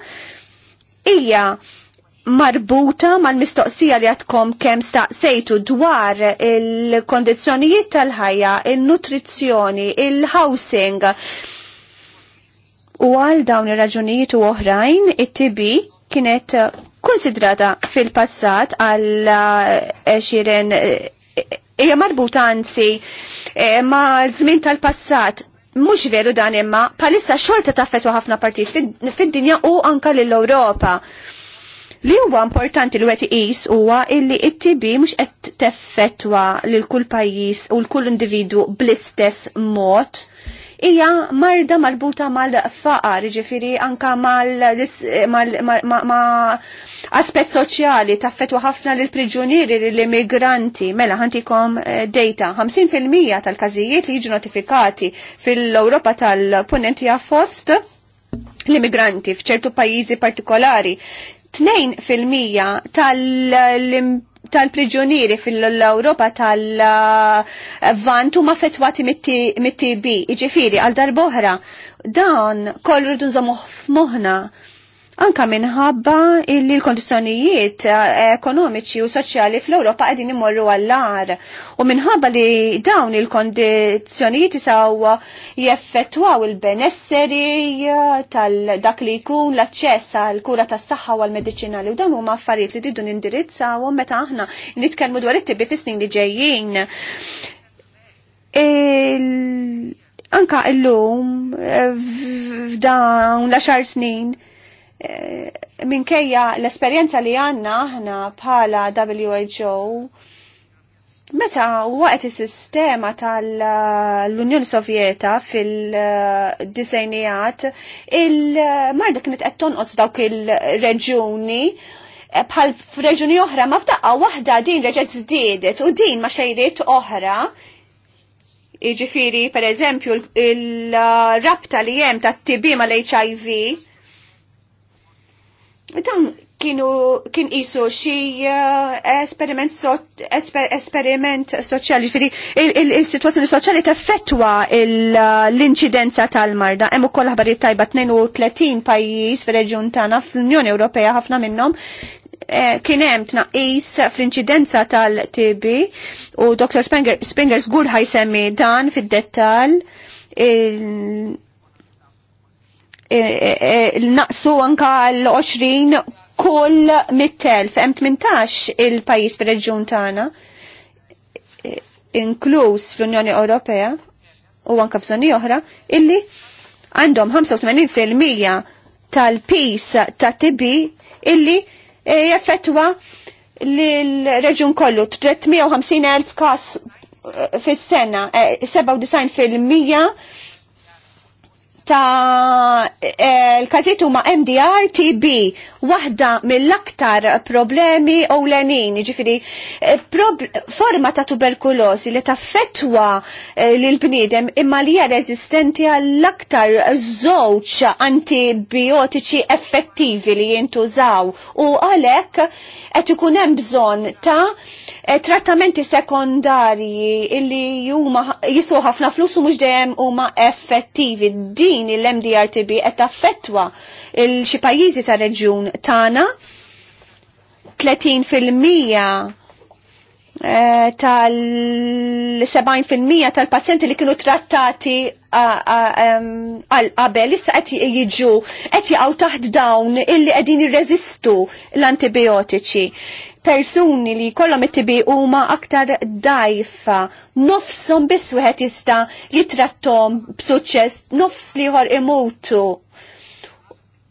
hija marbuta mal-mistoqsija li għatkom kem staqsejtu dwar il-kondizjonijiet tal-ħajja, il-nutrizzjoni, il-housing. U għal dawn ir-raġunijiet u oħrajn, it-TB kienet konsidrata fil-passat għal xiren eh, eh, hija marbuta anzi eh, ma' żmien tal-passat mhux veru dan imma palissa xorta taffetwa ħafna partijiet fid-dinja u anka lill-Ewropa. Li huwa importanti li wet iqis huwa illi it-TB mhux qed teffettwa lil kull pajjiż u l-kull individwu bl-istess mod. Ija marda marbuta mal-faqar, ġifiri anka mal-aspet soċjali, taffetwa ħafna l prigjoniri l-immigranti, mela ħantikom eh, data. 50% tal-kazijiet li jiġu notifikati fil-Europa tal-punenti fost l-immigranti f'ċertu pajjiżi partikolari 2% tal-priġjonieri tal mija tal fil europa tal vantu ma fetwati mit-TB, iġifiri, għal darboħra. Dan kollu rridu f f'moħħna anka minħabba illi l-kondizjonijiet eh, ekonomiċi u soċjali fl-Ewropa qegħdin imorru għall-ar. U minħabba li dawn il-kondizjonijiet isaw jeffettwaw il-benesseri eh, tal-dak li jkun l-aċċess għall kura tas-saħħa u għall-mediċinali u dawn huma affarijiet li didu nindirizzawhom meta aħna nitkellmu dwar it-tibbi fis-snin li ġejjin. Anka illum eh, f'dawn l-għaxar snin minkejja l-esperjenza li għanna aħna bħala WHO meta waqt is-sistema tal-Unjoni Sovjeta fil-disejnijat il-marda kienet qed tonqos dawk il-reġuni bħal f'reġuni oħra ma f'daqqa waħda din reġgħet żdiedet u din ma xejriet oħra Iġifiri, per eżempju, il-rabta li jem tat TB mal l-HIV, Dan kienu kien isu xi eh, esperiment esperiment soċjali, ġifieri il-sitwazzjoni soċjali teffettwa l-inċidenza tal-marda. Hemm ukoll ħbarijiet tajba 32 pajjiż fir-reġjun tagħna fl-Unjoni Ewropea ħafna minnhom eh, kien hemm tnaqqis fl-inċidenza tal-TB u Dr. Spengers żgur ħajsemmi dan fid-dettall Eh, eh, eh, naqsu anka l-20 kull mittel telf hemm 18 il-pajjiż fir-reġjun tagħna, inkluż fl-Unjoni Ewropea u anka f'żoni oħra, illi għandhom 85% tal-pis ta' tibi illi jaffetwa l reġjun kollu 350.000 kas fis-sena, 97% ta' eh, l-kazit huma MDR TB waħda mill-aktar problemi ewlenin, ġifiri eh, forma ta' tuberkulosi li ta' fetwa eh, lil bniedem imma li hija għall-aktar żewġ antibiotiċi effettivi li jintużaw u għalhekk qed ikun hemm bżonn ta' E, trattamenti sekondarji illi juma jiswa ħafna flus u mhux dejjem huma effettivi. Din il-MDRTB qed taffettwa il xi pajjiżi ta' reġjun tagħna 30% e, tal-70% tal-pazjenti li kienu trattati għal-qabel, issa qed jiġu, qed jaqgħu taħt dawn illi qegħdin jirreżistu l-antibiotiċi persuni li kollom it-tibi huma aktar dajfa, nofsom biss wieħed jista' jitrattom b'suċċess, nofs liħor imutu.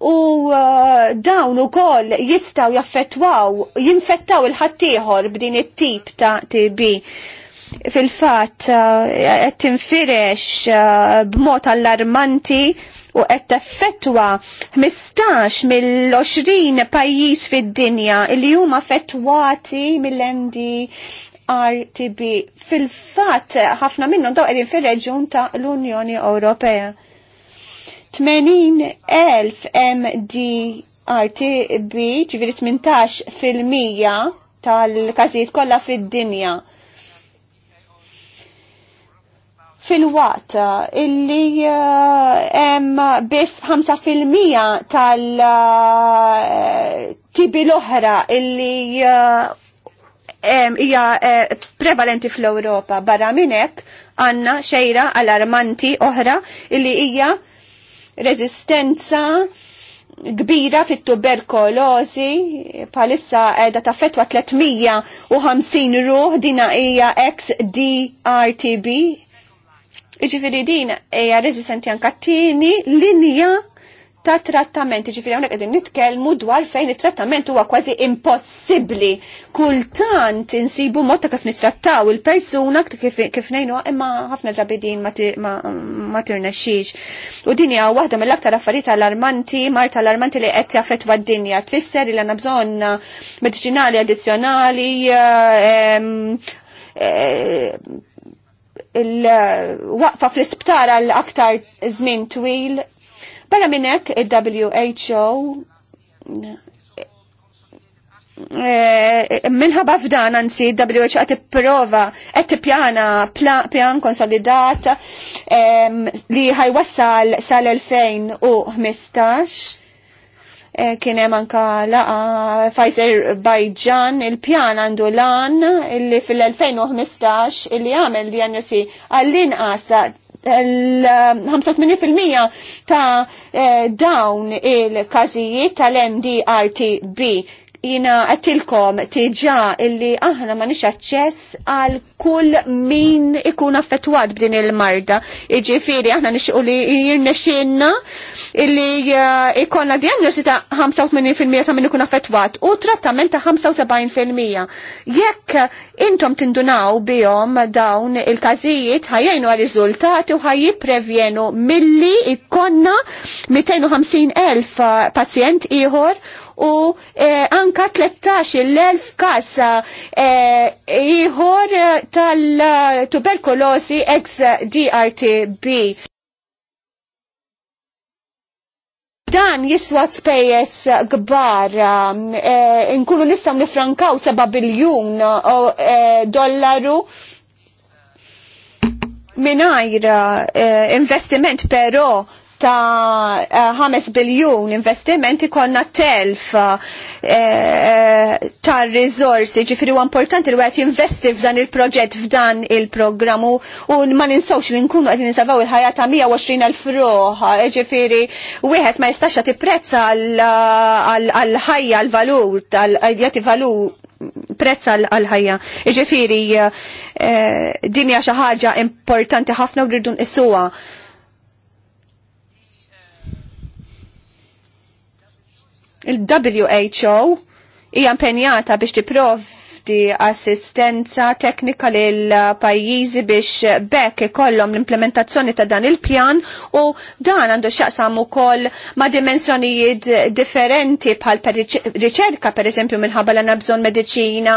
U uh, dawn ukoll jistgħu jaffettwaw, jinfettaw il-ħaddieħor b'din it-tip ta' tibi fil fatt uh, qed tinfirex uh, b'mod allarmanti u qed teffettwa 15 mill-20 pajjiż fid-dinja li huma fettwati mill-endi RTB. Fil-fatt ħafna minnhom daw qegħdin fir-reġjun ta' l-Unjoni Ewropea. 80,000 MDRTB, ġiri 18 fil-mija tal-każijiet kollha fid-dinja. fil waqt eh, illi eh, hemm biss 5% tal-tibi eh, l-oħra illi hija prevalenti fl-Ewropa barra minn hekk għandna xejra alarmanti oħra illi hija rezistenza kbira fit tuberkolosi palissa edha ta' fetwa 350 ruħ dina hija XDRTB Iġifiri din eja rezistenti anka linja ta' trattament. Iġifiri għonek għedin nitkelmu dwar fejn il-trattament huwa kważi impossibli. Kultant insibu mod kif nitrattaw il-persuna kif, kif nejnu imma ħafna drabi din ma, ma, ma U din hija waħda mill-aktar affarijiet allarmanti, marta allarmanti li qed jaffettwa d-dinja. Tfisser li għandna bżonn mediċinali addizzjonali, ehm, ehm, il-waqfa fl-isptar għal aktar żmien twil. Barra minnek il-WHO eh, minħabba f'dan anzi WHO għati tipprova qed tippjana pjan konsolidat eh, li ħajwassal sal-2015 E, kien hemm anka laqa Pfizer Bajġan il-pjan għandu lan illi fil-2015 illi għamel diagnosi għall-inqas l-85% ta' e, dawn il-każijiet tal-MDRTB jina għattilkom tiġa illi aħna ma nix aċċess għal kull min ikun affettwat b'din il-marda. Iġifiri, aħna u li jirnexinna illi uh, ikonna diagnosi ta' 85% ta' min ikun affettwat u trattament ta' 75%. Jekk intom tindunaw bihom dawn il-kazijiet ħajjajnu għal-rizultati u ħajjiprevjenu milli ikonna 250.000 uh, pazjent iħor u eh, anka 13.000 kas eh, iħor eh, tal-tuberkulosi ex DRTB. Dan jiswa spejjeż kbar, eh, nkunu nistgħu nifrankaw 7 biljun eh, dollaru minajra eh, investiment però ta' 5 eh, biljun investiment ikonna telf eh, eh, ta' rizorsi ġifiri u importanti li għet jinvesti f'dan il-proġett f'dan il-programmu u ma ninsawx li nkunu għet ninsavaw il-ħajja ta' 120.000 ruħa ġifiri u għet ma jistaxa ti prezza għal-ħajja għal-valur għal-jati valur prezza għal-ħajja. Iġifiri, dinja xaħġa importanti ħafna u rridu nqissuha Il-WHO hija impenjata biex tipprovdi assistenza teknika lil pajjiżi biex bekk ikollhom l-implementazzjoni ta' dan il-pjan u dan għandu x'jaqsam ukoll ma' dimensjonijiet differenti bħal per riċerka pereżempju minħabba l bżonn mediċina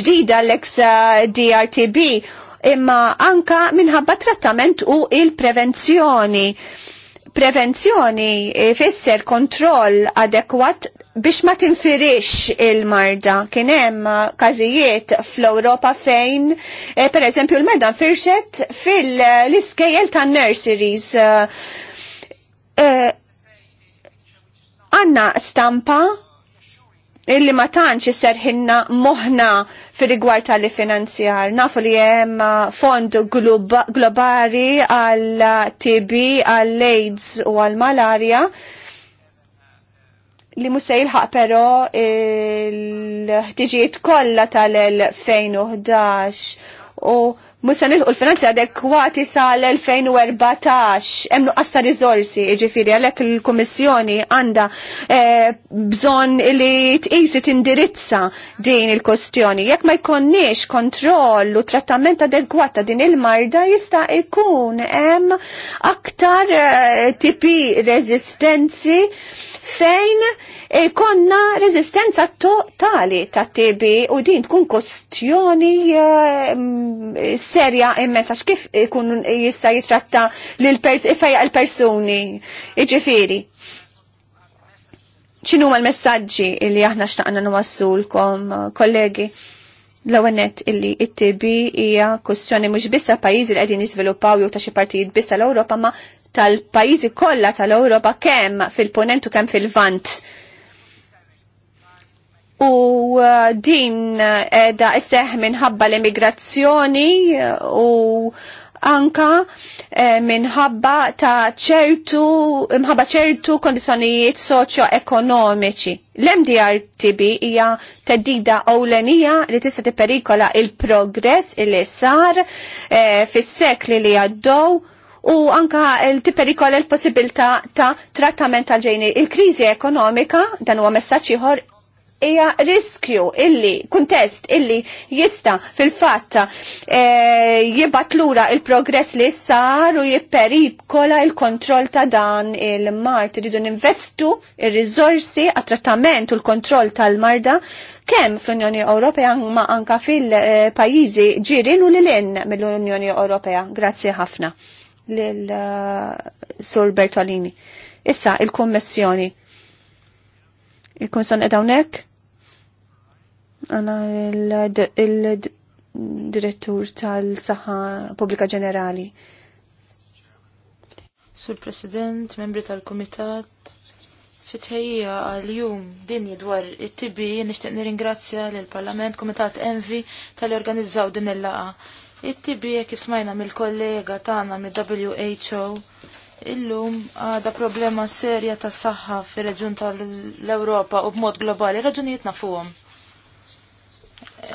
ġdida l-ex eh, DRTB imma anka minħabba trattament u il-prevenzjoni. il prevenzjoni prevenzjoni fisser kontroll adekwat biex ma tinfirix il-marda. Kien hemm każijiet fl-Ewropa fejn, e, per eżempju, l-marda nfirxet fil-iskejjel ta' nurseries. Eh, eh, għanna stampa illi ma tantx isserħinna moħna fir rigward tal-finanzjar. Nafu li hemm uh, fond globali għal TB, għal AIDS u għal malaria li musa jilħaq però l-ħtiġijiet kollha tal-2011 u musa nilħu l-finanzi adekwati sal-2014, emnu qasta rizorsi, ġifiri, għalek l-Komissjoni għanda eh, bżon li tqisi tindirizza din il-kostjoni. Jekk ma jkonniex kontroll u trattament adekwata din il-marda jista' ikun hemm aktar eh, tipi rezistenzi fejn eh, konna rezistenza totali ta' TB u din tkun kostjoni eh, serja immensa x'kif ikun jista' jitratta l-persuni iġifieri. ċinu ma l-messagġi li aħna xtaqna nwassulkom, kollegi? l-għonet illi it-TB hija kustjoni mhux biss ta' pajjiżi li qegħdin jiżviluppaw jew ta' xi partijiet biss tal-Ewropa ma tal-pajizi kollha tal-Ewropa kemm fil-ponent u kemm fil-vant. U uh, din uh, edha isseħ minħabba l-immigrazzjoni uh, u anka minħabba ta' ċertu, minħabba ċertu kondizjonijiet soċjo-ekonomiċi. L-MDRTB hija teddida ewlenija li tista' tipperikola il-progress il-li sar fis-sekli li għaddew u anka il tiperikola l-possibilità ta' trattament tal-ġejni. Il-krizi ekonomika, dan huwa messaġġ ieħor, hija riskju illi, kuntest illi jista fil-fatt e, jibat lura il-progress li sar u jipperikola il-kontroll ta' dan il-mart. Ridu ninvestu il-rizorsi għat-trattament u l-kontroll tal-marda kemm fl-Unjoni Ewropea ma anka fil-pajizi e, ġirin u l-lin mill-Unjoni Ewropea. Grazzi ħafna l-Sur uh, Bertolini. Issa, il-kommissjoni. il kommissjoni edha hawnhekk? Għana il-direttur tal-Saħħa Pubblika Ġenerali. Sur President, membri tal-Kumitat, fitħejja għal-jum din dwar it-tibi nixtieq nirringrazzja lill parlament Kumitat Envi tal-organizzaw din il-laqa It-tibie kif smajna mill-kollega tagħna mill-WHO illum għada problema serja ta' saħħa fir reġun tal-Europa u b'mod globali, raġunijiet nafuhom.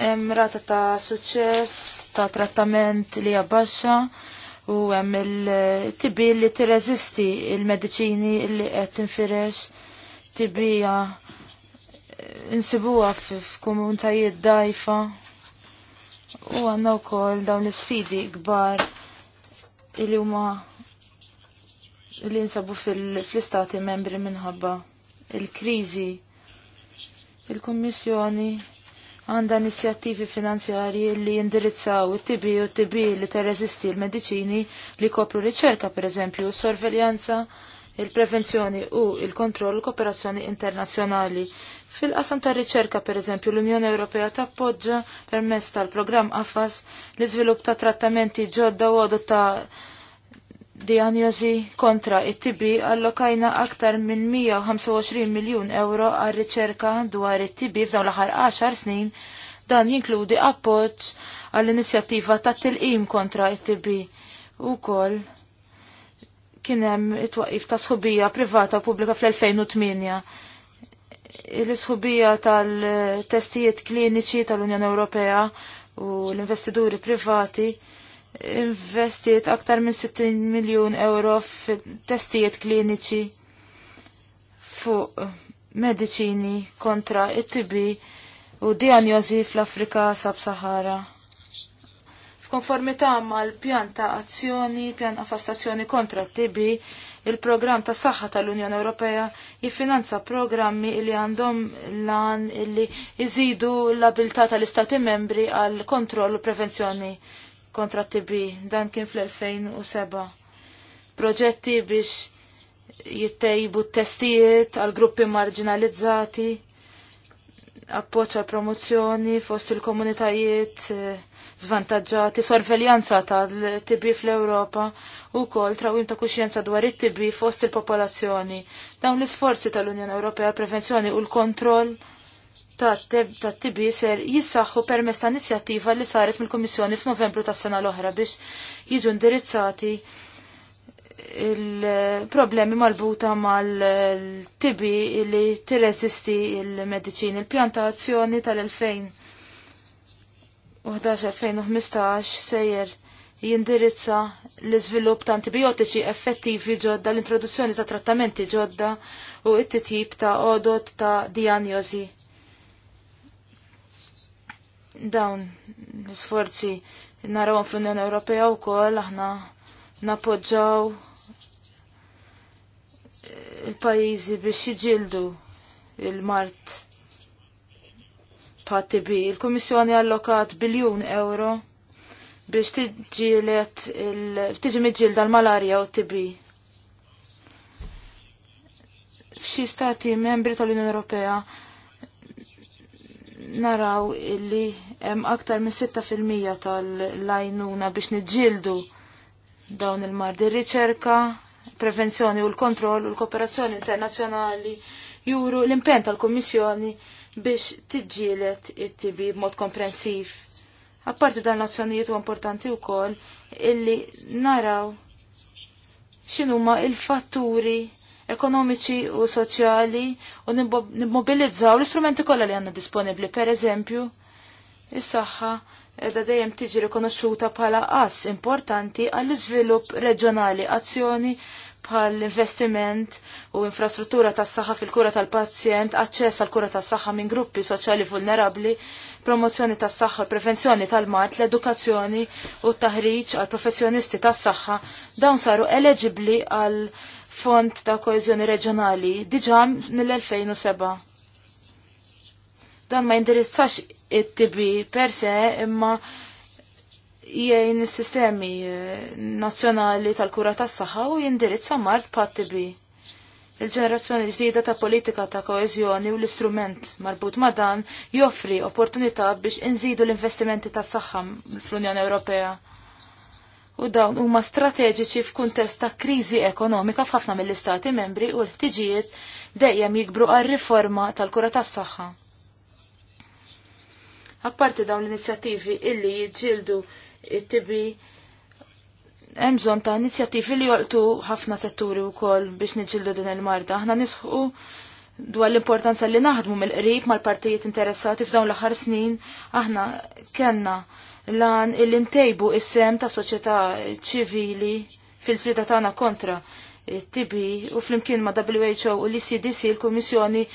Hemm rata ta' suċċess ta' trattament li hija baxxa u hemm il-tibi li tirreżisti il-mediċini li qed tinfirex tibija insibuha f'komunitajiet dajfa u għanna u koll dawn l-sfidi gbar li huma li jinsabu fil-istati membri minħabba il-krizi. Il-Kommissjoni għanda inizjattivi finanzjarji li jindirizzaw it-tibi u t-tibi li terreżisti l-medicini li kopru riċerka per eżempju, sorveljanza il-prevenzjoni u il-kontroll u kooperazzjoni internazzjonali. Fil-qasam ta' riċerka, per eżempju, l-Unjoni Ewropea tappoġġa permezz tal-programm AFAS l-iżvilupp ta' trattamenti ġodda u għodu ta' diagnosi kontra it-TB allokajna aktar minn 125 miljun euro għal riċerka dwar it-TB f'dawn l-aħħar 10 snin dan jinkludi appoġġ għall-inizjattiva ta' tilqim kontra it-TB u koll kien hemm it-twaqif ta' sħubija privata u pubblika fl-2008. Il-sħubija tal-testijiet kliniċi tal-Unjoni Ewropea u l-investiduri privati investiet aktar minn 60 miljun euro f-testijiet kliniċi fuq mediċini kontra it-tibi u diagnosi fl-Afrika sab-Sahara f'konformità mal-pjan ta' azzjoni, pjan ta' fastazzjoni kontra TB, il-programm ta' saħħa tal-Unjoni Ewropea jiffinanza programmi li għandhom lan li jżidu l-abilità tal-Istati membri għal kontroll u prevenzjoni kontra TB. Dan kien fl-2007. Proġetti biex jittejbu testijiet għal gruppi marginalizzati, appoċ promozzjoni fost il-komunitajiet eh, zvantagġati, sorveljanza tal tibi fl-Ewropa u kol trawim ta' kuxjenza dwar it tibi fost il-popolazzjoni. Dawn l-isforzi tal-Unjoni Ewropea prevenzjoni u l-kontroll tat tibi ser jissaħħu permess ta' inizjattiva li saret mill-Kummissjoni f'Novembru tas-sena l-oħra biex jiġu indirizzati il-problemi marbuta mal-tibi li tirreżisti il-medicin, il-pjantazzjoni tal-2000 2015 sejjer jindirizza l-iżvilupp ta' antibiotiċi effettivi ġodda l-introduzzjoni ta' trattamenti ġodda u it-titjib ta' odot ta' dijanjozi. Dawn l-sforzi narawon fl-Unjoni Ewropea wkoll aħna napoġġaw il-pajjiżi biex jiġildu il-mart PATB. il kommissjoni allokat biljun euro biex tiġilet tiġi miġil dal-malarja u TB. F'xi stati membri tal-Unjoni Ewropea naraw illi hemm aktar minn 6% tal-lajnuna biex niġġieldu dawn il-mardi. Riċerka, prevenzjoni u l-kontroll u l-kooperazzjoni internazzjonali juru l-impen tal-Kummissjoni biex tiġġielet it-tibi b'mod komprensiv. Apparti dan l-azzjonijiet u importanti wkoll illi naraw x'inhuma il-fatturi ekonomiċi u soċjali u nimmobilizzaw l-istrumenti kollha li għandna disponibbli, per eżempju, is-saħħa edha dejjem tiġi rikonoxxuta bħala qas importanti għall-iżvilupp reġjonali, azzjoni bħal investiment u infrastruttura tas saħħa fil-kura tal-pazjent, aċċess għal kura tas saħħa minn gruppi soċjali vulnerabli, promozzjoni tas saħħa prevenzjoni tal-mart, l-edukazzjoni u t-taħriġ għal professjonisti tas saħħa dawn saru eleġibli għal fond ta' koezjoni reġjonali diġà mill-2007. Dan ma jindirizzax it-tibi per se imma jgħin is-sistemi eh, nazzjonali tal-kura tas-saħħa u jindirizza mart pattibi. Il-ġenerazzjoni ġdida ta' politika ta' koeżjoni u l-istrument marbut ma' dan joffri opportunità biex inżidu l-investimenti tas saħħa fl-Unjoni Ewropea. U dawn huma strateġiċi f'kuntest ta' kriżi ekonomika f'ħafna mill-istati membri u l-ħtiġijiet dejjem jikbru għar-riforma tal-kura tas-saħħa. Apparti dawn l-inizjattivi illi jiġġildu it-tibi hemm bżonn ta' inizjattivi li jolqtu ħafna setturi wkoll biex niġildu din il-marda. Aħna nisħu dwar l-importanza li naħdmu mill-qrib mal-partijiet interessati f'dawn l-aħħar snin aħna kellna lan il-intejbu is-sem ta' soċjetà ċivili fil-ġlida tagħna kontra it tibi u flimkien ma' WHO u l-ICDC l-Kummissjoni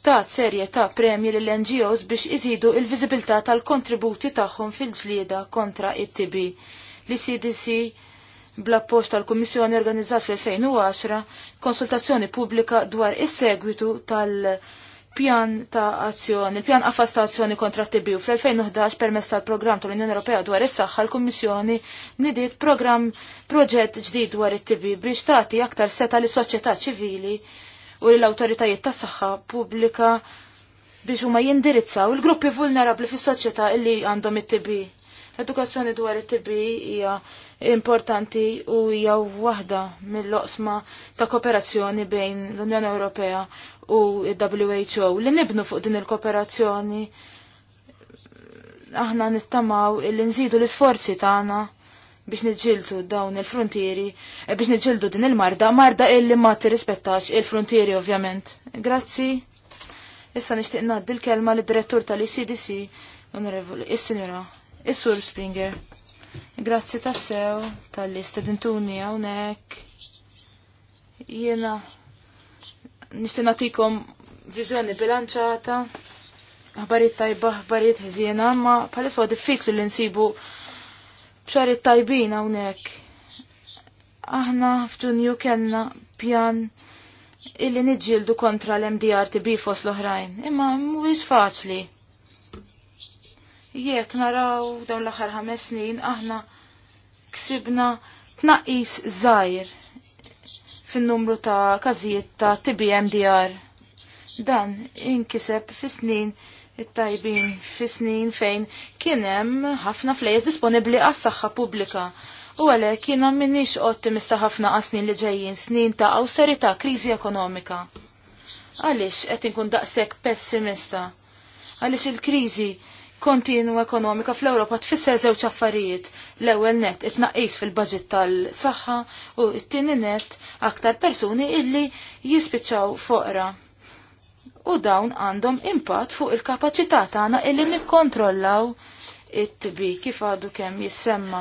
ta' ta' premji lill ngos biex iżidu il-viżibilità tal-kontributi tagħhom fil-ġlieda kontra it-TB. L-CDC bl-appoġġ tal-Kummissjoni organizzat fil 2010 konsultazzjoni pubblika dwar is-segwitu tal- pjan ta' azzjoni, il-pjan qafas ta' azzjoni kontra t-TB u fl-2011 permess tal-programm tal-Unjoni Ewropea dwar is-saħħa l-Kummissjoni nidiet programm proġett ġdid dwar it-TB biex tagħti aktar seta' lis soċjetà ċivili u l-awtoritajiet tas saħħa pubblika biex huma jindirizzaw il-gruppi vulnerabli fis-soċjetà illi għandhom it-TB. Edukazzjoni dwar it-TB hija importanti u hija waħda mill-oqsma ta' kooperazzjoni bejn l-Unjoni Ewropea u il-WHO li nibnu fuq din il-kooperazzjoni aħna nittamaw il-nżidu l-isforzi tagħna biex nġildu dawn il-frontieri, eh, biex nġildu din il-marda, marda illi ma tirrispettax il-frontieri ovvjament. Grazzi. Issa nixtieq ngħaddi l-kelma lid direttur tal-ICDC, onorevoli, is signora is-Sur Springer. Grazzi tassew tal-li stedintuni hawnhekk. Jiena nixtieq nagħtikom viżjoni bilanċata ħbarit tajba, ħbarit ħżiena, ma palis għad diffiċli li nsibu it tajbin hawnhekk. Aħna f'Ġunju kellna pjan illi niġġieldu kontra l-MDRTB fost l-oħrajn, imma mhuwiex faċli. Jekk naraw dawn l-aħħar ħames snin aħna ksibna tnaqqis żgħir fin-numru ta' każijiet ta' TBMDR. Dan inkiseb fi snin it-tajbin fi snin fejn kien hemm ħafna flejes disponibbli għas-saħħa pubblika. U għalhekk kienem minnix ottimista ħafna għas-snin li ġejjin snin ta' awserità kriżi ekonomika. Għaliex qed inkun daqshekk pessimista. Għaliex il-kriżi kontinu ekonomika fl-Ewropa tfisser żewġ affarijiet. L-ewwel net itnaqqis fil-baġit tal-saħħa u t-tieni net aktar persuni illi jispiċċaw foqra u dawn għandhom impatt fuq il-kapaċità tagħna illi nikkontrollaw it tibi kif għadu kemm jissemma.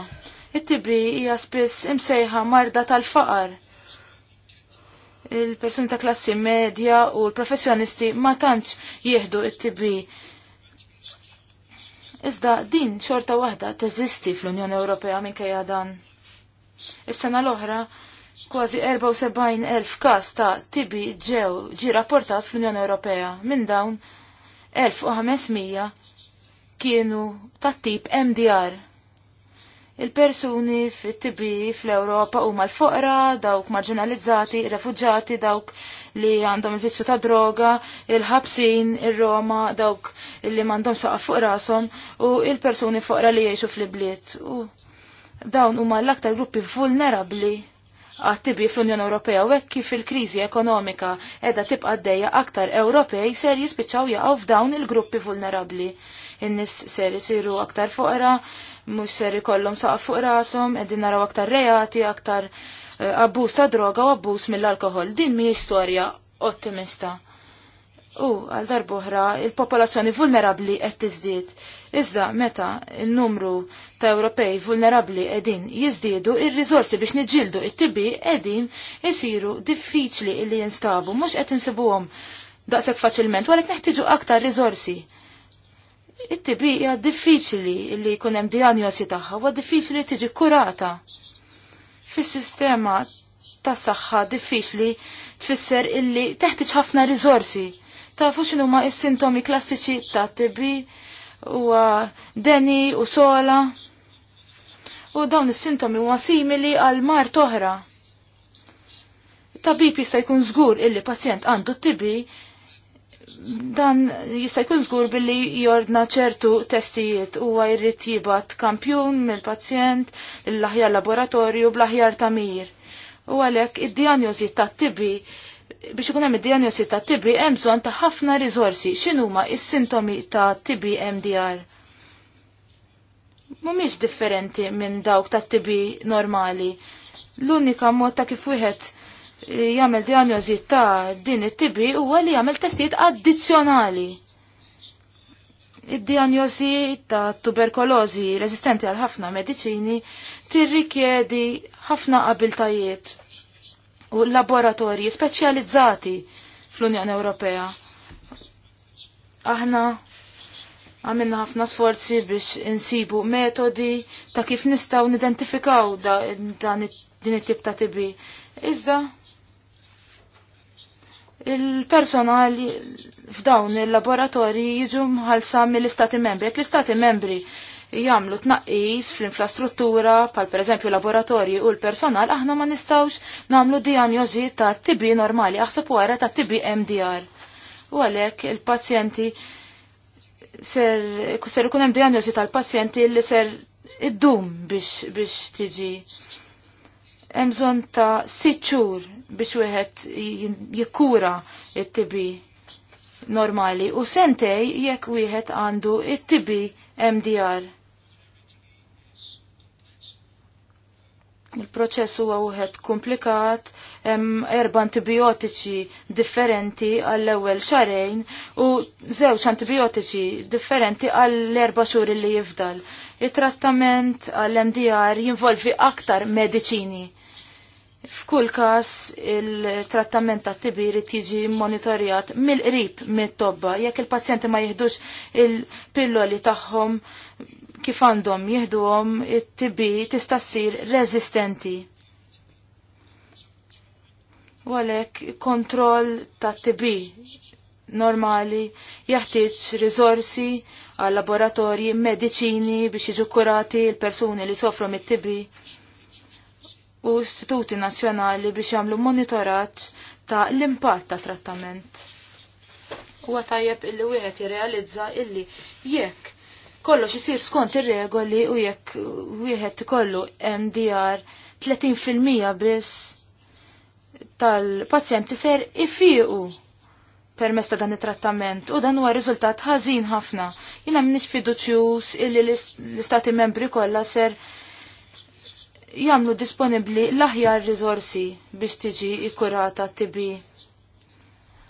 it tibi hija spiss imsejħa marda tal-faqar. Il-persuni ta' klassi medja u l-professjonisti ma tantx jieħdu it tibi Iżda din xorta waħda teżisti fl-Unjoni Ewropea minkejja dan. Is-sena l-oħra Kważi 74.000 każ ta' tibi ġew ġi rapportat fl-Unjoni Ewropea. Minn dawn 1500 kienu ta' tip MDR. Il-persuni fit-tibi fl-Ewropa huma l-foqra, dawk marginalizzati, refuġġati, dawk li għandhom il-vissu ta' droga, il-ħabsin, il-Roma, dawk li mandhom saqqa fuq rasom u il-persuni foqra li jgħixu fl-bliet. U dawn huma l-aktar gruppi vulnerabli għattibi fl-Unjoni Ewropea u hekk kif il-kriżi ekonomika edha tibqa' għaddejja aktar Ewropej ser jispiċċaw jaqgħu f'dawn il-gruppi vulnerabbli. In-nies ser isiru aktar foqra, mhux ser jikollum saqaf fuq rashom, qegħdin naraw aktar reati, aktar eh, abbuż ta' droga u abbuż mill-alkohol. Din mi storja ottimista. U għal darbohra il-popolazzjoni vulnerabbli qed tiżdied Iżda meta il-numru ta' Ewropej vulnerabli edin jizdiedu, il-rizorsi biex niġildu it-tibi edin jisiru diffiċli illi jinstabu, mux qed insibuhom daqshekk faċilment, għalhekk neħtieġu aktar rizorsi it-tibi hija diffiċli li jkun hemm diagnosi tagħha, huwa diffiċli tiġi kurata. Fis-sistema tas saħħa diffiċli tfisser illi teħtieġ ħafna rizorsi. Tafu x'inhuma s-sintomi klassiċi ta' tibi huwa deni u sola. U dawn is-sintomi huwa simili għal mar toħra. Tabib jista' jkun żgur illi pazjent għandu t-tibi dan jista' jkun żgur billi jordna ċertu testijiet huwa jrid jibgħat kampjun mill-pazjent l-aħjar laboratorju bl-aħjar tamir. U għalhekk id-dijanjożi tat-tibi biex ikun hemm id-diagnosi ta' Tibi hemm bżonn ta' ħafna riżorsi. X'inhuma s-sintomi ta' TB MDR? Mhumiex differenti minn dawk ta' TB normali. L-unika mod ta' kif wieħed eh, jagħmel diagnosi ta' din it-TB huwa li jagħmel testijiet addizzjonali. Id-diagnosi ta' tuberkolożi resistenti għal ħafna mediċini tirrikjedi ħafna abiltajiet u laboratorji speċjalizzati fl-Unjoni Ewropea. Aħna għamilna ħafna sforzi biex insibu metodi ta' kif nistaw nidentifikaw dan din it-tip ta' tibi. Iżda il personali f'dawn il-laboratorji jiġu mħalsa mill-istati membri. Jekk l-istati membri Jamlu tnaqqis fl-infrastruttura pal pereżempju laboratorji u l-personal aħna ma nistgħux nagħmlu dijanjozi ta' TB normali aħseb wara ta' TB MDR. U għalhekk il-pazjenti ser, ser ikun hemm dijanjosi tal-pazjenti li ser id-dum biex, biex tiġi hemm bżonn ta' sitt xhur biex wieħed jikkura it-TB normali u sentej jekk wieħed għandu it-TB MDR. Il-proċess huwa wieħed komplikat, hemm erba' antibiotiċi differenti għall-ewwel xarejn u żewġ antibiotiċi differenti għall-erba' xhur li jifdal. Il-trattament għall-MDR jinvolvi aktar mediċini. F'kull każ il-trattament ta' tibiri tiġi monitorjat mill-qrib mit-tobba jekk il-pazjenti ma jihdux il-pilloli tagħhom kif għandhom jihduhom it tibi tista' ssir reżistenti. U għalhekk kontroll tat-tibi normali jaħtieġ riżorsi għal laboratorji, mediċini biex jiġu kurati l-persuni li sofru mit tibi u istituti nazzjonali biex jagħmlu monitoraġġ ta' l-impatt ta' trattament. Huwa tajjeb illi wieħed jirrealizza illi jekk kollox jisir skont ir-regoli u jekk wieħed ikollu MDR 30% biss tal-pazjenti ser ifiequ permesta ta' dan it-trattament u dan huwa riżultat ħażin ħafna. Jiena m'nix fiduċjuż illi l-istati membri kollha ser jagħmlu disponibbli l-aħjar riżorsi biex tiġi ikkurata t-tibi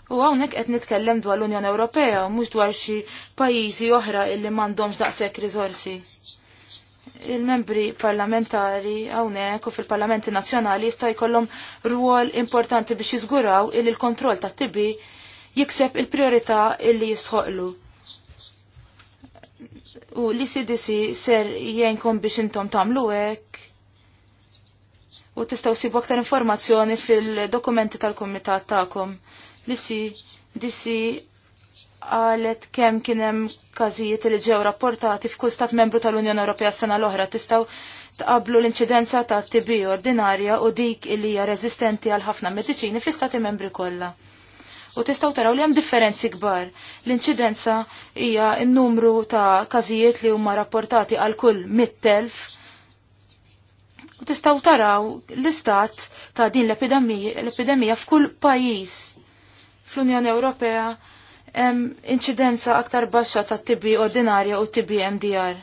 U hawnhekk qed nitkellem dwar l-Unjoni Ewropea u mhux dwar xi pajjiżi oħra illi m'għandhomx daqshekk rizorsi. Il-membri parlamentari hawnhekk u fil-Parlamenti Nazzjonali jista' jkollhom ruol importanti biex jiżguraw illi l-kontroll tat-tibi jikseb il-priorità illi jistħoqlu u li CDC ser jenkom biex intom tamlu hekk. U tistaw sibu aktar informazzjoni fil-dokumenti tal-komitat ta'kom li si disi għalet kem kienem kazijiet li ġew rapportati f'kull stat membru tal-Unjoni Ewropea s-sena l-oħra tistaw tqablu l-inċidenza ta' TB ordinarja u dik li hija rezistenti għal ħafna mediċini fl-istati membri kollha. U tistaw taraw li hemm differenzi kbar. L-inċidenza hija n-numru ta' każijiet li huma rapportati għal kull mit-telf. U tistaw taraw l-istat ta' din l-epidemija f'kull pajjiż fl-Unjoni Ewropea hemm inċidenza aktar baxxa ta' tibbi ordinarja u tibbi MDR.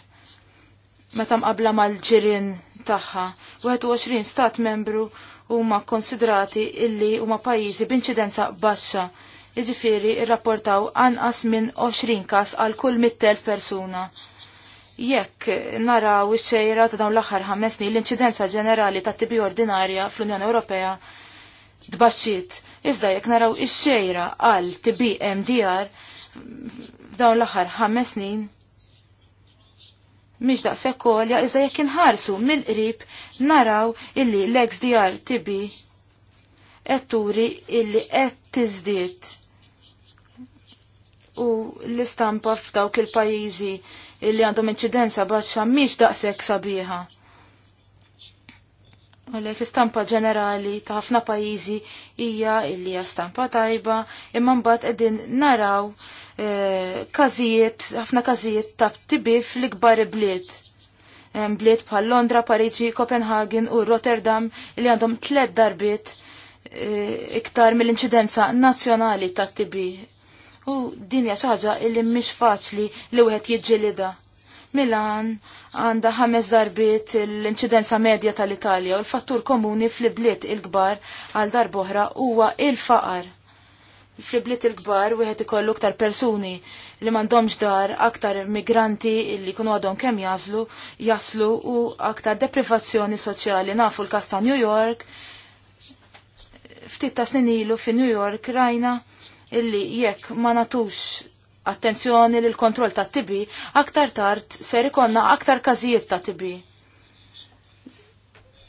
Meta mqabla mal-ġirien tagħha, 21 stat membru huma konsidrati illi huma pajjiżi b'inċidenza baxxa. Jiġifieri rrapportaw anqas minn 20 każ għal kull 100,000 persuna. Jekk naraw ix-xejra ta' dawn l-aħħar ħames snin l-inċidenza ġenerali ta' tibbi ordinarja fl-Unjoni Ewropea tbaxxiet Iżda jekk naraw ix-xejra għal Tibi MDR f'dawn l-aħħar ħames snin, mhix daqshekk kolja iżda jekk inħarsu mill-qrib naraw illi l-XDR TB qed turi illi qed tiżdied u l-istampa f'dawk il-pajjiżi illi għandhom inċidenza baxxa mhix daqshekk sabiħa. Għalek l-istampa ġenerali ta' ħafna pajizi hija illi hija stampa tajba, imma mbagħad qegħdin naraw eh, każijiet, ħafna każijiet ta' tibif fl-ikbar bliet. Bliet bħal Londra, Pariġi, Copenhagen u Rotterdam li għandhom tliet darbiet eh, iktar mill-inċidenza nazzjonali ta' tibi. U din hija xi ħaġa illi mhix faċli li wieħed jiġġilida. Milan għanda ħames darbiet l-inċidenza medja tal-Italja u l-fattur komuni fl-bliet il-kbar għal darboħra huwa il-faqar. Fl-bliet il-kbar wieħed ikollu ktar persuni li m'għandhomx dar, aktar migranti li kunu għadhom kemm jazlu, jaslu u aktar deprivazzjoni soċjali nafu l-kas ta' New York. Ftit ta' snin ilu fi New York rajna illi jekk ma natux attenzjoni lil kontroll ta' tibi, aktar tard ser ikonna aktar każijiet ta' tibi.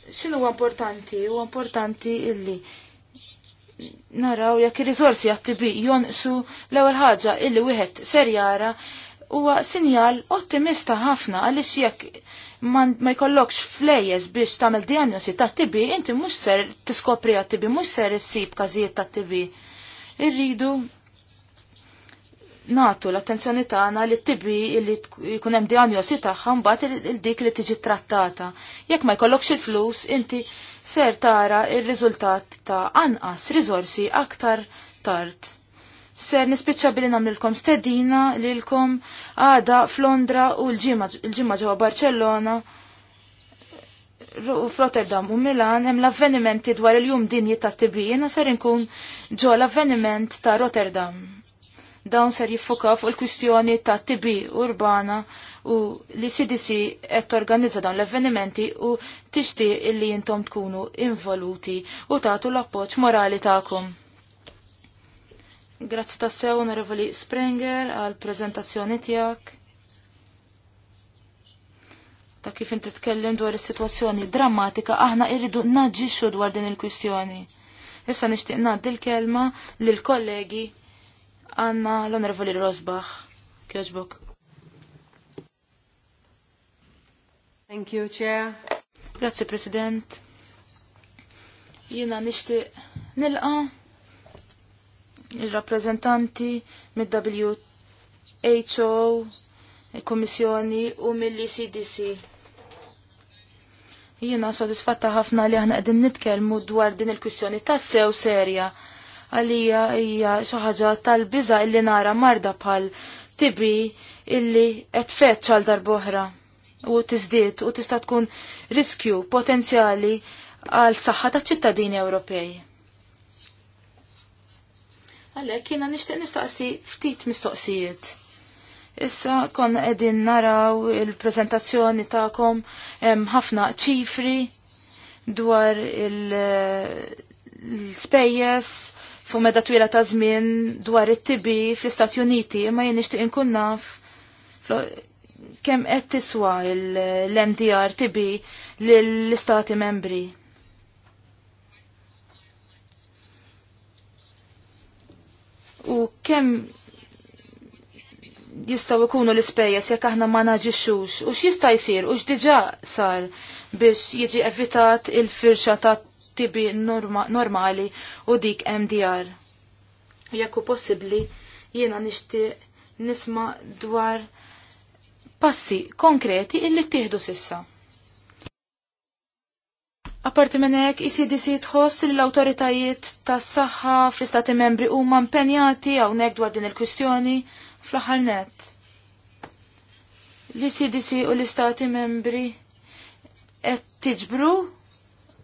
X'inhu huwa importanti? Huwa importanti illi naraw jekk ir-riżorsi għat-tibi jonqsu l-ewwel ħaġa illi wieħed ser jara huwa sinjal ottimista ħafna għaliex jekk ma jkollokx flejes biex tagħmel diagnosi ta' tibi, inti mhux ser tiskopri għat-tibi, mhux ser issib każijiet ta' tibi. Irridu natu l-attenzjoni tagħna li t tibi li jkun hemm diagnosi tagħha mbagħad il-dik li tiġi trattata. Jekk ma jkollokx il-flus, inti ser tara ir-riżultat ta' anqas riżorsi aktar tard. Ser nispiċċa billi nagħmlilkom stedina lilkom għada f'Londra u l-ġimgħa ġewwa Barcellona f'Rotterdam u Milan hemm l-avvenimenti dwar il-jum dinji ta' tibi, jiena ser inkun ġo l-avveniment ta' Rotterdam dawn ser jiffuka fuq il-kwistjoni ta' tibi urbana u li CDC qed torganizza dawn l-avvenimenti u tixti illi jintom tkunu involuti u tagħtu l-appoġġ morali tagħkom. Grazzi ta' sew onorevoli Springer għal prezentazzjoni tiegħek. Ta' kif inti tkellim dwar is-sitwazzjoni drammatika aħna irridu naġġixxu dwar din il-kwistjoni. Issa nixtieq ngħaddi l-kelma lil kollegi għanna l-Onorevoli Rosbach. Kjoġbok. Thank you, Chair. Grazie, President. Jina nishti nilqa il-rappresentanti mid-WHO, il kommissjoni u mill-ECDC. Jina sodisfatta ħafna li ħana għedin nitkelmu dwar din il-kwistjoni tassew serja għalija hija xi ħaġa tal-biża illi nara marda bħal tibi illi qed fetx għal darb'oħra u tiżdied u tista' tkun riskju potenzjali għal saħħa taċ-ċittadini Ewropej. Għalhekk jiena nixtieq nistaqsi ftit mistoqsijiet. Issa konna qegħdin naraw il-preżentazzjoni tagħkom hemm ħafna ċifri dwar il-spejjes Fu meda twila ta' żmien dwar it-tibi fl-Istati Uniti, ma jien nixtieq inkun naf kemm qed tiswa l-MDR tibi lill-Istati Membri. U kemm jistaw ikunu l-ispejjeż jekk aħna ma naġixxux u x'jista' jsir u x'diġà sar biex jiġi evitat il-firxa ta' tibi norma normali u dik MDR. Jekku possibli jiena nixtieq nisma dwar passi konkreti illi ttieħdu sissa. Apparti minn hekk, ICDC e tħoss li l-awtoritajiet tas-saħħa fl-istati membri huma impenjati hawnhekk dwar din il-kwistjoni fl-aħħar net. L-ICDC u l-istati membri qed tiġbru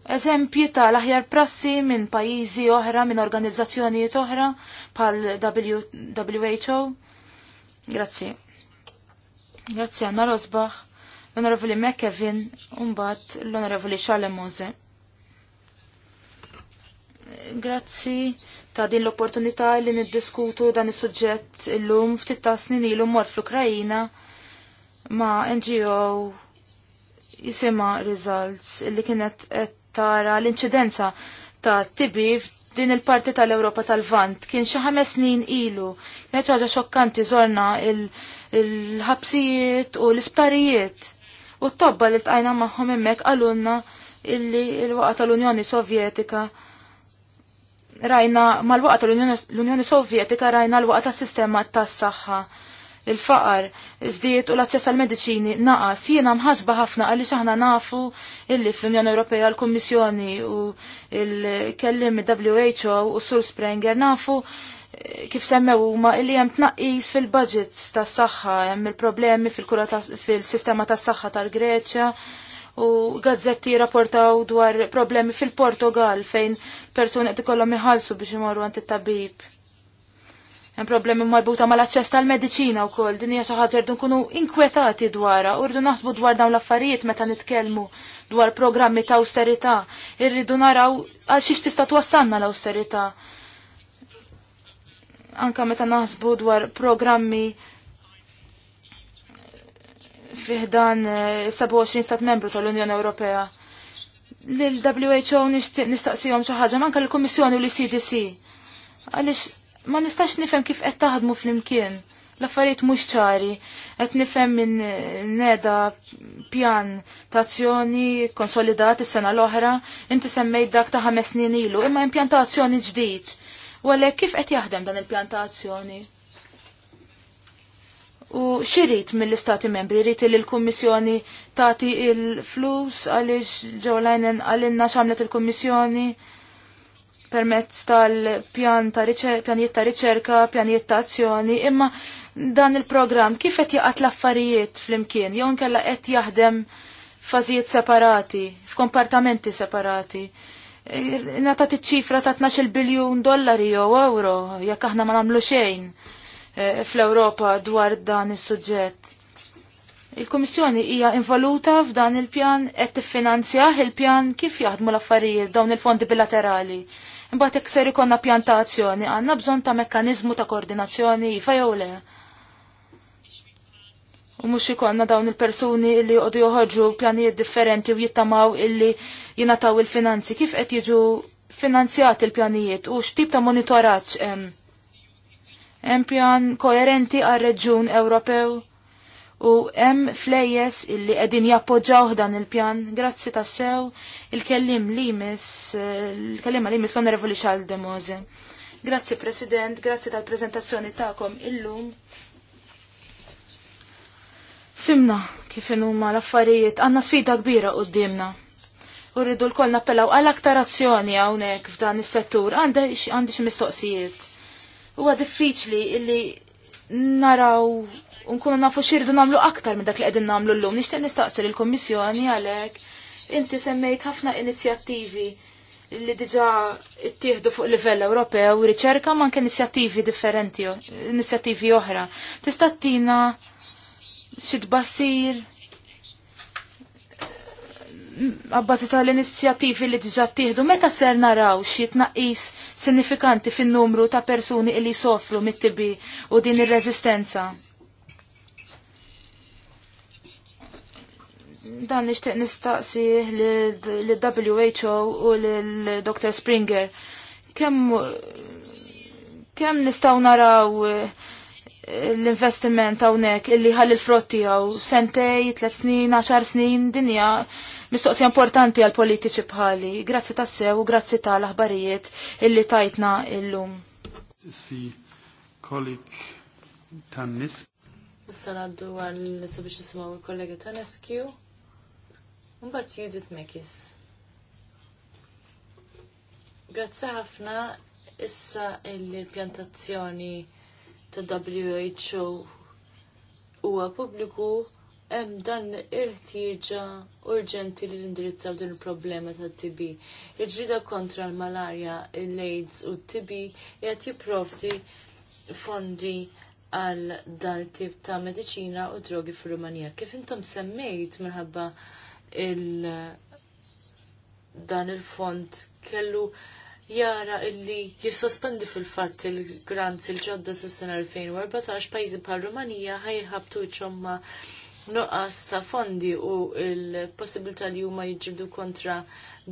eżempji ta' l aħjar prassi minn pajjiżi oħra, minn organizzazzjonijiet oħra, pal WHO. Grazzi. Grazzi Anna Rosbach, l-Onorevoli McKevin, unbat l-Onorevoli Charles Mose. Grazzi ta' din l-opportunità li niddiskutu dan is-suġġett il-lum ftit ta' snin ilu mor fl-Ukrajina ma' NGO jisima Results li kienet qed tara l-inċidenza ta' tibi din il-parti tal-Europa tal-Vant kien xi ħames snin ilu. Kienet ħaġa xokkanti żorna il-ħabsijiet u l-isptarijiet. U t-tobba li tqajna magħhom hemmhekk għalunna illi l-waqa tal-Unjoni Sovjetika rajna mal waqgħa tal-Unjoni Sovjetika rajna l-waqa waqgħa tas sistema tas saħħa il-faqar żdied u l-aċċess għal mediċini naqas. Jiena mħasba ħafna għaliex aħna nafu illi fl-Unjoni Ewropea l-Kummissjoni u l-kellim WHO u Sur Sprenger nafu eh, kif semmew huma illi hemm tnaqqis fil-budgets tas-saħħa, hemm il-problemi fil-kura fil-sistema tas-saħħa tal-Greċja u gazzetti rapportaw dwar problemi fil-Portugal fejn persuni qed ikollhom iħallsu biex imorru għand it-tabib Hemm problemi marbuta mal-aċċess tal-mediċina wkoll din hija xi ħaġa rdu nkunu inkwetati dwarha u rridu naħsbu dwar dawn l-affarijiet meta nitkellmu dwar programmi ta' awsterità, irridu naraw għal xiex tista' twassalna l-awsterità. Anka meta naħsbu dwar programmi fiħdan eh, 27 stat membru tal-Unjoni Ewropea. Lil-WHO nistaqsijhom xi ħaġa manka l-Kummissjoni u l-CDC. Għaliex ma nistax nifhem kif qed taħdmu flimkien. L-affarijiet mhux ċari, qed nifhem minn neda pjan tazzjoni konsolidat is-sena l-oħra, inti semmejt dak ta' ħames snin ilu, imma impjantazzjoni ġdid. U għalhekk kif qed jaħdem dan il-pjantazzjoni? U xirrit mill-istati membri, rrit li l-Kommissjoni tati il-flus għalix ġewlajnen għalinna xamlet il-Kommissjoni. il kummissjoni il kommissjoni permezz tal-pjan ta' pjanijiet ta' riċerka, pjanijiet ta' azzjoni, imma dan il-programm kif qed jaqat l-affarijiet flimkien, jew inkella qed jaħdem fażijiet separati, f'kompartamenti separati. E, nata ċifra ta' 12 biljun dollari jew euro, jekk aħna ma nagħmlu xejn e, fl-Ewropa dwar dan is-suġġett. Il-Kummissjoni hija involuta f'dan il-pjan qed tiffinanzjah il-pjan kif jaħdmu l-affarijiet dawn il-fondi bilaterali. Mbagħad jekk ser ikonna pjantazzjoni, għandna bżonn ta' mekkaniżmu ta' koordinazzjoni iva jew le. U mhux ikonna dawn il-persuni li jqogħdu joħorġu pjanijiet differenti u jittamaw illi jingħataw il-finanzi. Kif qed jiġu finanzjat il-pjanijiet u x'tip ta' monitoraġġ hemm? Hemm pjan koerenti għar-Reġjun Ewropew? u hemm flejjes illi qegħdin jappoġġaw dan il-pjan. Grazzi tassew il-kellim limis, il-kellima limis l-Onorevoli Xalde Mose. Grazzi President, grazzi tal preżentazzjoni tagħkom illum. Fimna kif huma l-affarijiet, għandna sfida kbira qudiemna. U rridu lkoll nappellaw għal aktar azzjoni hawnhekk f'dan is-settur, għandi xi mistoqsijiet. Huwa diffiċli illi naraw unkunu nafu xirridu namlu aktar minn dak li qegħdin namlu llum. Nixtieq nistaqsil il-Kummissjoni għalhekk inti semmejt ħafna inizjattivi li diġa ittieħdu fuq livell Ewropew u riċerka ma anke inizjattivi differenti, inizjattivi oħra. Tista' tina xi tbassir għabbażi tal-inizjattivi li diġa ttieħdu, meta ser naraw xi tnaqqis sinifikanti fin-numru ta' persuni li jsofru mit-tibi u din ir-reżistenza? Dan nixtieq nistaqsi l-WHO u l-Dr. Springer. Kemm kemm nistgħu naraw eh, l-investiment hawnhekk illi ħalli il-frotti tiegħu sentej, tliet snin, għaxar snin, dinja mistoqsija importanti għal politiċi bħali. Grazzi tassew u grazzi tal-aħbarijiet illi tajtna illum. Sissi, kolik tannis. Issa għal sabiex nisimaw il-kollega Taneskiu. Mbagħad Judith Mekis. Grazzi ħafna issa l-pjantazzjoni ta' WHO huwa pubbliku hemm dan irtieġa urġenti li l-indirizzaw din il-problema tat-TB. Il-ġrida kontra l-malarja, l-AIDS u t-TB jgħat jipprovdi fondi għal dan tip ta' medicina u drogi fir rumanija Kif intom semmejt minħabba il dan il-fond kellu jara illi jissospendi fil-fatt il grant il-ġodda s-sena 2014 pajzi bħal Rumanija ħajħabtu ċomma nuqqas ta' fondi u il-possibilità li huma jġibdu kontra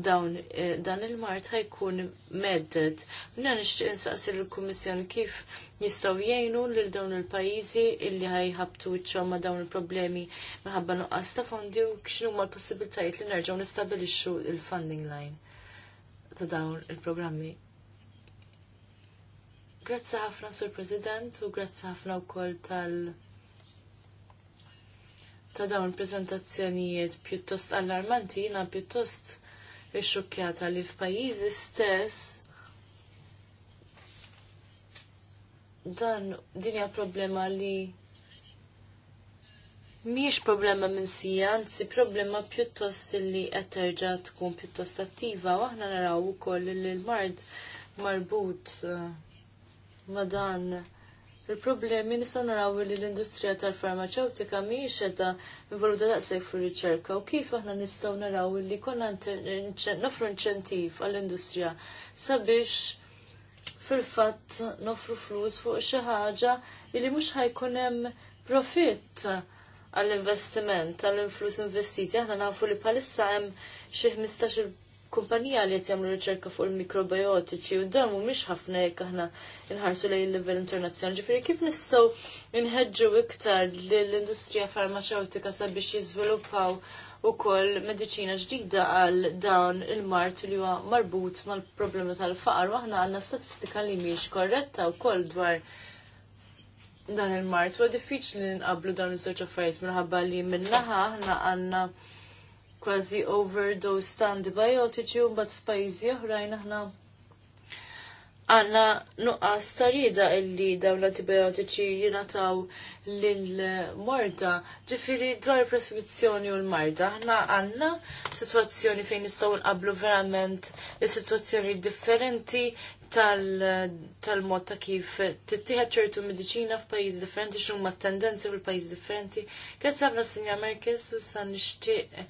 dawn eh, dan il-mart ħajkun medded. Mna nixtieq insaqsir il kummissjoni kif jistgħu jgħinu lil dawn il-pajjiżi illi ħajħabtu ċom ma' dawn il-problemi minħabba nuqqas ta' fondi u x'nu ma' l-possibilitajiet li nerġgħu nistabilixxu il-funding line ta' dawn il-programmi. Grazzi ħafna Sur President u grazzi ħafna wkoll tal- ta' dawn prezentazzjonijiet pjuttost allarmanti, jina pjuttost ixxukkjata li f'pajjiżi stess dan din hija problema li mhijiex problema minn sija, anzi problema pjuttost li qed terġa' tkun pjuttost attiva u aħna naraw ukoll li l-mard marbut eh, ma' dan il-problemi nistgħu naraw li l-industrija tal-farmaceutika mhijiex edha involuta daqshekk fir-riċerka u kif aħna nistgħu naraw li konna nofru inċentiv għall-industrija sabiex fil-fatt nofru flus fuq xi ħaġa li mhux ħajkun hemm profitt għall-investiment, għall-influs investiti. Aħna nafu li bħalissa hemm xi 15 kumpanija li qed jagħmlu riċerka fuq il-mikrobiotiċi u dan mhumiex ħafna jekk aħna nħarsu lejn il-livell internazzjonali. Ġifieri kif nistgħu inħeġġu iktar lill-industrija farmaceutika sabiex jiżviluppaw koll medicina ġdida għal dawn il-mart li huwa marbut mal-problema tal-faqar u aħna għandna statistika li miex korretta wkoll dwar dan il-mart u diffiċli li nqablu dawn iż-żewġ affarijiet minħabba li minnaħa aħna għandna kważi overdose ta' antibiotiċi u mbagħad f'pajjiżi oħrajn aħna għanna nuqqas tarida illi dawn l-antibiotiċi jinataw l-marda, ġifiri dwar preskrizzjoni u l-marda. Aħna għanna situazzjoni fejn nistaw nqablu verament situazzjoni differenti tal-mod ta' kif tittieħed ċertu mediċina f'pajjiż differenti x'huma t-tendenzi fil-pajjiż differenti. Grazzi ħafna Sinja Merkis u sa nixtieq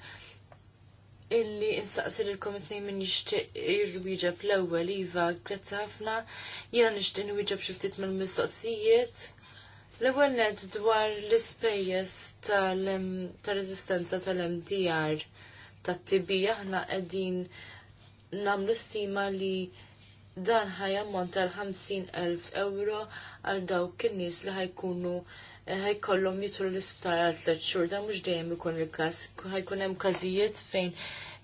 illi insaqsir il-kom it nej minn jixtieq jirwieġeb l-ewwel iva, grazzi ħafna, jiena nixtieq nwieġeb xi ftit mill-mistoqsijiet. L-ewwel ned dwar l-ispejjeż tal-reżistenza tal-MDR tat-TB aħna qegħdin nagħmlu stima li dan tal l elf euro għal dawk in-nies li ħajkunu kollom jitru l-isptar għal tliet xhur da mhux dejjem ikun il-każ. Ħajkun hemm każijiet fejn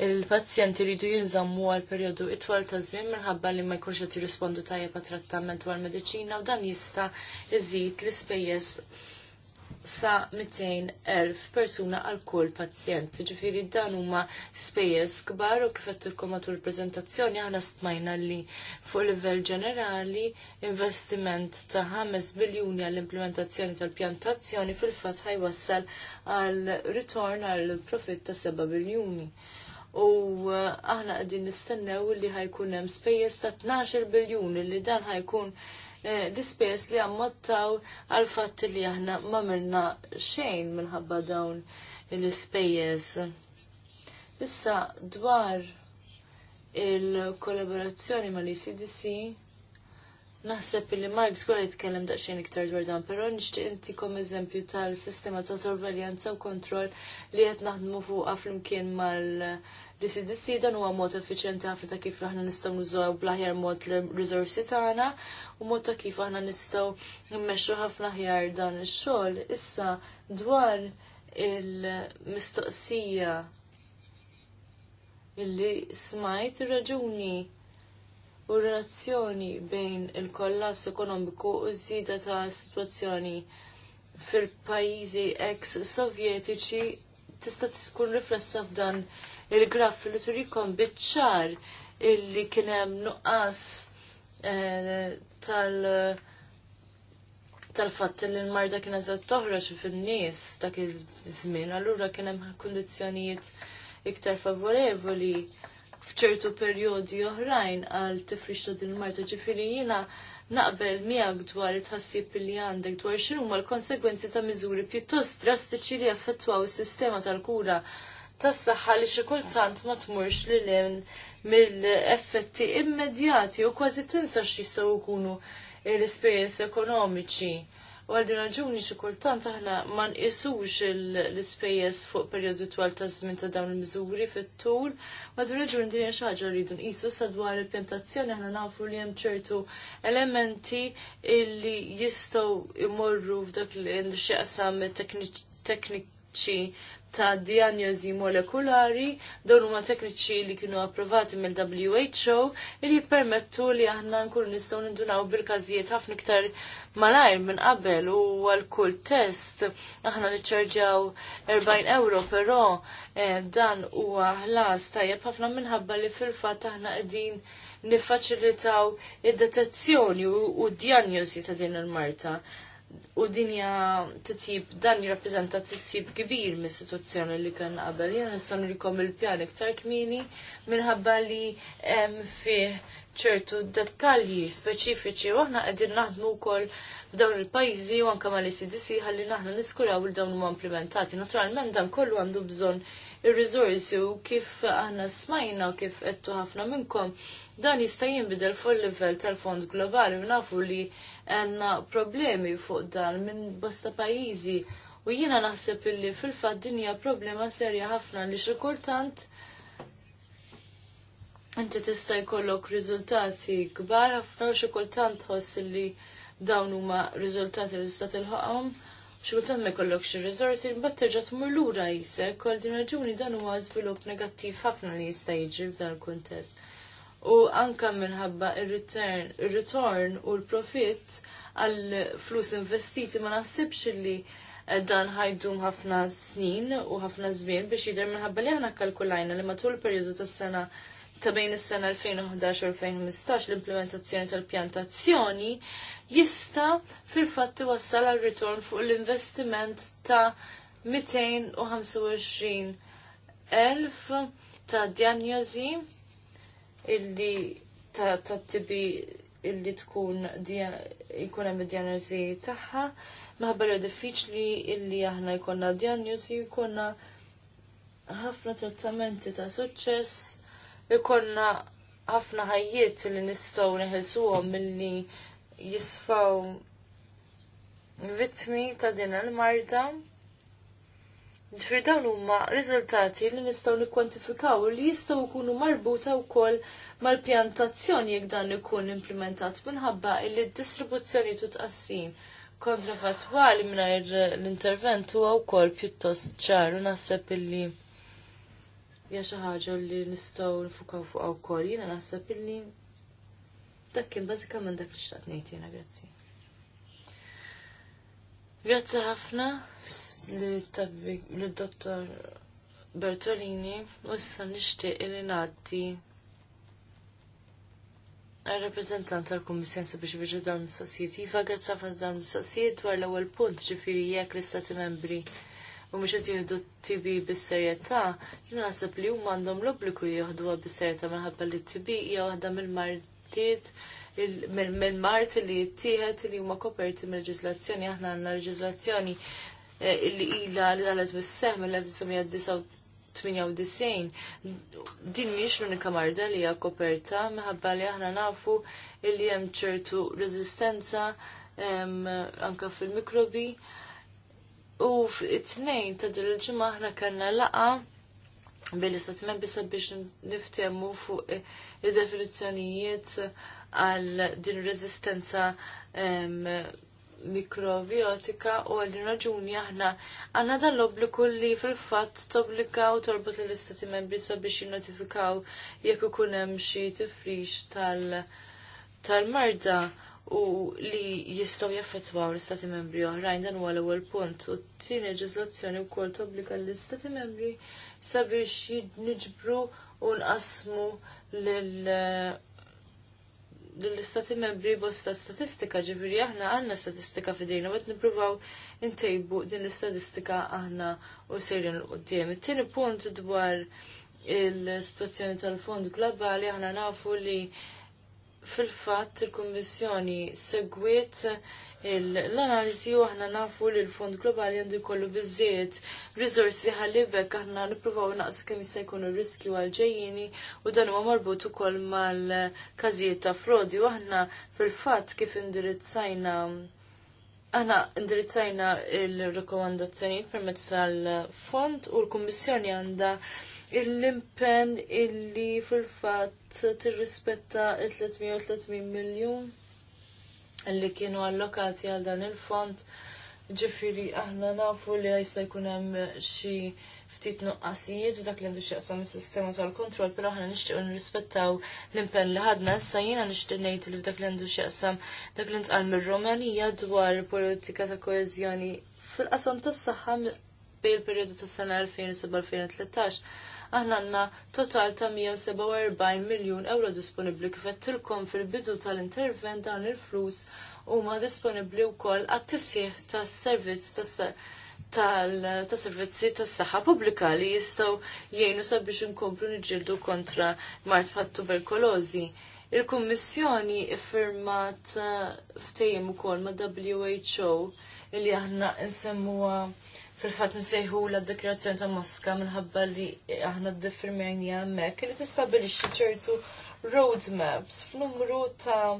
il-pazjenti jridu jinżammu għal perjodu itwal ta' żmien minħabba li ma jkunx qed jirrispondu tajjeb għat trattament u għall mediċina u dan jista' iżid l-ispejjeż sa 200.000 persuna għal kull pazjent. Ġifiri dan huma spejjeż kbar u kif tilkom matul il-preżentazzjoni aħna stmajna li fuq livell ġenerali investiment ta' 5 biljuni għall implementazzjoni tal-pjantazzjoni fil-fatt ħajwassal għal ritorn għal profitt ta' 7 biljuni u uh, aħna qegħdin nistennew li ħajkun hemm spejjeż ta' 12 biljuni li dan ħajkun l eh, li għammottaw għal fatt li aħna ma minna xejn minħabba dawn l-ispejjeż. Issa dwar il-kollaborazzjoni ma' l-ECDC, Naħseb li Mark skola jitkellem daqsxejn iktar dwar dan, però nixtieq intikom eżempju tal-sistema ta' sorveljanza u kontroll li qed naħdmu fuqha flimkien mal- li si dissidan huwa mod effiċjenti ħafna ta' kif aħna nistgħu nużaw blaħjar mod l rizorsi tagħna u mod ta' kif aħna nistgħu mmexxu ħafna aħjar dan ix-xogħol. Issa dwar il-mistoqsija illi smajt ir-raġuni u relazzjoni bejn il-kollass ekonomiku u żida ta' situazzjoni fil-pajjiżi ex-sovjetiċi tista' tkun riflessa f'dan il graff li turikom bitċar illi kienem nuqqas eh, tal- tal-fatt li l-marda kienet qed toħroġ fin-nies dak iż-żmien, allura kien hemm kundizzjonijiet iktar favorevoli f'ċertu perjodi oħrajn għal tifrix ta' din marta ġifiri jina naqbel miegħek dwar it-ħassib li għandek dwar x'inhu huma l-konsegwenzi ta' miżuri pjuttost drastiċi li affettwaw is-sistema tal-kura tas-saħħa li xi kultant ma tmurx li lejn mill-effetti immedjati u kważi tinsa x'jistgħu jkunu l-ispejjeż ekonomiċi. U għal din raġuni xi kultant aħna ma nqisux l-ispejjeż fuq perjodu twal ta' żmien ta' dawn il-miżuri fit-tul, ma din raġuni din xi ħaġa li jridu nqisu sadwar il-pjantazzjoni aħna nafu li hemm ċertu elementi illi jistgħu jmorru f'dak li għandu xi qasam tekniċi ta' diagnosi molekulari, dawn huma tekniċi li kienu approvati mill-WHO li jippermettu li aħna nkunu nistgħu nindunaw bil-każijiet ħafna iktar malajr minn qabel u għal kull test aħna niċċarġaw 40 euro però eh, dan huwa ħlas tajjeb ħafna minħabba li fil-fatt aħna qegħdin niffaċilitaw id-detezzjoni u d-diagnosi ta' din il-marta u dinja t-tib, dan jirrappreżenta titjib kbir mis situazzjoni li kien qabel. Jena nistan li kom il-pjan iktar kmini minħabba li hemm fih ċertu dettalji speċifiċi u aħna qegħdin naħdmu wkoll f'dawn il-pajjiżi u anke li icdc ħalli naħna niskuraw li dawn huma implementati. Naturalment dan kollu għandu bżonn il-rizorsi u kif aħna smajna u kif għettu ħafna minnkom dan jista' jinbidel fuq level livell tal-fond globali u nafu li għanna problemi fuq dan minn bosta pajizi u jiena naħseb illi fil-fat dinja problema serja ħafna li xikultant inti tista' jkollok riżultati kbar ħafna u xikultant tħoss illi dawn huma riżultati li tista' tilħaqhom Xikultant ma jkollok xi riżorsi mbagħad terġa' tmur lura jisek, kol din raġuni dan huwa żvilupp negattiv ħafna li jista' jiġri f'dan il-kuntest u anka minħabba il-return, il-return u l-profit għal flus investiti ma naħsibx li dan ħajdum ħafna snin u ħafna żmien biex jidher minħabba li aħna kalkulajna li matul il-perjodu tas-sena ta' bejn is-sena 2011 u 2015 l-implementazzjoni tal-pjantazzjoni jista fil-fatt iwassal għal ritorn fuq l-investiment ta' 225 elf ta' diagnosi illi ta' tibi illi tkun jkun hemm id-diagnosi tagħha, Maħba li diffiċli illi aħna jkollna diagnosi jkollna ħafna trattamenti ta' suċċess, jkollna ħafna ħajjiet li nistgħu neħilsuhom milli jisfaw vittmi ta' din il-marda Ġifir dawn huma riżultati li nistgħu nikkwantifikaw li jistgħu jkunu marbuta wkoll mal-pjantazzjoni jekk dan ikun implementat minħabba li d-distribuzzjoni tutqassin fatwali mingħajr l-intervent huwa wkoll pjuttost ċar u naħseb illi hija xi ħaġa li nistgħu nfukaw fuqha wkoll jiena naħseb illi dak kien bażikament dak li xtaqt ngħid jiena grazzi. Grazzi ħafna l-dottor Bertolini u issa nixtieq li ngħaddi għal-reprezentant tal-Kummissjon biex biġu dawn mistoqsijiet. Iva grazzi ħafna dawn mistoqsijiet dwar l-ewwel punt ġifieri jekk l-istati membri u mhux qed jieħdu TB bis-serjetà, jien naħseb li huma għandhom l-obbligu jieħduha bis-serjetà minħabba li tb hija waħda mill-martiet minn mart li jittieħed li huma koperti mill leġislazzjoni aħna għandna leġislazzjoni eh, li ilha li dalet bis-seħ mill-1998 din mhix l-unika marda li hija koperta minħabba li aħna nafu li hemm ċertu reżistenza anke fil-mikrobi u it tnejn ta' dil il-ġimgħa aħna kellna laqa' billi stat membri biex niftemmu fuq id-definizzjonijiet għal din rezistenza mikrobiotika u għal din raġuni aħna għanna dan l-obbligu li fil-fatt tobbliga u torbot l-istati membri sabiex jinnotifikaw jekk ikun hemm xi tifrix tal-marda u li jistgħu jaffettwaw l-istati membri oħrajn dan huwa l-ewwel punt u t-tieni leġiżlazzjoni wkoll tobbliga l-istati membri sabiex niġbru u nqasmu lil l-istati membri bosta statistika ġifiri aħna għanna statistika fidejna għet nipruvaw intejbu din l-istatistika aħna u sejrin l-qoddim. tini punt dwar il-situazzjoni tal-fond globali aħna nafu li fil-fat il-Kommissjoni segwiet l analizi u aħna nafu li l-Fond Globali għandu jkollu biżżejjed riżorsi ħallibek aħna nippruvaw naqsu kemm jista' jkun riski riskju għal-ġejjini u dan huwa marbut ukoll mal-każijiet ta' frodi u aħna fil-fatt kif indirizzajna aħna indirizzajna il-rekomandazzjoni permezz tal-fond u l-Kommissjoni għanda l-impen illi fil-fat tirrispetta il-300 miljon li kienu allokati għal dan il-fond. Ġifiri, aħna nafu li għajsa jkun hemm xi ftit nuqqasijiet u dak li għandu xieqsam sistema tal kontrol pero ħana nishtiq nrispettaw l-impen li ħadna, issa jina nishtiq nejt li dak li għandu xieqsam dak li ntqal mir-Romanija dwar politika ta' koezjoni fil-qasam tas-saħħa bejn il-periodu tas-sena 2007-2013 aħna għandna total ta' 147 miljun euro disponibbli kif qedtilkom fil-bidu tal-intervent dan il-flus huma disponibbli wkoll għat-tisjih tas-servizz tas tal-servizzi tas saħħa pubblika li jistgħu jgħinu sabiex inkomplu niġġieldu kontra mart fat tuberkolożi. Il-Kummissjoni iffirmat eh, ftejjem ukoll ma' WHO li aħna nsemmuha fil-fat nsejħu la deklarazzjoni ta' Moska minħabba li aħna d-diffirmajnija mek t-istabili ċertu roadmaps f'numru ta'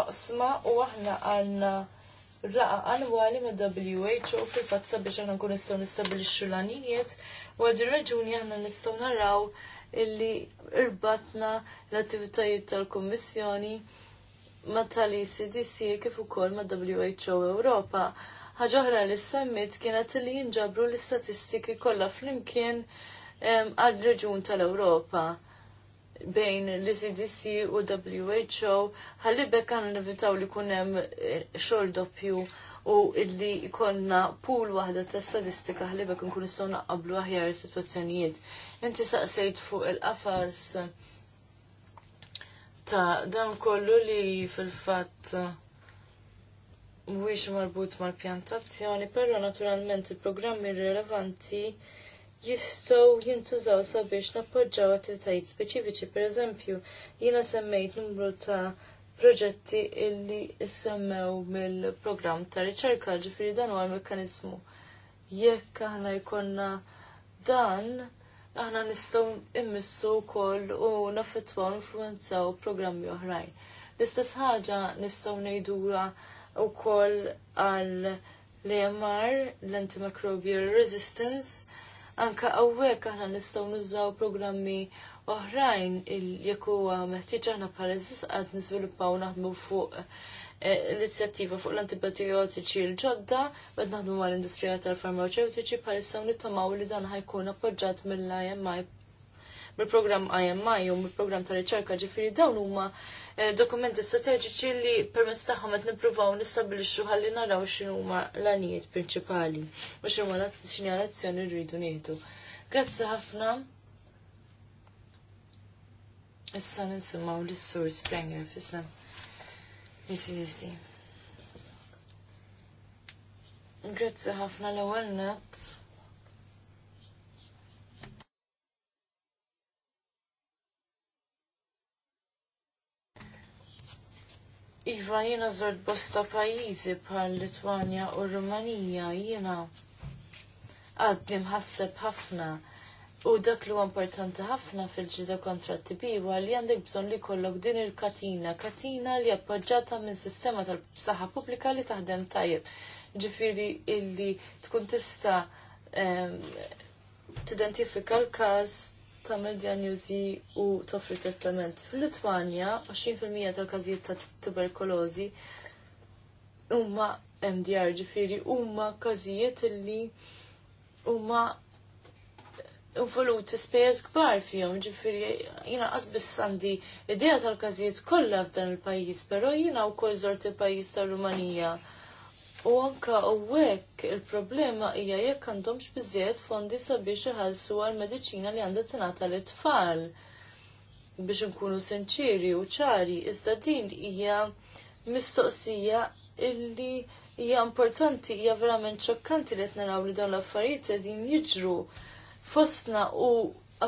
oqsma u aħna għanna laqa annwali ma' WHO fil-fat sabiex aħna nkun nistgħu nistabilixxu l-għanijiet u għadir raġuni aħna nistgħu naraw illi irbatna l-attivitajiet tal-Kummissjoni ma tal-ECDC kif ukoll ma' WHO Ewropa. Ħaġoħra li semmit kienet li jinġabru l-istatistiki kollha flimkien għal reġun tal-Ewropa bejn l-CDC u WHO ħallibek għan nivitaw li kunem eh, xol doppju u illi ikonna pool wahda ta' statistika bekk nkun nistgħu qablu aħjar situazzjonijiet. Inti saqsejt fuq il-qafas ta' dan kollu li fil-fatt mhuwiex marbut mal-pjantazzjoni, però naturalment il-programmi rilevanti jistgħu jintużaw sabiex nappoġġaw attivitajiet speċifiċi, pereżempju jiena semmejt numru ta' proġetti illi semmew mill-programm ta' riċerka ġifieri dan huwa l-mekkaniżmu. Jekk aħna jkollna dan, aħna nistgħu immissu wkoll u naffettwaw influenzaw programmi oħrajn. L-istess ħaġa nistgħu ngħidura u koll għal l-EMR, l-Antimicrobial Resistance, anka għawek aħna nistaw nużaw programmi oħrajn jekk huwa meħtieġ aħna bħala għad niżviluppaw naħdmu fuq l-inizjattiva eh, fuq l-antibiotiċi l-ġodda qed naħdmu mal-industrija tal-farmaceutiċi bħalissa nittamaw li dan ħajkun appoġġat mill-IMI mill-programm IMI u mill-programm ta' riċerka ġifiri dawn huma Eh, dokumenti strateġiċi li permezz taħħom qed nippruvaw nistabilixxu ħalli naraw ma l-għanijiet prinċipali ma l x'injalazzjoni rridu nieħdu. Grazzi ħafna. Issa ninsimgħu lis-Sur Sprenger fissa. Jisi jisi. Grazzi ħafna l-ewwel Iva, jiena zord bosta pajjiżi pal Litwanja u Rumanija, jiena għadni mħasseb ħafna. U dak li huwa importanti ħafna fil-ġida kontra t-tibi huwa li għandek bżonn li jkollok din il-katina, katina li appoġġata minn sistema tal-saħħa pubblika li taħdem tajjeb. Ġifiri illi tkun tista' ehm, tidentifika l-każ tagħmel diagnosi u toffri trattament. Fil-Litwanja 20% tal-każijiet ta' tuberkulozi huma MDR ġifieri huma każijiet li huma involuti spejjeż kbar fihom, ġifieri jiena biss għandi idea tal-każijiet kollha f'dan il-pajjiż, però jiena wkoll żort il-pajjiż tar rumanija U anka għawek il-problema hija jekk għandhomx biżjed fondi sabiex iħallsu għal-mediċina li għandha tingħata l tfal biex nkunu sinċiri u ċari, iżda din hija mistoqsija illi hija importanti, hija verament ċokkanti li qed naraw li dawn l-affarijiet din jiġru fostna u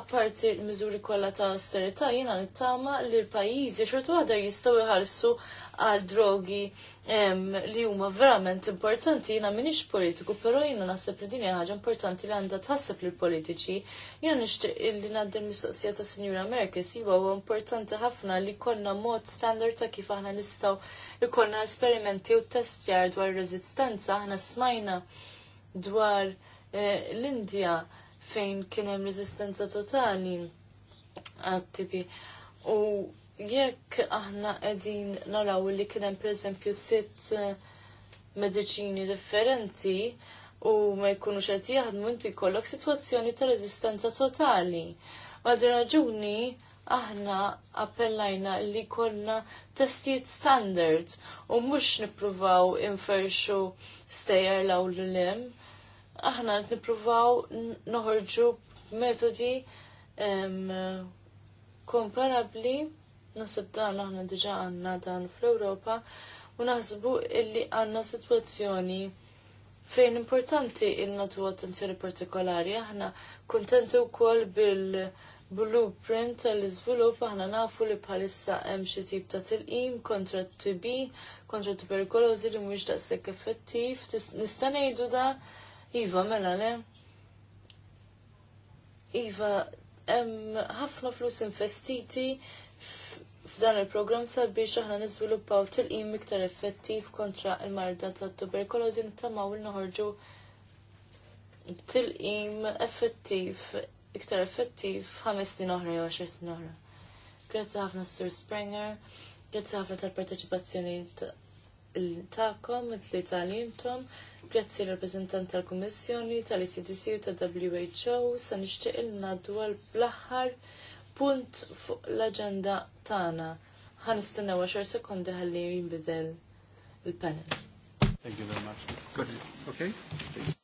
apparti l-miżuri kollha ta' austerità jiena nittama li l-pajjiżi xorta waħda jistgħu jħallsu għal drogi li huma verament importanti jina m'iniex politiku, però jiena naħseb li din hija ħaġa importanti li għandha tħasseb li politiċi. jina nixtieq li ngħaddim mistoqsija ta' Sinjura Merkes jiba huwa importanti ħafna li konna mod standard ta' kif aħna nistgħu li konna esperimenti u testjar dwar reżistenza aħna smajna dwar eh, l-Indja fejn kien hemm totali għat U jekk aħna qegħdin naraw li kien hemm pereżempju sitt eh, mediċini differenti u ma jkunux qed jaħdmu inti jkollok sitwazzjoni ta' reżistenza totali. Għadra raġuni aħna appellajna li konna testijiet standard u mux nipruvaw inferxu stejjer law l-lim. Aħna nipruvaw noħorġu metodi um, komparabli Nasib dan aħna diġa għanna dan fl-Ewropa u naħsbu illi għanna situazzjoni fejn importanti il tu attenzjoni partikolari. Aħna kontentu u bil-blueprint tal-izvilup aħna nafu li bħalissa hemm xi tip ta' tilqim kontra t-TB, kontra tuberkulożi li mhux daqshekk effettiv. Nista' ngħidu da iva mela le. Iva, hemm ħafna flus infestiti f'dan il-programm sabiex aħna niżviluppaw tilqim iktar effettiv kontra il-marda tat-tuberkulożi nittamaw il noħorġu til-qim effettiv iktar effettiv ħames snin oħra jew għaxar snin oħra. Grazzi ħafna Sur Springer, grazzi ħafna tal-parteċipazzjoni ta'kom, li tal-intom, grazzi l reprezentant tal kummissjoni tal-ICDC u tal-WHO, sa' nixtieq il nadwa l blaħħar punt fuq l-agenda tagħna. Ħan nistennew 10 sekondi ħalli jinbidel il-panel. Thank you very much. Good. Okay.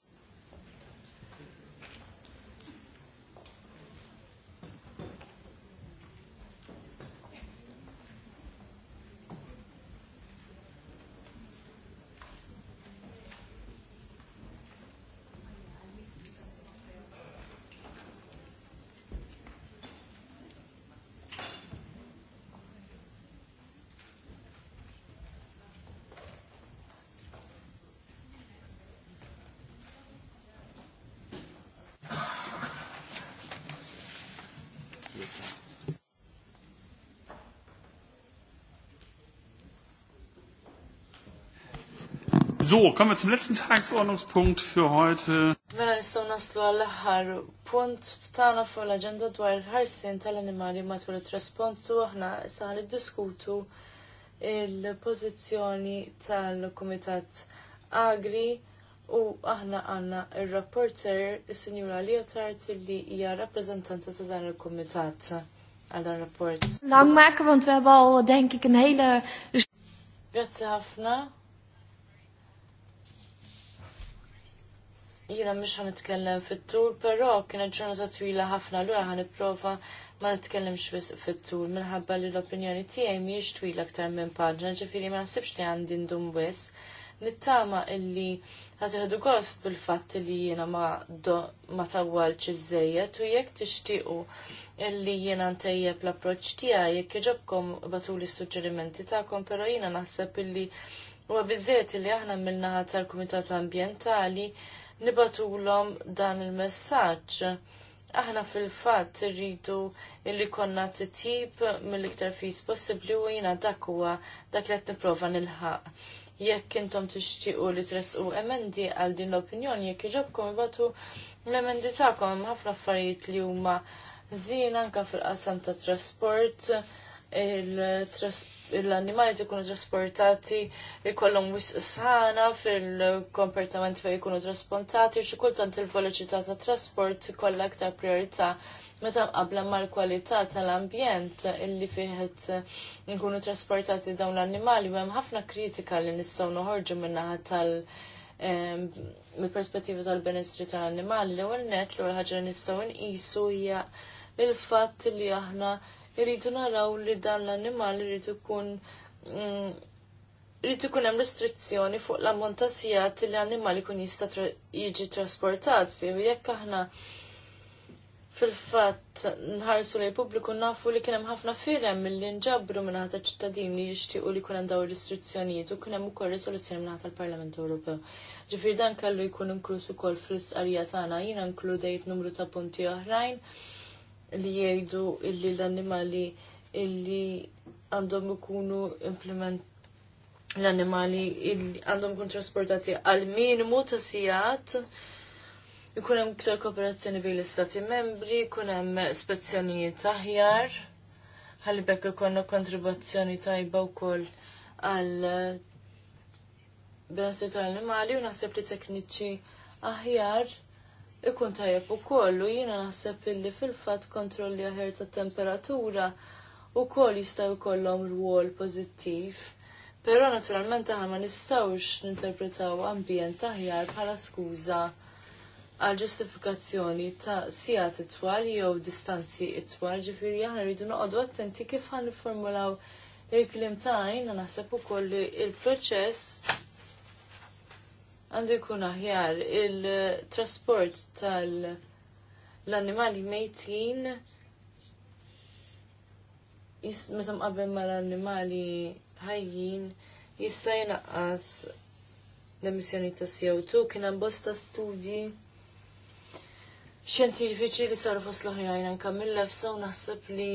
So, kommen wir zum letzten Tagesordnungspunkt für heute. Mela nistgħu naslu għall-aħħar punt tagħna fuq l-aġenda dwar il-ħarsien tal-animali matul it-trasportu aħna sa niddiskutu il-pożizzjoni tal-Kumitat Agri u aħna għandna ir-rapporter is-Sinjura Leotard li hija rappreżentanta ta' dan il-Kumitat għal dan rapport. Lang maken, want we hebben al denk ik Grazie ħafna. Jina mish għan nitkellem fit-tul, pero kienet ġurnata twila ħafna l-għura għan niprofa ma nitkellimx bis fit-tul minħabba li l-opinjoni tiegħi mhijiex twila aktar minn paġna, ġifiri ma nasibx li għandi ndum wis. Nittama illi iħdu gost bil-fatt li jiena ma do ma tawwalx iż u jekk tixtiequ illi jiena ntejjeb l-approċċ tiegħi jekk iġobkom batuli s-suġġerimenti tagħkom, però jiena naħseb illi huwa biżżejjed li aħna mill-naħa tal-Kumitat Ambjentali nibatulhom dan il-messaġġ. Aħna fil-fatt irridu illi konna t-tip mill-iktar fis possibbli u jiena dak huwa dak li qed nipprova nilħaq jekk intom tixtiequ li tresqu emendi għal din l-opinjoni, jekk iġobkom ibatu l-emendi tagħkom hemm ħafna affarijiet li huma żin anke fil-qasam ta' trasport, il-trasport l-annimali tkunu trasportati ikollhom wisq sana fil-komportament fejn jkunu trasportati xi kultant il-veloċità ta' trasport kollha aktar priorità meta qabla mal-kwalità tal-ambjent illi fiħet nkunu trasportati dawn l-annimali hemm ħafna kritika li nistgħu noħorġu min-naħa tal- mill-perspettiva tal-benestri tal-annimali l-ewwel net l-ewwel ħaġa nistgħu nqisu hija il-fatt li aħna irridu naraw li dan l animal irridu kun mm, irridu kun hemm restrizzjoni fuq l-ammont ta' sigħat li l animal ikun jista' jiġi trasportat fih jekk aħna fil-fatt nħarsu li pubbliku nafu li kien hemm ħafna firem milli nġabru minn ħata ċittadini li jixtiequ li jkun hemm dawn restrizzjonijiet u kien hemm ukoll risoluzzjoni minn ħata l-Parlament Ewropew. Ġifir dan kellu jkun inkluż ukoll fl-isqarija tagħna jiena inkludejt numru ta' punti oħrajn li jgħidu illi l-annimali illi għandhom ikunu implement l-annimali illi għandhom ikunu trasportati għal minimu ta' sijat ikun hemm iktar kooperazzjoni bejn l-istati membri, ikun hemm spezzjonijiet aħjar, ħalli bekk ikonna kontribuzzjoni tajba wkoll għal benessri tal-annimali u naħseb li tekniċi aħjar ikun tajjeb ukoll u jiena naħseb illi fil-fatt kontrolli aħer ta' temperatura wkoll jistgħu jkollhom rwol pożittiv. Però naturalment aħna ma nistgħux ninterpretaw ambjent aħjar bħala skuża għal ġustifikazzjoni ta' sigħat itwal jew distanzi itwal, ġifieri aħna rridu noqogħdu attenti kif ħan niformulaw il-klim tagħna naħseb ukoll il-proċess għandu jkun aħjar il-trasport tal-annimali mejtin meta mqabel ma l-annimali ħajjin jista' jnaqqas l-emissjoni ta' CO2 kien hemm bosta studji xjentifiċi li saru fost l-oħrajn anke mill-lefsa naħseb li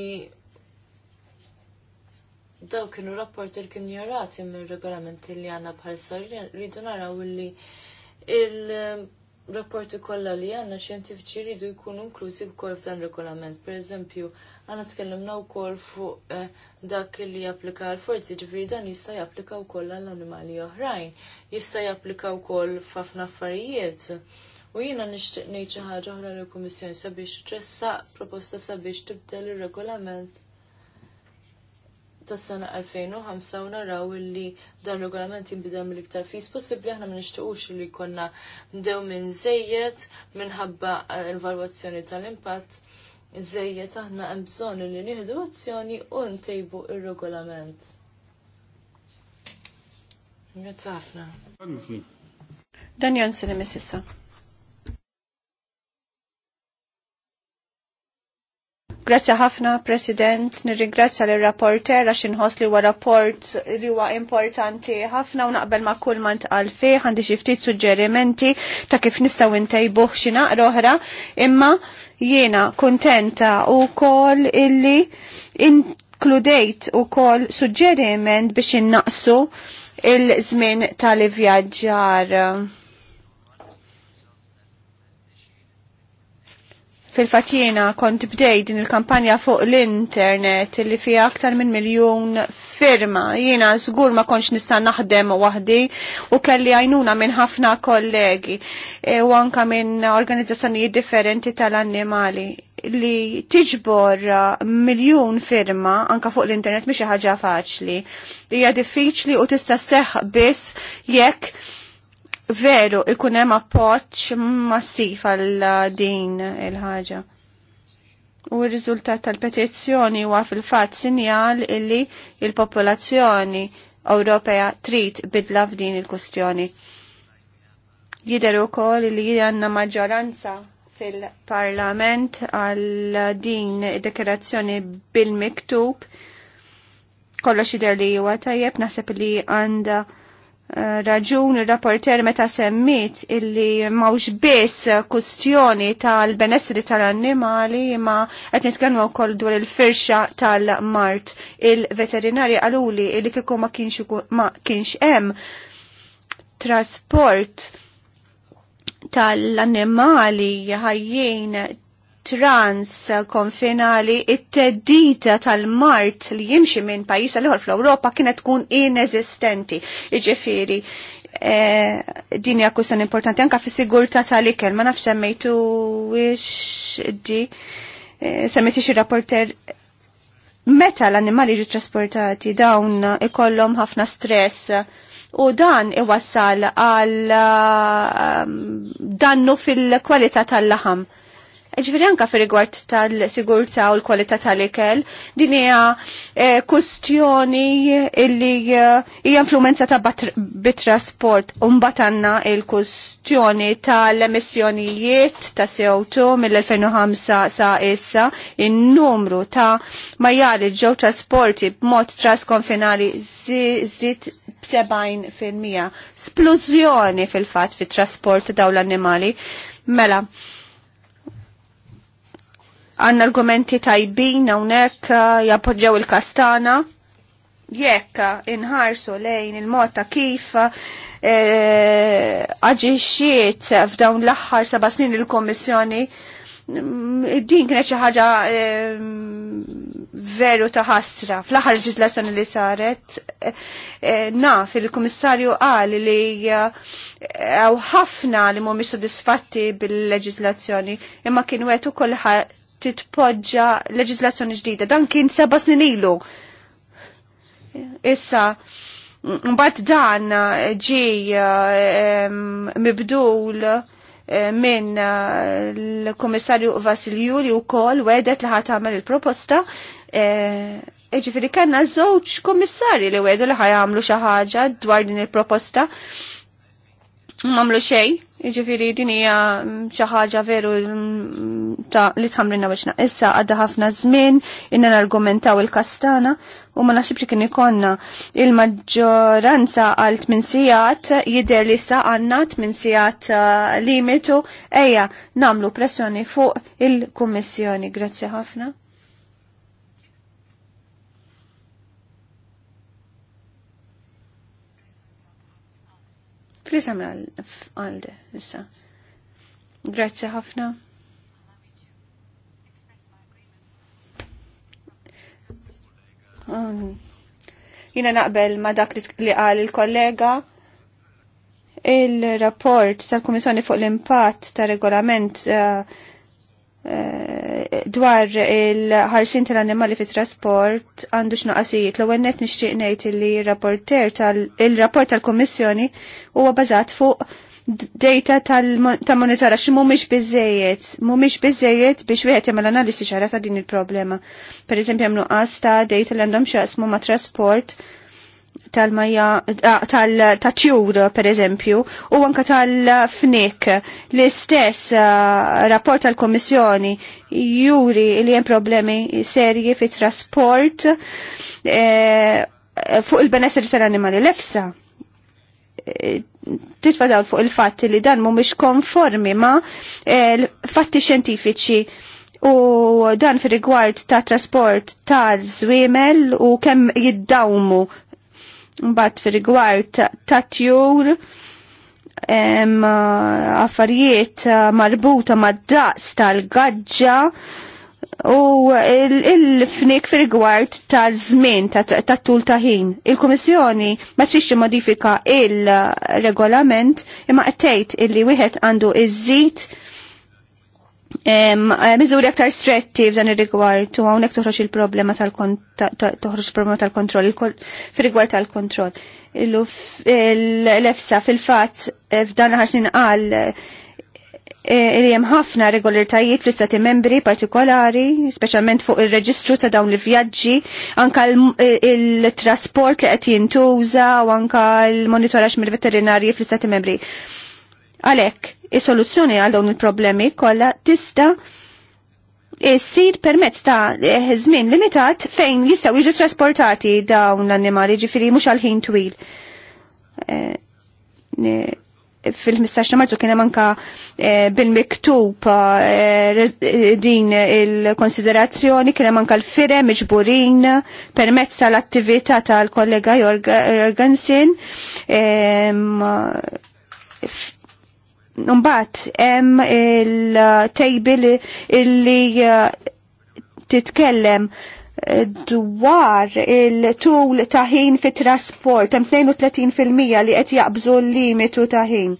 daw kienu rapporti li kienu jorati minn regolamenti li għanna bħalissa rridu naraw li il-rapporti kollha li għanna xjentifiċi rridu jkunu inklużi wkoll f'dan regolament. Per eżempju, għanna tkellimna wkoll fuq eh, dak li japplika l-forzi ġviri dan jista' japplika wkoll għall animali oħrajn, jista' japplika wkoll f'ħafna affarijiet. U jina nishtiq nejċi ħaġa oħra l-Kummissjoni sabiex tressa proposta sabiex tibdel ir regolament tas-sena 2005 naraw illi dan regolament jinbidel mill-iktar fis possibbli aħna ma nixtiequx li konna ndew minn żejjed minħabba l-valwazzjoni tal-impatt żejjed aħna hemm bżonn li nieħdu azzjoni u ntejbu ir-regolament. Grazie ħafna. Dan jansen imessissa. Grazie ħafna, President, nirringrazzja l-rapporter għax inħoss li huwa rapport li huwa importanti ħafna u naqbel ma' kull man tqal fih għandi xi ftit suġġerimenti ta' kif nistgħu ntejbuh xi naqra oħra, imma jiena kuntenta wkoll illi inkludejt ukoll suġġeriment biex innaqsu il-żmien tal-ivvjaġġar Fil-fatjena kont bdej din il-kampanja fuq l-internet li fija aktar minn miljon firma. Jiena żgur ma konx nista' naħdem waħdi u kelli għajnuna minn ħafna kollegi e, u anka minn organizzazzjonijiet differenti tal-annimali li tiġbor miljon firma anka fuq l-internet mhix ħaġa faċli. Hija diffiċli u tista' seħħ biss jekk veru ikun hemm appoġġ massiv għal din il-ħaġa. U r-riżultat tal-petizzjoni huwa fil-fatt sinjal illi il-popolazzjoni Ewropea trid bidla f'din il-kustjoni. Jidher ukoll li għandna maġġoranza fil-parlament għal din dekorazzjoni bil-miktub kollox jidher li huwa tajjeb naħseb li għandha raġuni rapporter meta semmit illi mawx biss kustjoni tal-benessri tal-annimali ma qed nitkellmu wkoll dwar il-firxa tal-mart. Il-veterinari għaluli illi kieku ma kienx ma kienx hemm trasport tal-annimali ħajjin trans konfinali it-teddita tal-mart li jimxi minn pajis l fl-Europa kienet tkun inesistenti. Iġifiri, e, eh, din hija kwistjoni importanti anka fis sigurta tal-ikel, ma nafx semmejtu wix di e, eh, semmejti xi rapporter meta l-annimali ġu trasportati dawn ikollhom ħafna stress u dan iwassal għal eh, dannu fil-kwalità tal-laħam. Ġifiri anka fi rigward tal-sigurta u l-kwalità tal-ikel, din hija eh, kustjoni illi eh, hija influenza ta' bit-trasport u mbagħad għandna l kustjoni tal-emissjonijiet ta' CO2 mill-2005 sa' issa, in-numru ta' majjali ġew trasporti b'mod trasconfinali żdied fil-mija. splużjoni fil fatt fit trasport daw l-annimali. Mela, għanna argumenti tajbin hawnhekk eh, jappoġġaw il-kastana. Jekk inħarsu lejn il-mod ta' kif eh, aġixxiet f'dawn l-aħħar seba' snin il-Kommissjoni mm, din kienet xi ħaġa eh, veru ta' ħasra. Fl-aħħar leġislazzjoni li saret, naf il-Kummissarju qal li hawn ħafna li mhumiex sodisfatti bil-leġislazzjoni, imma kienu qed ukoll titpoġġa leġislazzjoni ġdida. Dan kien seba' snin ilu. Issa, mbagħad dan ġi mibdul minn eh, l-komissarju Vasilju li u wedet li tagħmel il-proposta. Eh, Iġifiri kellna żewġ kummissarji li wedu li ħajamlu ħaġa dwar din il-proposta mamlu xej, iġifiri din hija mm, xi ħaġa veru mm, ta' li tħamrinna biex issa għadda ħafna żmien inna nargumentaw il-kastana u ma naħsib li kien konna il-maġġoranza għal tmin sigħat jidher li sa għandna tmin sigħat uh, limitu ejja namlu pressjoni fuq il-Kummissjoni. Grazzi ħafna. samra għalde, issa. Grazie ħafna. Um, jina naqbel ma dak li għal il-kollega il-rapport tal-Komissjoni fuq l-impatt tal-regolament uh, Eh, dwar il-ħarsin tal-annimali fit trasport għandu x'noqasijiet l-ewwel net nixtieq ngħid li tal-rapport tal-Kummissjoni huwa bażat fuq data ta' monitora xi mhumiex biżejjed, mhumiex biżejjed biex wieħed jagħmel analisi ċara ta' din il-problema. Pereżempju hemm nuqqas ta' data li għandhom x'jaqsmu ma' trasport tal-maja ah, tal-tjur per eżempju u anka tal-fnik l-istess ah, rapport tal-Komissjoni juri li hemm problemi serji fit trasport eh, fuq il-benesseri tal-animali l-efsa eh, titfa dawl fuq il fat li dan mhumiex konformi ma eh, l-fatti xjentifiċi u dan fi rigward ta' trasport ta' zwimel u kemm jiddawmu Mbagħad fi rigward ta' tjur uh, affarijiet uh, marbuta mad-daqs tal-gaġġa u il-fnik fi rigward ta' żmien tat-tul ta' ħin. Il-Kummissjoni ma tix modifika il-regolament imma qed tgħid illi wieħed għandu iż il Eh, miżuri aktar stretti f'dan ir-rigward u hawnhekk toħroġ il-problema toħroġ il-problema tal-kontroll fir-rigward tal-kontroll. L-EFSA fil-fatt eh, f'dan aħar għal qal eh, li hemm ħafna regolaritajiet fl-istati membri partikolari, speċjalment fuq ir-reġistru ta' dawn il-vjaġġi, anka il-trasport li qed jintuża u anka l-monitoraġġ mill-veterinarji fl-istati membri. Għalhekk, is-soluzzjoni għal dawn il-problemi kollha tista' jessir permezz ta' eh, żmien limitat fejn jista' jiġu trasportati dawn l-annimali ġifiri mhux għal ħin twil. Eh, Fil-15 Marzu kien hemm anka eh, bil-miktub din il-konsiderazzjoni kien hemm anka l-fire miġburin permezz tal-attività tal-kollega Jorgensen Mbagħad hemm il-tejbil illi uh, titkellem uh, dwar il-tul ta' ħin fit trasport hemm 32% li qed jaqbżu l-limitu ta' ħin.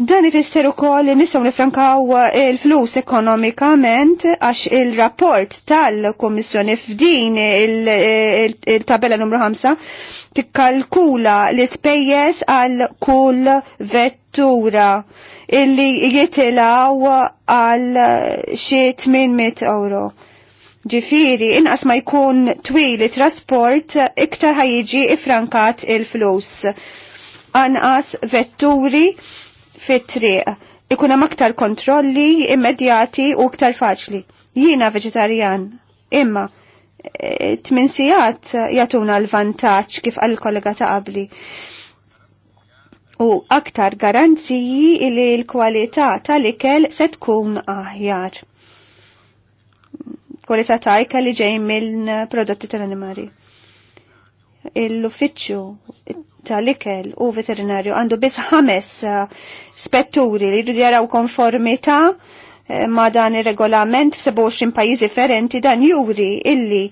Dan ifisser ukoll li nistgħu nifrankaw eh, il-flus ekonomikament għax il-rapport tal-Kummissjoni f'din eh, il-tabella numru 5 tikkalkula l-ispejjeż għal kull vettura illi jitilaw għal xi 800 euro. Ġifiri, inqas ma jkun twil trasport iktar ħajjiġi ifrankat il-flus. Anqas vetturi fit-triq ikun hemm aktar kontrolli immedjati u aktar faċli. Jiena veġetarjan, imma e, tmin sigħat jagħtuna l-vantaġġ kif għal kollega ta' qabli. U aktar garanziji li l-kwalità tal-ikel se tkun aħjar. Kwalità ta' ikel li ġej mill-prodotti tal-animali. L-uffiċċju tal-ikel u veterinarju għandu biss ħames eh, spetturi li jridu jaraw konformità eh, ma dan ir-regolament f'27 pajjiż differenti dan juri illi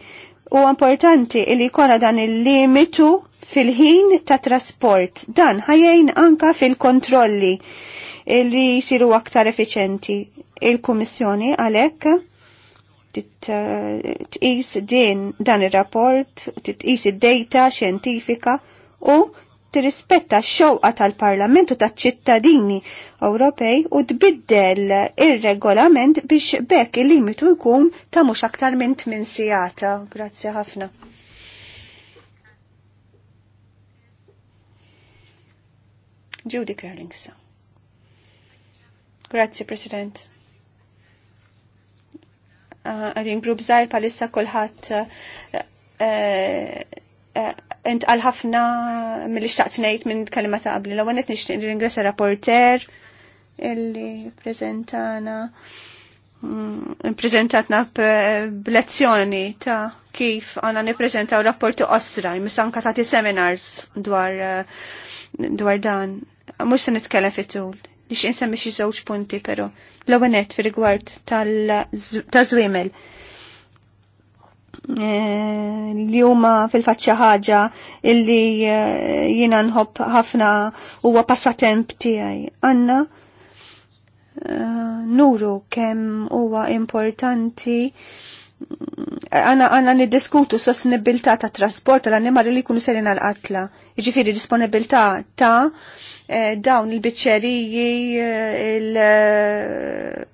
u importanti illi jkollna dan il-limitu fil-ħin ta' trasport. Dan ħajjejn anka fil-kontrolli li jisiru aktar effiċenti. Il-Kummissjoni għalhekk titqis eh, din dan ir-rapport, titqis id-data xjentifika u tirrispetta x-xewqa tal-Parlamentu taċ-ċittadini Ewropej u tbiddel ir-regolament biex bekk il-limitu jkun ta' mhux aktar minn tmien sigħata. Grazzi ħafna. Judy Kerlings. Grazzi, President. Ah, Għadin uh, grupp zaħir palissa kolħat uh, uh, انت eh, قال ħafna من اللي ngħid minn من كلمة قبل لو انت qed nixtieq ringrazzja rapporter illi preżentana mm, prezentatna b'lezzjoni ta' kif għana niprezentaw rapporti osra, misanka ta' seminars dwar, دان eh, dan. سنتكلم se nitkellem ليش tul مشي زوج xi żewġ punti però. L-ewwel net fir-rigward żwiemel Eh, li huma fil-faċċa ħaġa illi eh, jiena nħobb ħafna huwa passatemp tiegħi. Anna eh, nuru kemm huwa importanti Anna għanna niddiskutu sostenibilità ta' trasport l annimali li jkunu serin għal-qatla. Ġifiri disponibilità ta' dawn il-bicċeriji, il-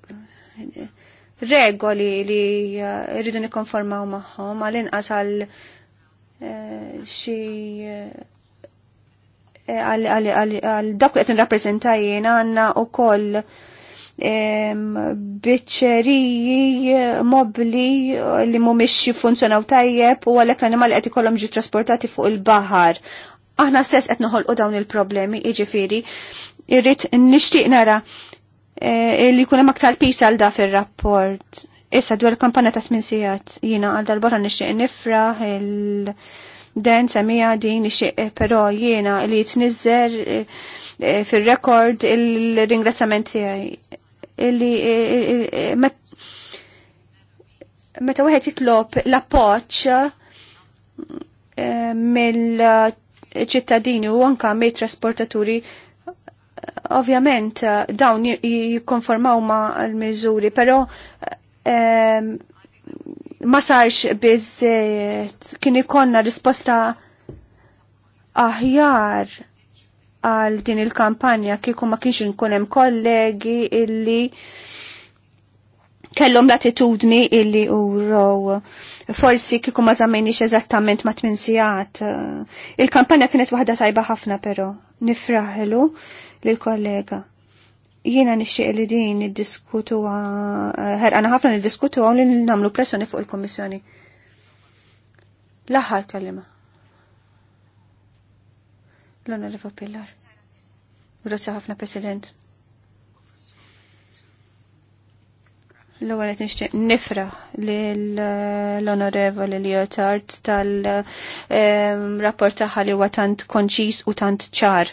regoli li eh, rridu nikkonformaw magħhom għal-inqas għal eh, xi eh, għal dak li qed nirrappreżenta jiena għandna wkoll biċċeriji mobli li mhumiex jiffunzjonaw tajjeb u għalhekk l-annimali qed ikollhom ġi trasportati fuq il-baħar. Aħna stess qed noħolqu dawn il-problemi, jiġifieri irrid nixtieq nara Eh, li kunem aktar pisa għal da fil-rapport. Issa dwar kampanja ta' tmin sijat jina għal dal-barra nixtieq nifra il-den semija din nixtieq eh, però jiena li jitnizzer eh, fil-rekord il-ringrazzament tiegħi. Illi meta wieħed jitlob l-appoġġ mill-ċittadini u anka mill-trasportaturi ovvjament eh, dawn jikkonformaw ma l-miżuri, però ehm, ma sarx biż eh, kien ikonna risposta aħjar għal din il-kampanja kieku ma kienx inkun hemm kollegi illi kellhom l-attitudni illi uraw. Forsi kieku ma żammejniex eżattament ma tminsijat. Eh, il-kampanja kienet waħda tajba ħafna però nifraħlu lill-kollega. Jiena nixxieq li din niddiskutu eh, ħerqana ħafna niddiskutu għaw li nagħmlu pressjoni fuq il-Kommissjoni. L-aħħar kalima. L-onorevo Pillar. Grazie ħafna President. L-ewwel qed nixtieq nifra l-Onorevoli Liotard tal-rapport ehm, tagħha li huwa tant konċis u tant ċar.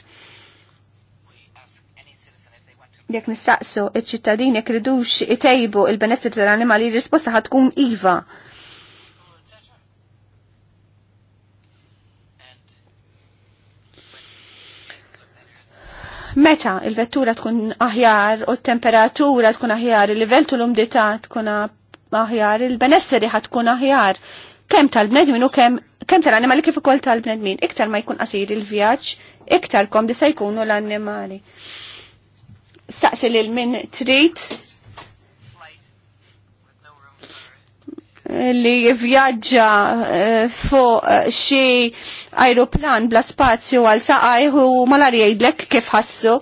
Jekk nistaqsu iċ-ċittadini jekk ridux itejbu il-benessir tal-annimali, risposta ħadd tkun iva. Meta il-vettura tkun aħjar u t-temperatura tkun aħjar, il-livell u l-umdità tkun aħjar, il-benesseri tkun aħjar, kem tal-bnedmin u kem kem tal-animali kif ukoll tal-bnedmin, iktar ma jkun qasir il-vjaġġ, iktar kom disa jkunu l-annimali. Staqsi lil min trit, li vjaġġa eh, fuq eh, xi ajruplan bla spazju għal saqaj u malar jgħidlek kif ħassu.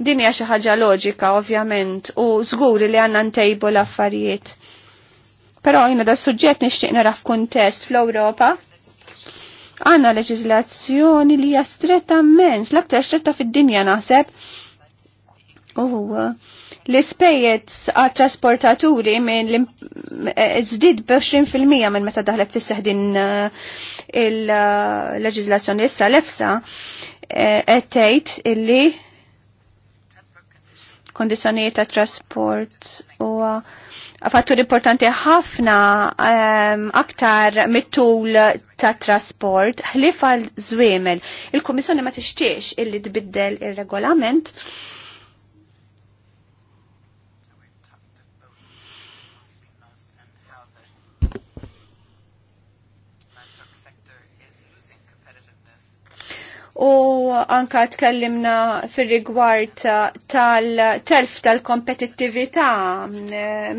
Din hija xi ħaġa loġika ovvjament u żguri li għandna ntejbu l-affarijiet. Però jiena da suġġett nixtieq nara f'kuntest fl-Ewropa. Għanna leġiżlazzjoni li hija stretta immens, l-aktar stretta fid-dinja naħseb. uh, L-ispejjeż għat trasportaturi minn l-imdid żdid b'20% minn meta daħlet fis din eh, il-leġiżlazzjoni issa l-efsa eh, qed tgħid illi kondizzjonijiet ta' trasport huwa fattur importanti ħafna ehm, aktar mit-tul ta' trasport ħlifa l-żwiemel. Il-Kummissjoni ma tixtiex illi tbiddel ir-regolament il u anka tkellimna fil-rigward tal-telf tal-kompetittività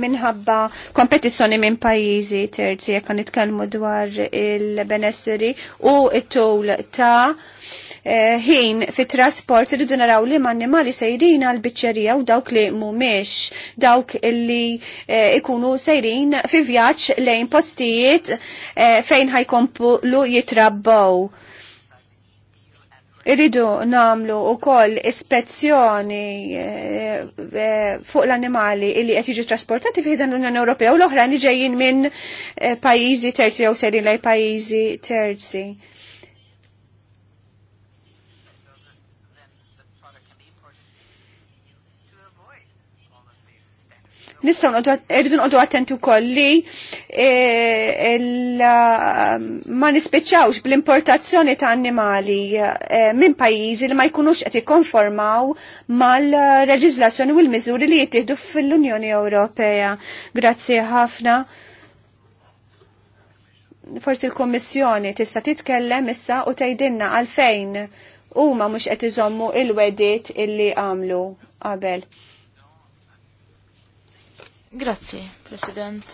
minħabba kompetizzjoni minn pajjiżi terzi jekk nitkellmu dwar il-benesseri u it-tul ta' eh, ħin fit trasport irridu naraw li man-nimali sejrin għal biċċerija u dawk li mhumiex dawk li eh, ikunu sejrin fi vjaġġ lejn postijiet eh, fejn ħajkomplu jitrabbaw Irridu namlu u koll ispezzjoni eh, eh, fuq l-animali illi qed jiġu trasportati fi dan l-Unjoni Ewropea u l-oħra li ġejjin minn eh, pajjiżi terzi jew serin lej pajjiżi terzi. nissa irridu noqdu attenti wkoll li e, ma nispiċċawx bl-importazzjoni ta' annimali e, minn pajjiżi li ma jkunux qed ikkonformaw mal-reġiżlazzjoni u l-miżuri li jittieħdu fil-Unjoni Ewropea. Grazzi ħafna. Forsi l-Kommissjoni tista' titkellem issa u tgħidilna għalfejn huma mhux qed iżommu il-wedit illi għamlu qabel. Grazzi, President.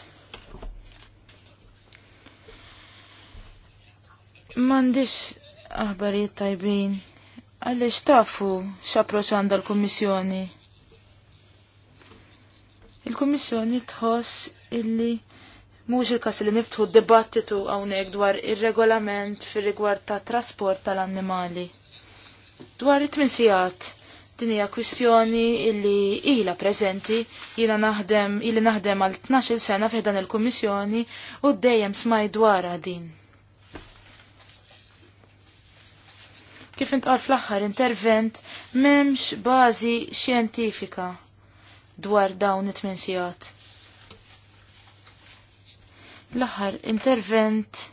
M'għandix aħbarijiet tajbin. Għaliex tafu x'approċċ għandha l-Kummissjoni. Il-Kummissjoni tħoss illi mhux il-każ li niftħu dibattitu hawnhekk dwar ir-regolament fir-rigward ta' trasport tal-annimali. Dwar it-tmin sigħat Din hija kwistjoni illi ila preżenti ila naħdem illi naħdem għal 12 sena fiħdan il-Kummissjoni u dejjem smaj dwarha din. Kif intqal fl-aħħar intervent m'hemmx bażi xjentifika dwar dawn it tmensijat L-aħħar intervent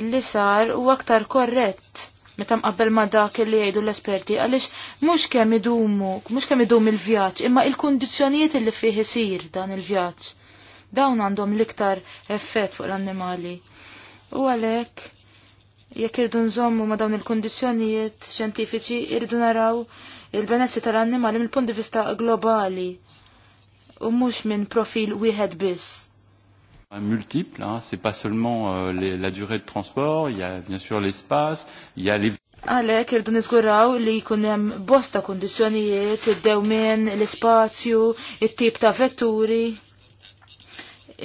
illi sar u aktar korrett meta mqabbel ma dak li jgħidu l-esperti għaliex mhux kemm idumu, mhux kemm idum il-vjaġġ, imma il-kundizzjonijiet li fih isir dan il-vjaġġ. Dawn għandhom l-iktar effett fuq l-annimali. U għalhekk jekk irdu nżommu ma dawn il-kundizzjonijiet xjentifiċi irdu naraw il-benessi tal-annimali mill-punt di vista globali u mhux minn profil wieħed biss Multiple, hein, c'est pas seulement euh, les, la durée de transport, il y a bien sûr l'espace, il y a les Għalek irdu nizguraw li jkunem bosta kondizjonijiet, id-dewmen, l-spazju, it-tip ta' vetturi,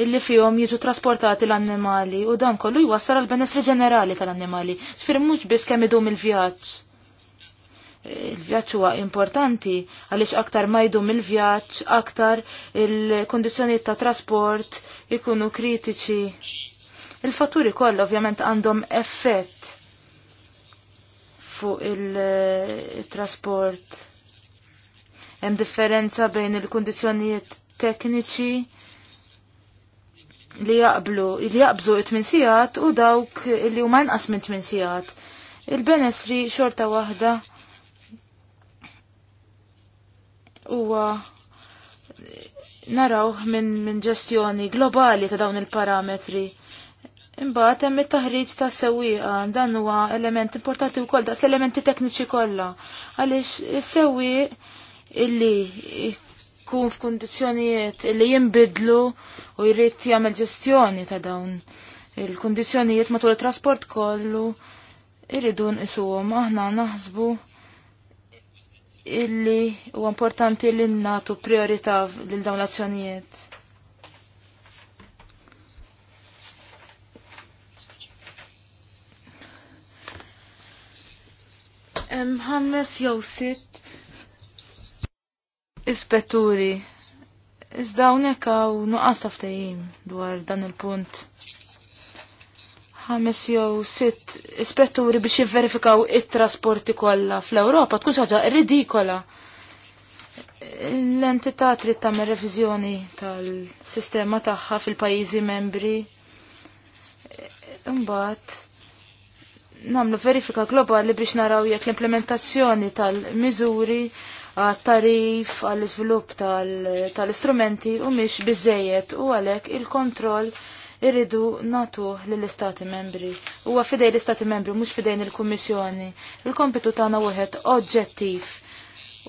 illi fihom jiġu trasportati l-annimali u dan kollu jwassar għal benessri ġenerali tal-annimali. Sfir mhux biss kemm idum il-vjaġġ il-vjaġġ huwa importanti għaliex aktar ma jdum il-vjaġġ, aktar il kondizjoni ta' trasport ikunu kritiċi. Il-fatturi koll ovvjament għandhom effett fuq il-trasport. Hemm differenza bejn il-kondizzjonijiet tekniċi li jaqblu, li jaqbżu it u dawk li huma inqas minn tmin Il-benessri xorta waħda huwa naraw minn min ġestjoni globali ta' dawn il-parametri. Imbagħad hemm it-taħriġ tas sewwieqa dan huwa element importanti wkoll daqs elementi tekniċi kollha għaliex is-sewwieq illi jkun f'kundizzjonijiet illi jinbidlu u jrid jagħmel ġestjoni ta' dawn il-kundizzjonijiet matul it-trasport kollu irridu nqisuhom aħna naħsbu illi u importanti li natu priorità lil dawn l-azzjonijiet. Hemm ħames jew sitt ispetturi. Iżda hawnhekk hawn nuqqas taftejjin dwar dan il-punt ħames jew sitt ispetturi biex jivverifikaw it-trasporti kollha fl-Ewropa tkun ħaġa ridikola. L-entità trid tagħmel reviżjoni tal-sistema tagħha fil-pajjiżi membri. Imbagħad nagħmlu verifika globali biex naraw jekk l-implementazzjoni tal-miżuri għat-tarif għall-iżvilupp tal-istrumenti u mhix biżejjed u għalhekk il-kontroll il kontroll irridu natu lill-Istati membri. Huwa fidej l-Istati membri, mhux fidejn il-Kummissjoni. Il-kompitu tagħna wieħed oġġettiv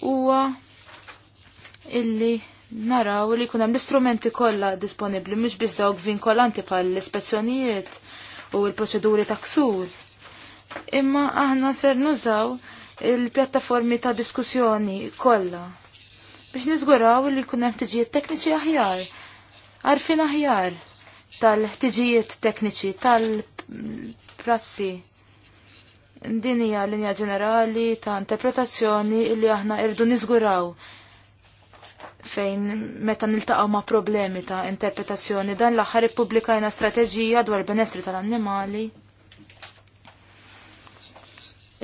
huwa illi naraw li jkun hemm l-istrumenti kollha disponibbli mhux biss dawk vinkolanti bħal l-ispezzjonijiet u l-proċeduri ta' ksur. Imma aħna ser nużaw il-pjattaformi ta' diskussjoni kollha biex niżguraw li jkun hemm tiġijiet tekniċi aħjar, Arfin aħjar tal-ħtiġijiet tekniċi, tal-prassi. Din hija linja ġenerali ta' interpretazzjoni li aħna irdu niżguraw fejn meta niltaqgħu ma' problemi ta' interpretazzjoni dan l-aħħar ippubblikajna strateġija dwar benestri tal-annimali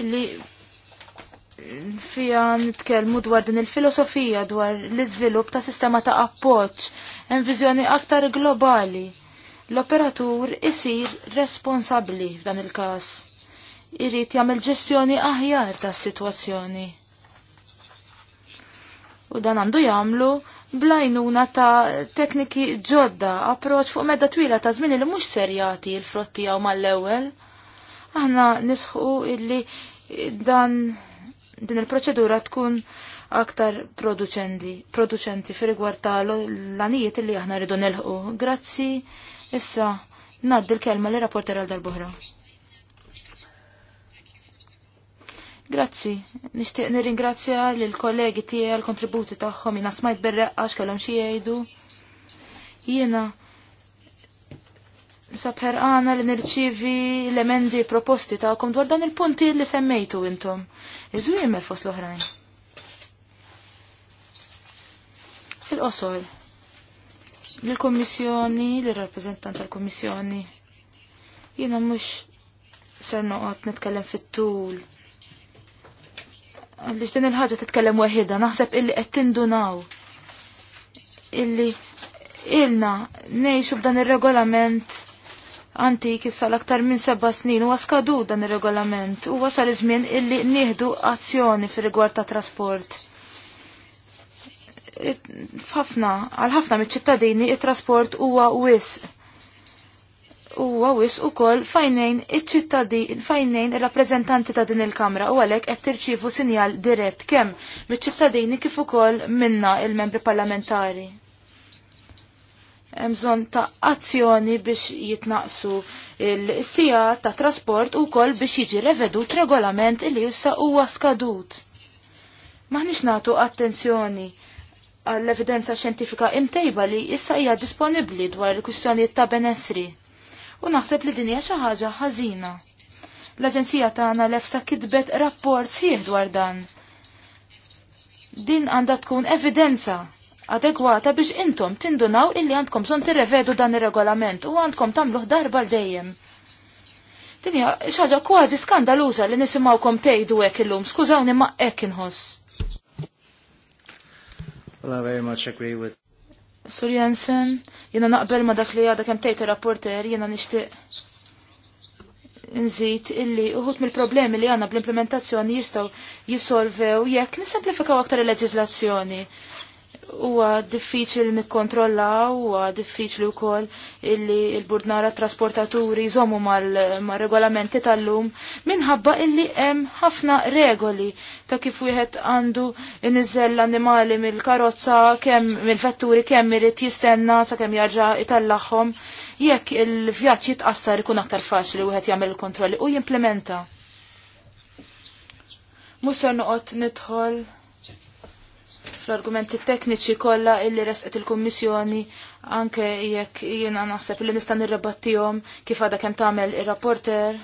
illi fija nitkellmu dwar din il-filosofija dwar l-iżvilupp ta' sistema ta' appoġġ hemm viżjoni aktar globali l-operatur isir responsabli f'dan il-każ. Irrid jagħmel ġestjoni aħjar tas-sitwazzjoni. U dan għandu jagħmlu blajnuna ta' tekniki ġodda, approċ fuq medda twila ta' żmien li mhux serjati l-frotti jew mal-ewwel. Aħna nisħu illi dan din il-proċedura tkun aktar produċenti, produċenti fi ta' l-anijiet li aħna rridu nilħu. Grazzi Issa, naddi l-kelma li rapporter għal darbohra. Grazzi, nishtiq nirringrazzja l-kollegi tiegħi għal-kontributi tagħhom jina smajt għax kellhom xi jgħidu. Jiena sabħer għana li nirċivi l-emendi proposti ta'kom dwar dan il-punti li semmejtu intom. Iżwim fost l-oħrajn. Il-qosor l-Komissjoni, l-rappresentant tal-Komissjoni. Jiena mhux ser noqgħod nitkellem fit-tul. Għaliex din il-ħaġa titkellem wahida, naħseb illi qed tindunaw. Illi ilna ngħixu b'dan ir-regolament antik issa l-aktar minn seba snin huwa skadu dan ir-regolament u wasal iż-żmien illi nieħdu azzjoni fir-rigward ta' trasport f'ħafna għal ħafna miċ-ċittadini it-trasport huwa wis. Huwa wis ukoll fajnejn iċ fajnejn ir-rappreżentanti ta' din il-Kamra u għalhekk qed tirċievu sinjal dirett kemm miċ-ċittadini kif ukoll minna il-membri parlamentari. Hemm bżonn ta' azzjoni biex jitnaqsu il-sija ta' trasport u kol biex jiġi revedut regolament il issa huwa skadut. Maħniex nagħtu attenzjoni għall-evidenza xjentifika imtejba li issa hija disponibbli dwar il-kwistjonijiet ta' benessri. U naħseb li din hija xi ħaġa ħażina. L-Aġenzija tagħna lefsa kitbet rapport sħiħ dwar dan. Din għandha tkun evidenza adegwata biex intom tindunaw illi għandkom son tirrevedu dan ir-regolament u għandkom tagħmluh darba l-dejjem. xi ħaġa kważi skandaluża li kom tgħidu hekk illum, skużawni ma' hekk inħoss. Well, I very much agree with. Sur Jensen, jena naqbel ma dak li għada kem tejt rapporter jena nishtiq nżid illi uħut mill-problemi li għanna bl-implementazzjoni jistaw jisolvew jekk nisimplifikaw aktar il-leġizlazzjoni huwa diffiċli nikkontrollaw, huwa diffiċli wkoll illi l-burdnara trasportaturi jżommu mal-regolamenti mar regolamenti tal lum minħabba illi hemm ħafna regoli ta' kif wieħed għandu iniżel l-annimali mill-karozza kemm mill-vetturi kemm irid jistenna sakemm jarġa' itallaħħom jekk il-vjaġġ jitqassar ikun aktar faċli wieħed jagħmel il-kontrolli u jimplementa. Mhux se noqgħod nidħol fl-argumenti tekniċi kollha illi resqet il-Kummissjoni anke jekk jiena naħseb li nista' nirrebattihom kif għadha kemm tagħmel ir-rapporter.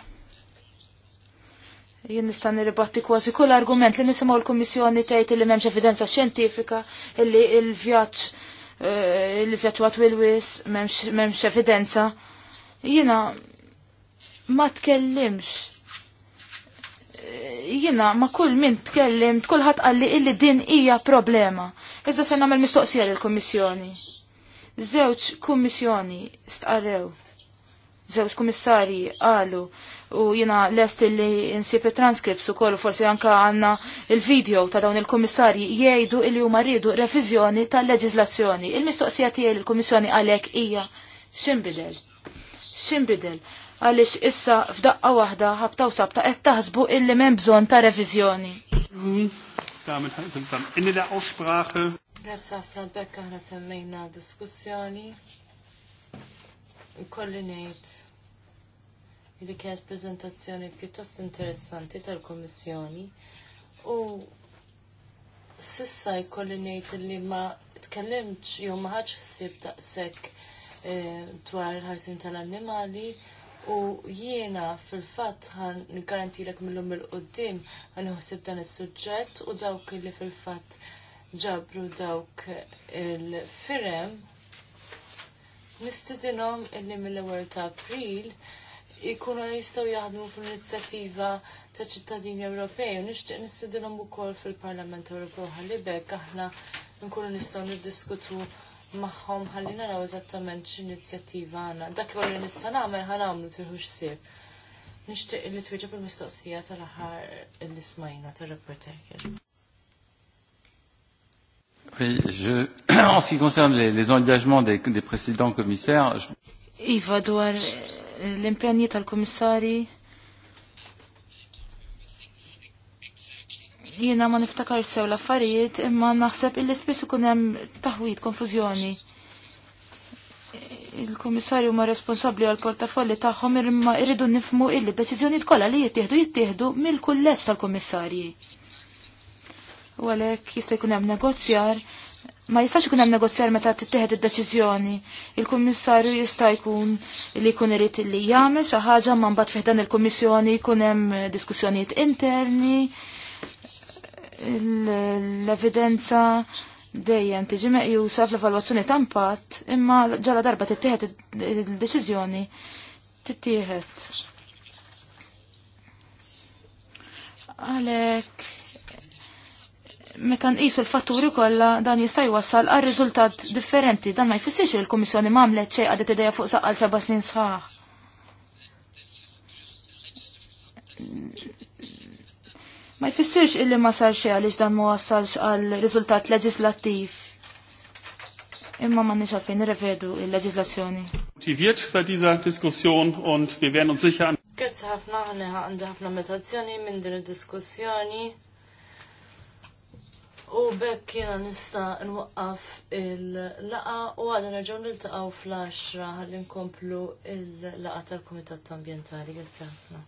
Jien nista' nirribatti kważi kull argument li nisimgħu l-Kummissjoni tgħid li m'hemmx evidenza xjentifika illi l-vjaġġ il-vjaġġ eh, wat wilwis m'hemmx evidenza. Jiena ma tkellimx jina ma kull min tkellim, ħat għalli illi din hija problema. Iżda se nagħmel mistoqsija lill-Kummissjoni. Żewġ kummissjoni stqarrew. Żewġ kummissarji qalu u jina lest illi insib transcripts ukoll forsi anka għandna il-video ta' dawn il-kummissarji jgħidu illi huma rridu reviżjoni tal leġizlazzjoni Il-mistoqsija tiegħi l kummissjoni għalhekk hija x'inbidel. X'inbidel għaliex issa f'daqqa waħda ħabta u sabta qed taħsbu illi m'hemm bżonn ta' reviżjoni. Grazzi ħafna bekk aħna temmejna diskussjoni. Kolli ngħid li kienet preżentazzjoni pjuttost interessanti tal-Kummissjoni u sissa jkolli ngħid li ma tkellimx jew ma ħadx ħsieb daqshekk eh, dwar ħarsin tal-annimali U jiena fil-fatt ħan garantilek mill-lum il-qoddim għan uħsib dan is-suġġett u dawk li fil-fatt ġabru dawk il-firem nistidinom illi mill-ewwel ta' April ikunu jistgħu jaħdmu fl-inizjattiva ta' ċittadini Ewropej u nixtieq nistidinom ukoll fil-Parlament Ewropew ħalli aħna nkunu nistgħu niddiskutu maħħom ħallina naraw eżattament x'inizjattiva għandna. Dak li kollu nista' nagħmel ħa nagħmlu tilħux ħsieb. Nixtieq li twieġeb il-mistoqsija tal-aħħar li smajna tar-rapporter. Oui, je, en ce qui concerne les, les engagements des, des précédents commissaires, je... Il va devoir l dans eh, le commissariat. Jiena ma niftakar sew l-affarijiet imma naħseb illi spiss ikun hemm taħwit, konfużjoni. Il-kummissarju ma responsabbli għal portafolli tagħhom imma irridu nifmu illi d-deċiżjonijiet kollha li jittieħdu jittieħdu mill-kulleġġ tal-kummissarji. U għalhekk jista' jkun hemm negozjar ma jistax ikun hemm negozjar meta tittieħed id-deċiżjoni. Il-kummissarju jista' jkun li jkun irid li jagħmel xi ħaġa ma mbagħad fih dan il-kummissjoni jkun hemm diskussjonijiet interni, l-evidenza dejjem tiġi meqjusa fl-evalwazzjoni ta' impatt, imma ġala darba tittieħed il-deċiżjoni tittieħed. Għalek, meta nqisu l-fatturi kollha dan jista' jwassal għal riżultat differenti dan ma jfissirx il-Kummissjoni m'għamlet xejn qadet idejja fuq saqal seba' snin sħaħ ma jfissirx illi ma sar xejn għaliex dan ma wassalx għal riżultat leġislattiv. Imma ma nix għalfejn nirrevedu il-leġislazzjoni. Motiviert sa diza diskussjon und wir werden uns sicher an. Grazie ħafna ħana għandha ħafna metazzjoni minn din id-diskussjoni. U bekk kiena nista nwaqqaf il-laqa u għadna nerġgħu niltaqgħu fl-10 ħalli nkomplu il-laqa tal-Kumitat Ambjentali. Grazie ħafna.